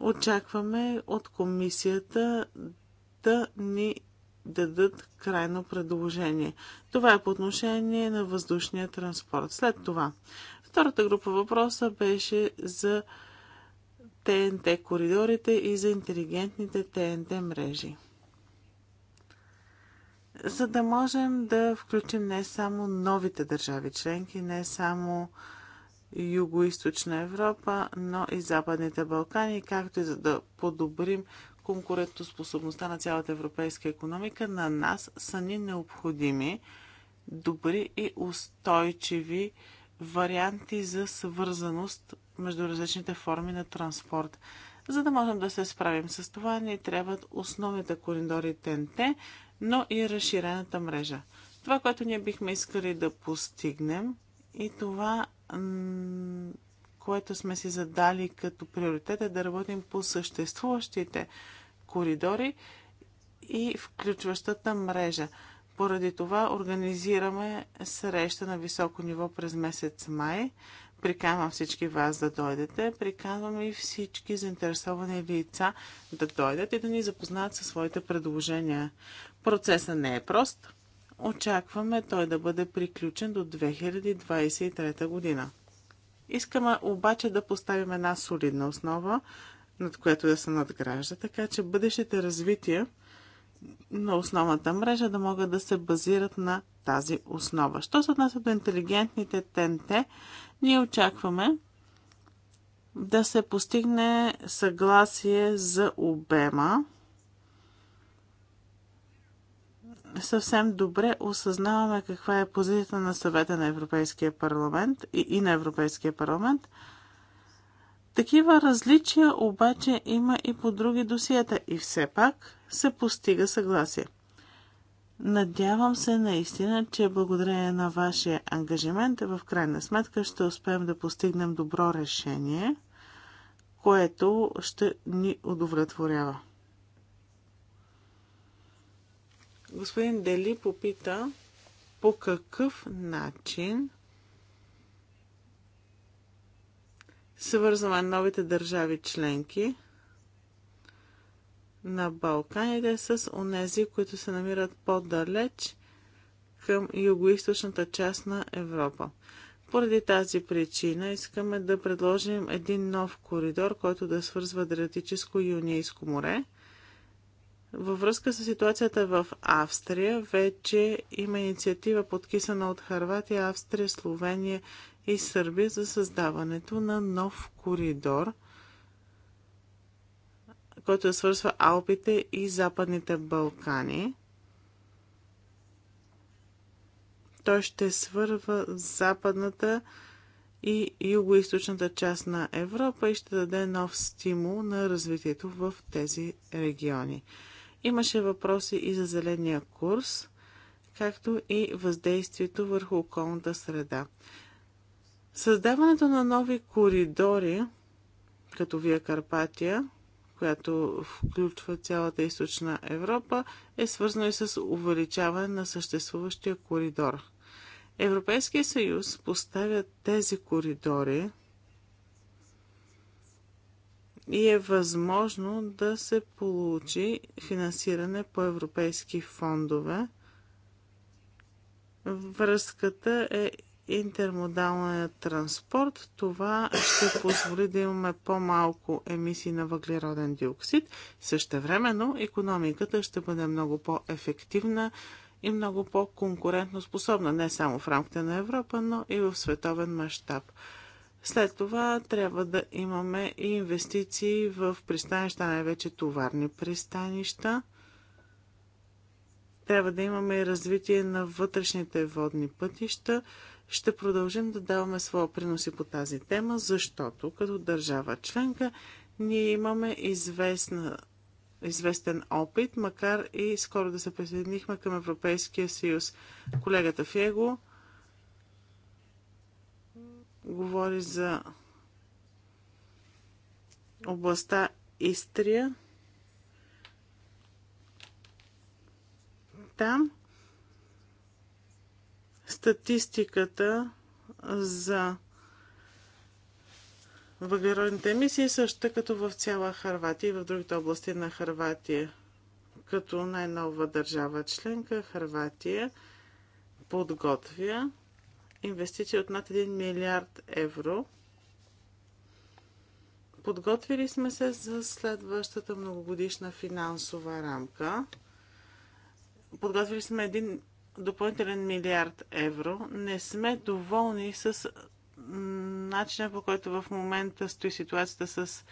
Очакваме от комисията да ни дадат крайно предложение. Това е по отношение на въздушния транспорт. След това, втората група въпроса беше за ТНТ коридорите и за интелигентните ТНТ мрежи за да можем да включим не само новите държави членки, не само Юго-Источна Европа, но и Западните Балкани, както и за да подобрим конкурентоспособността на цялата европейска економика, на нас са ни необходими добри и устойчиви варианти за свързаност между различните форми на транспорт. За да можем да се справим с това, ни трябват основните коридори ТНТ, но и разширената мрежа. Това, което ние бихме искали да постигнем и това, което сме си задали като приоритет е да работим по съществуващите коридори и включващата мрежа. Поради това организираме среща на високо ниво през месец май, Приканвам всички вас да дойдете. Приканвам и всички заинтересовани лица да дойдат и да ни запознаят със своите предложения. Процесът не е прост. Очакваме той да бъде приключен до 2023 година. Искаме обаче да поставим една солидна основа, над която да се надгражда, така че бъдещите развития на основната мрежа да могат да се базират на тази основа. Що се отнася до интелигентните ТНТ, ние очакваме да се постигне съгласие за обема. Съвсем добре осъзнаваме каква е позицията на съвета на Европейския парламент и, и на Европейския парламент. Такива различия обаче има и по други досиета и все пак се постига съгласие. Надявам се наистина, че благодарение на вашия ангажимент в крайна сметка ще успеем да постигнем добро решение, което ще ни удовлетворява. Господин Дели попита по какъв начин свързваме новите държави членки – на Балканите с онези, които се намират по-далеч към югоисточната част на Европа. Поради тази причина искаме да предложим един нов коридор, който да свързва Адриатическо и Юнийско море. Във връзка с ситуацията в Австрия, вече има инициатива подписана от Харватия, Австрия, Словения и Сърбия за създаването на нов коридор – който свързва Алпите и Западните Балкани. Той ще свърва западната и югоизточната част на Европа и ще даде нов стимул на развитието в тези региони. Имаше въпроси и за зеления курс, както и въздействието върху околната среда. Създаването на нови коридори, като Вия Карпатия, която включва цялата източна Европа, е свързано и с увеличаване на съществуващия коридор. Европейския съюз поставя тези коридори и е възможно да се получи финансиране по европейски фондове. Връзката е интермодалния транспорт. Това ще позволи да имаме по-малко емисии на въглероден диоксид. Същевременно економиката ще бъде много по-ефективна и много по-конкурентно способна, не само в рамките на Европа, но и в световен мащаб. След това трябва да имаме и инвестиции в пристанища, най-вече товарни пристанища. Трябва да имаме и развитие на вътрешните водни пътища ще продължим да даваме своя принос и по тази тема, защото като държава членка ние имаме известна, известен опит, макар и скоро да се присъединихме към Европейския съюз. Колегата Фего говори за областта Истрия. Там статистиката за въглеродните емисии, е също като в цяла Харватия и в другите области на Харватия. Като най-нова държава членка, Харватия подготвя инвестиции от над 1 милиард евро. Подготвили сме се за следващата многогодишна финансова рамка. Подготвили сме един допълнителен милиард евро. Не сме доволни с начина по който в момента стои ситуацията с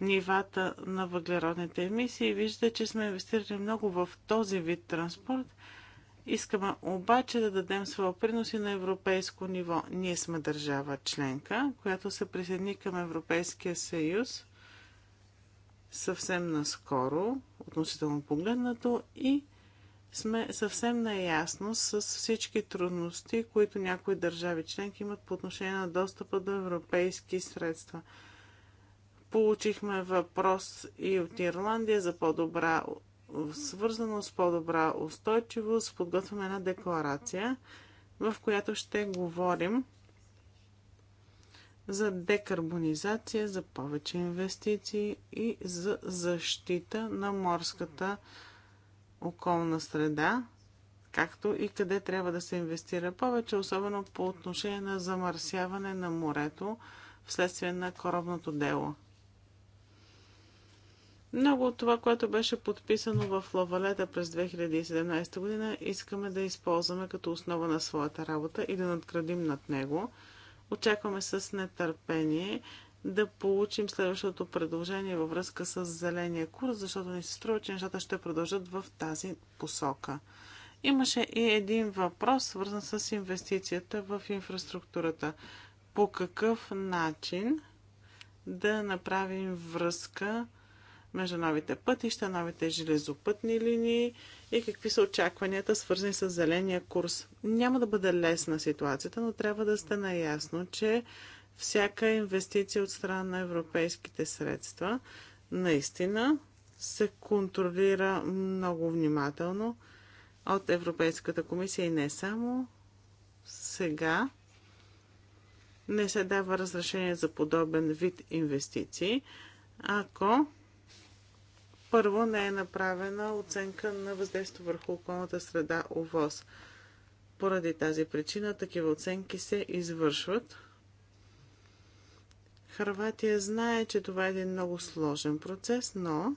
нивата на въглеродните емисии. Виждате, че сме инвестирали много в този вид транспорт. Искаме обаче да дадем своя принос и на европейско ниво. Ние сме държава членка, която се присъедини към Европейския съюз съвсем наскоро, относително погледнато, и сме съвсем наясно с всички трудности, които някои държави членки имат по отношение на достъпа до европейски средства. Получихме въпрос и от Ирландия за по-добра свързаност, по-добра устойчивост. Подготвяме една декларация, в която ще говорим за декарбонизация, за повече инвестиции и за защита на морската околна среда, както и къде трябва да се инвестира повече, особено по отношение на замърсяване на морето вследствие на корабното дело. Много от това, което беше подписано в Лавалета през 2017 година, искаме да използваме като основа на своята работа и да надградим над него. Очакваме с нетърпение да получим следващото предложение във връзка с зеления курс, защото ни се струва, че нещата ще продължат в тази посока. Имаше и един въпрос, свързан с инвестицията в инфраструктурата. По какъв начин да направим връзка между новите пътища, новите железопътни линии и какви са очакванията, свързани с зеления курс. Няма да бъде лесна ситуацията, но трябва да сте наясно, че всяка инвестиция от страна на европейските средства наистина се контролира много внимателно от Европейската комисия и не само сега не се дава разрешение за подобен вид инвестиции, ако първо не е направена оценка на въздействието върху околната среда ОВОз. Поради тази причина такива оценки се извършват Харватия знае, че това е един много сложен процес, но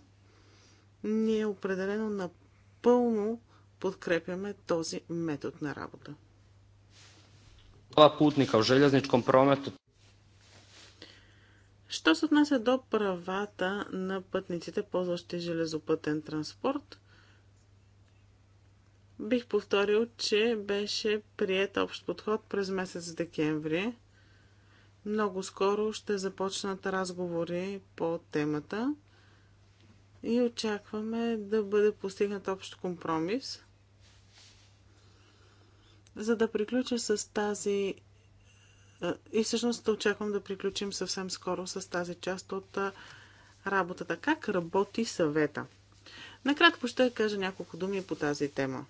ние определено напълно подкрепяме този метод на работа. Права путника в железничком промету. Що се отнася до правата на пътниците, ползващи железопътен транспорт, бих повторил, че беше прият общ подход през месец декември. Много скоро ще започнат разговори по темата и очакваме да бъде постигнат общ компромис. За да приключа с тази. И всъщност очаквам да приключим съвсем скоро с тази част от работата. Как работи съвета? Накратко ще кажа няколко думи по тази тема.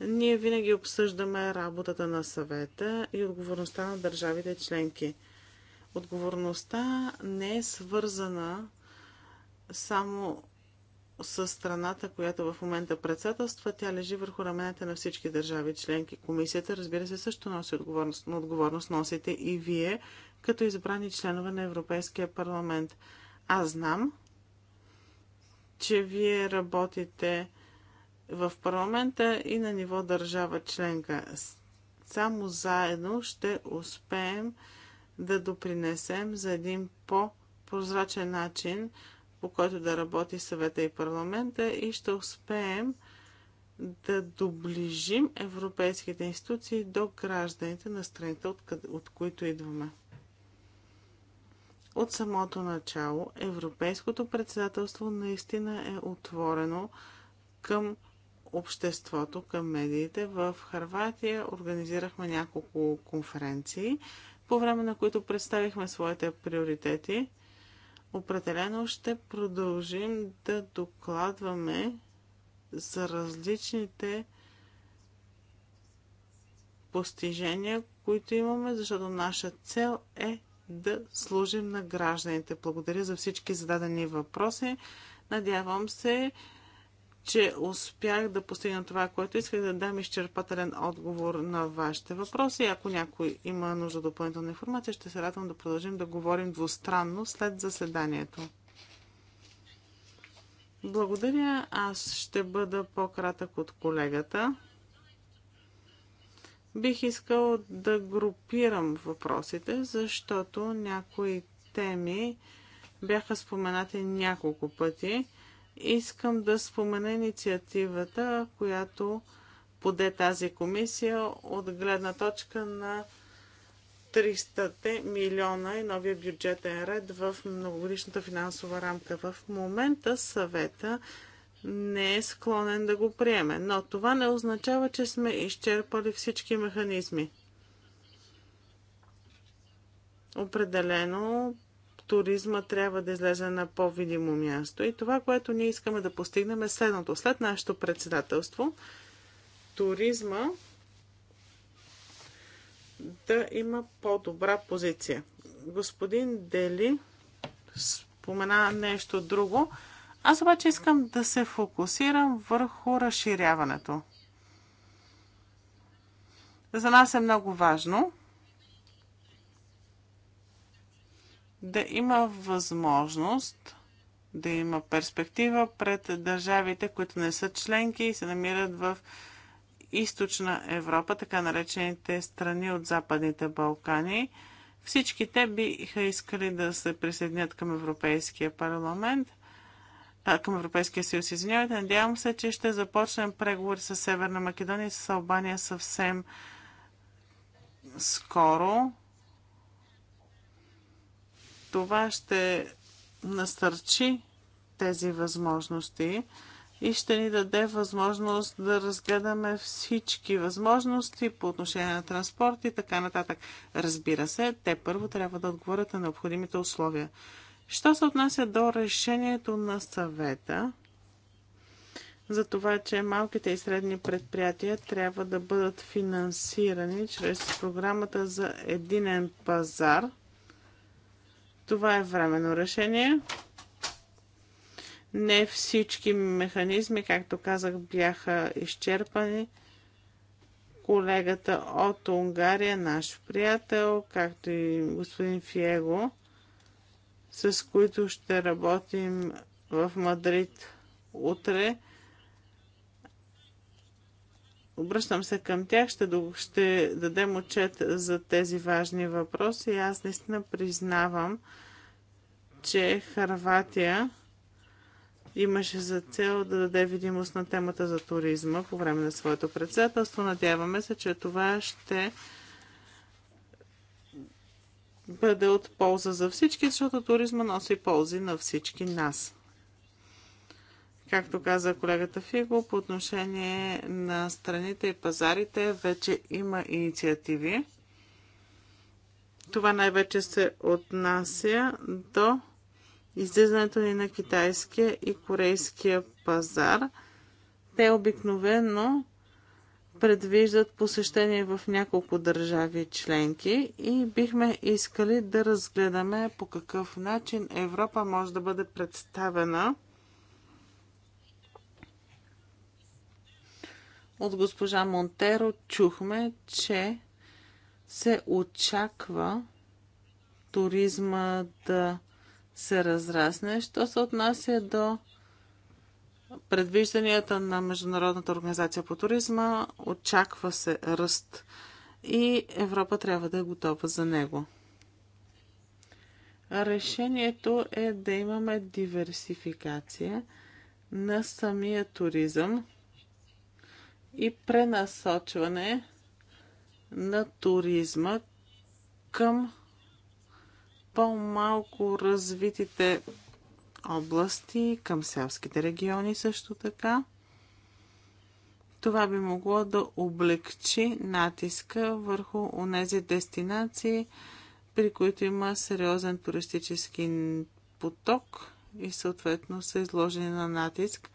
Ние винаги обсъждаме работата на съвета и отговорността на държавите членки. Отговорността не е свързана само с страната, която в момента председателства, тя лежи върху раменете на всички държави членки. Комисията, разбира се, също носи отговорност, но отговорност носите и вие, като избрани членове на Европейския парламент. Аз знам, че вие работите в парламента и на ниво държава членка. Само заедно ще успеем да допринесем за един по-прозрачен начин, по който да работи съвета и парламента и ще успеем да доближим европейските институции до гражданите на страните, от, къд... от които идваме. От самото начало Европейското председателство наистина е отворено към обществото към медиите. В Харватия организирахме няколко конференции, по време на които представихме своите приоритети. Определено ще продължим да докладваме за различните постижения, които имаме, защото наша цел е да служим на гражданите. Благодаря за всички зададени въпроси. Надявам се, че успях да постигна това, което исках да дам изчерпателен отговор на вашите въпроси. Ако някой има нужда допълнителна информация, ще се радвам да продължим да говорим двустранно след заседанието. Благодаря. Аз ще бъда по-кратък от колегата. Бих искал да групирам въпросите, защото някои теми бяха споменати няколко пъти. Искам да спомена инициативата, която поде тази комисия от гледна точка на 300 милиона и новия бюджетен ред в многогодишната финансова рамка. В момента съвета не е склонен да го приеме, но това не означава, че сме изчерпали всички механизми. Определено туризма трябва да излезе на по-видимо място. И това, което ние искаме да постигнем е следното. След нашето председателство, туризма да има по-добра позиция. Господин Дели спомена нещо друго. Аз обаче искам да се фокусирам върху разширяването. За нас е много важно да има възможност да има перспектива пред държавите, които не са членки и се намират в източна Европа, така наречените страни от Западните Балкани. Всички те биха искали да се присъединят към Европейския парламент, а, към Европейския съюз, извинявайте. Надявам се, че ще започнем преговори с Северна Македония и с Албания съвсем скоро. Това ще насърчи тези възможности и ще ни даде възможност да разгледаме всички възможности по отношение на транспорт и така нататък. Разбира се, те първо трябва да отговорят на необходимите условия. Що се отнася до решението на съвета за това, че малките и средни предприятия трябва да бъдат финансирани чрез програмата за единен пазар – това е временно решение. Не всички механизми, както казах, бяха изчерпани. Колегата от Унгария, наш приятел, както и господин Фиего, с които ще работим в Мадрид утре Обръщам се към тях, ще, ще дадем отчет за тези важни въпроси. Аз наистина признавам, че Харватия имаше за цел да даде видимост на темата за туризма по време на своето председателство. Надяваме се, че това ще бъде от полза за всички, защото туризма носи ползи на всички нас. Както каза колегата Фиго, по отношение на страните и пазарите вече има инициативи. Това най-вече се отнася до излизането ни на китайския и корейския пазар. Те обикновено предвиждат посещение в няколко държави членки и бихме искали да разгледаме по какъв начин Европа може да бъде представена От госпожа Монтеро чухме, че се очаква туризма да се разрасне. Що се отнася до предвижданията на Международната организация по туризма, очаква се ръст и Европа трябва да е готова за него. Решението е да имаме диверсификация на самия туризъм и пренасочване на туризма към по-малко развитите области, към селските региони също така. Това би могло да облегчи натиска върху онези дестинации, при които има сериозен туристически поток и съответно са изложени на натиск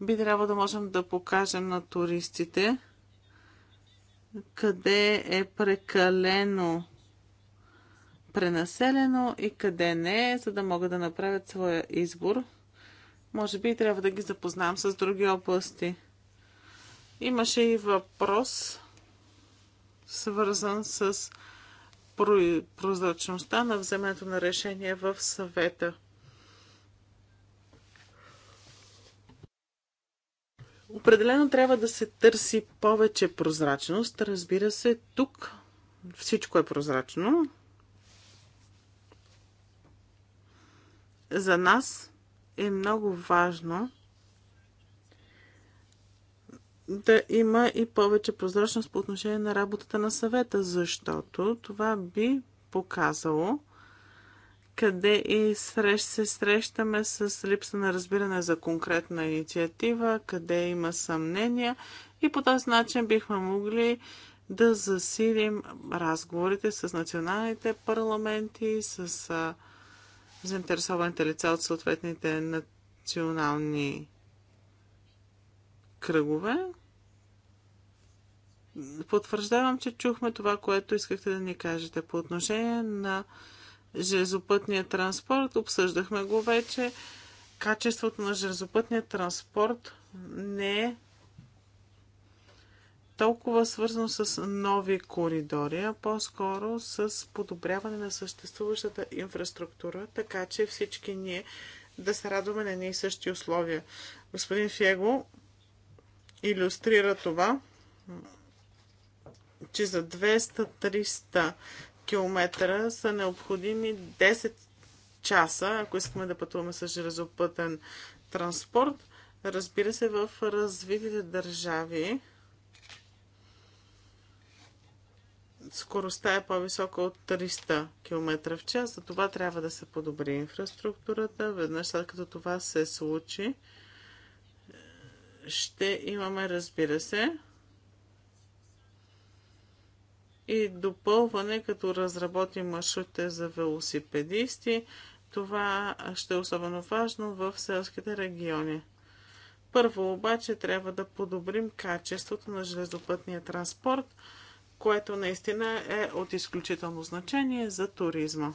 би трябвало да можем да покажем на туристите къде е прекалено пренаселено и къде не е, за да могат да направят своя избор. Може би трябва да ги запознам с други области. Имаше и въпрос, свързан с прозрачността на вземането на решение в съвета. Определено трябва да се търси повече прозрачност. Разбира се, тук всичко е прозрачно. За нас е много важно да има и повече прозрачност по отношение на работата на съвета, защото това би показало, къде и среш, се срещаме с липса на разбиране за конкретна инициатива, къде има съмнения и по този начин бихме могли да засилим разговорите с националните парламенти, с а, заинтересованите лица от съответните национални кръгове. Потвърждавам, че чухме това, което искахте да ни кажете по отношение на железопътния транспорт. Обсъждахме го вече. Качеството на железопътния транспорт не е толкова свързано с нови коридори, а по-скоро с подобряване на съществуващата инфраструктура, така че всички ние да се радваме на ние същи условия. Господин Фего иллюстрира това, че за 200-300 км са необходими 10 часа, ако искаме да пътуваме с железопътен транспорт. Разбира се, в развитите държави скоростта е по-висока от 300 км в час, за това трябва да се подобри инфраструктурата. Веднъж след като това се случи, ще имаме, разбира се, и допълване, като разработим маршрутите за велосипедисти. Това ще е особено важно в селските региони. Първо обаче трябва да подобрим качеството на железопътния транспорт, което наистина е от изключително значение за туризма.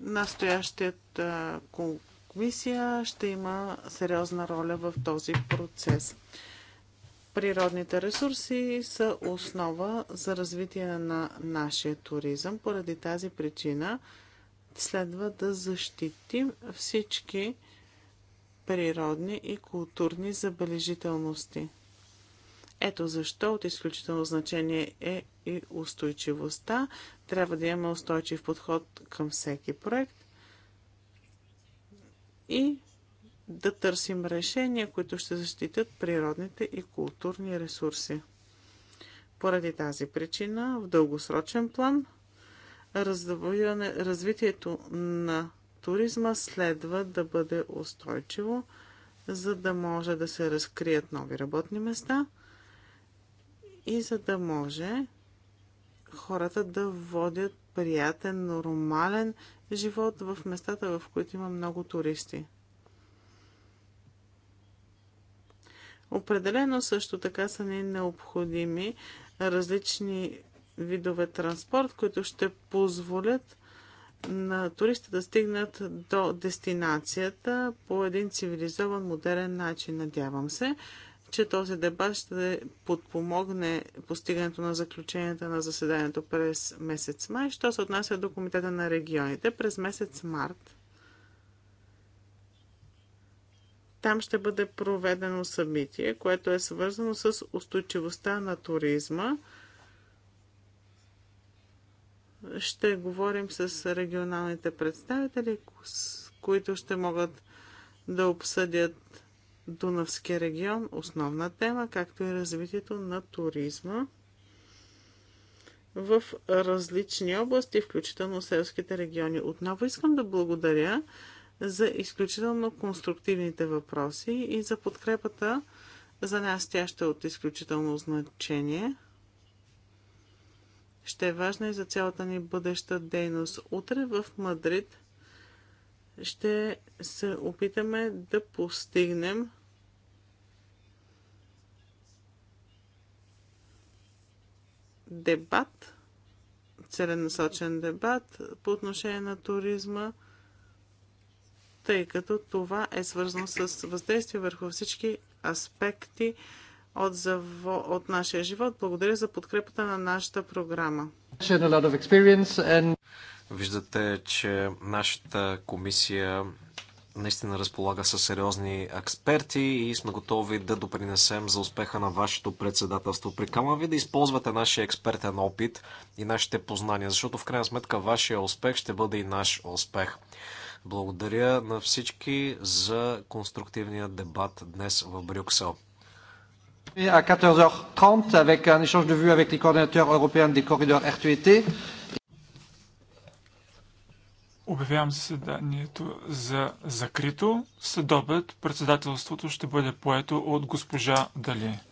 Настоящият комисия ще има сериозна роля в този процес. Природните ресурси са основа за развитие на нашия туризъм. Поради тази причина следва да защитим всички природни и културни забележителности. Ето защо от изключително значение е и устойчивостта. Трябва да имаме устойчив подход към всеки проект и да търсим решения, които ще защитят природните и културни ресурси. Поради тази причина, в дългосрочен план, развитието на туризма следва да бъде устойчиво, за да може да се разкрият нови работни места и за да може хората да водят приятен, нормален живот в местата, в които има много туристи. Определено също така са ни необходими различни видове транспорт, които ще позволят на туристите да стигнат до дестинацията по един цивилизован, модерен начин. Надявам се, че този дебат ще подпомогне постигането на заключенията на заседанието през месец май. Що се отнася до Комитета на регионите, през месец март Там ще бъде проведено събитие, което е свързано с устойчивостта на туризма. Ще говорим с регионалните представители, с които ще могат да обсъдят Дунавския регион, основна тема, както и развитието на туризма в различни области, включително селските региони. Отново искам да благодаря за изключително конструктивните въпроси и за подкрепата. За нас тя ще е от изключително значение. Ще е важна и за цялата ни бъдеща дейност. Утре в Мадрид ще се опитаме да постигнем дебат, целенасочен дебат по отношение на туризма тъй като това е свързано с въздействие върху всички аспекти от, заво... от нашия живот. Благодаря за подкрепата на нашата програма. Виждате, че нашата комисия наистина разполага с сериозни експерти и сме готови да допринесем за успеха на вашето председателство. Прикамам ви да използвате нашия експертен опит и нашите познания, защото в крайна сметка вашия успех ще бъде и наш успех. Благодаря на всички за конструктивния дебат днес в Брюксел. À 14h30, avec un échange de vues avec les coordinateurs européens des corridors RTT. E Обявявам заседанието за закрито. След обед председателството ще бъде поето от госпожа Дали.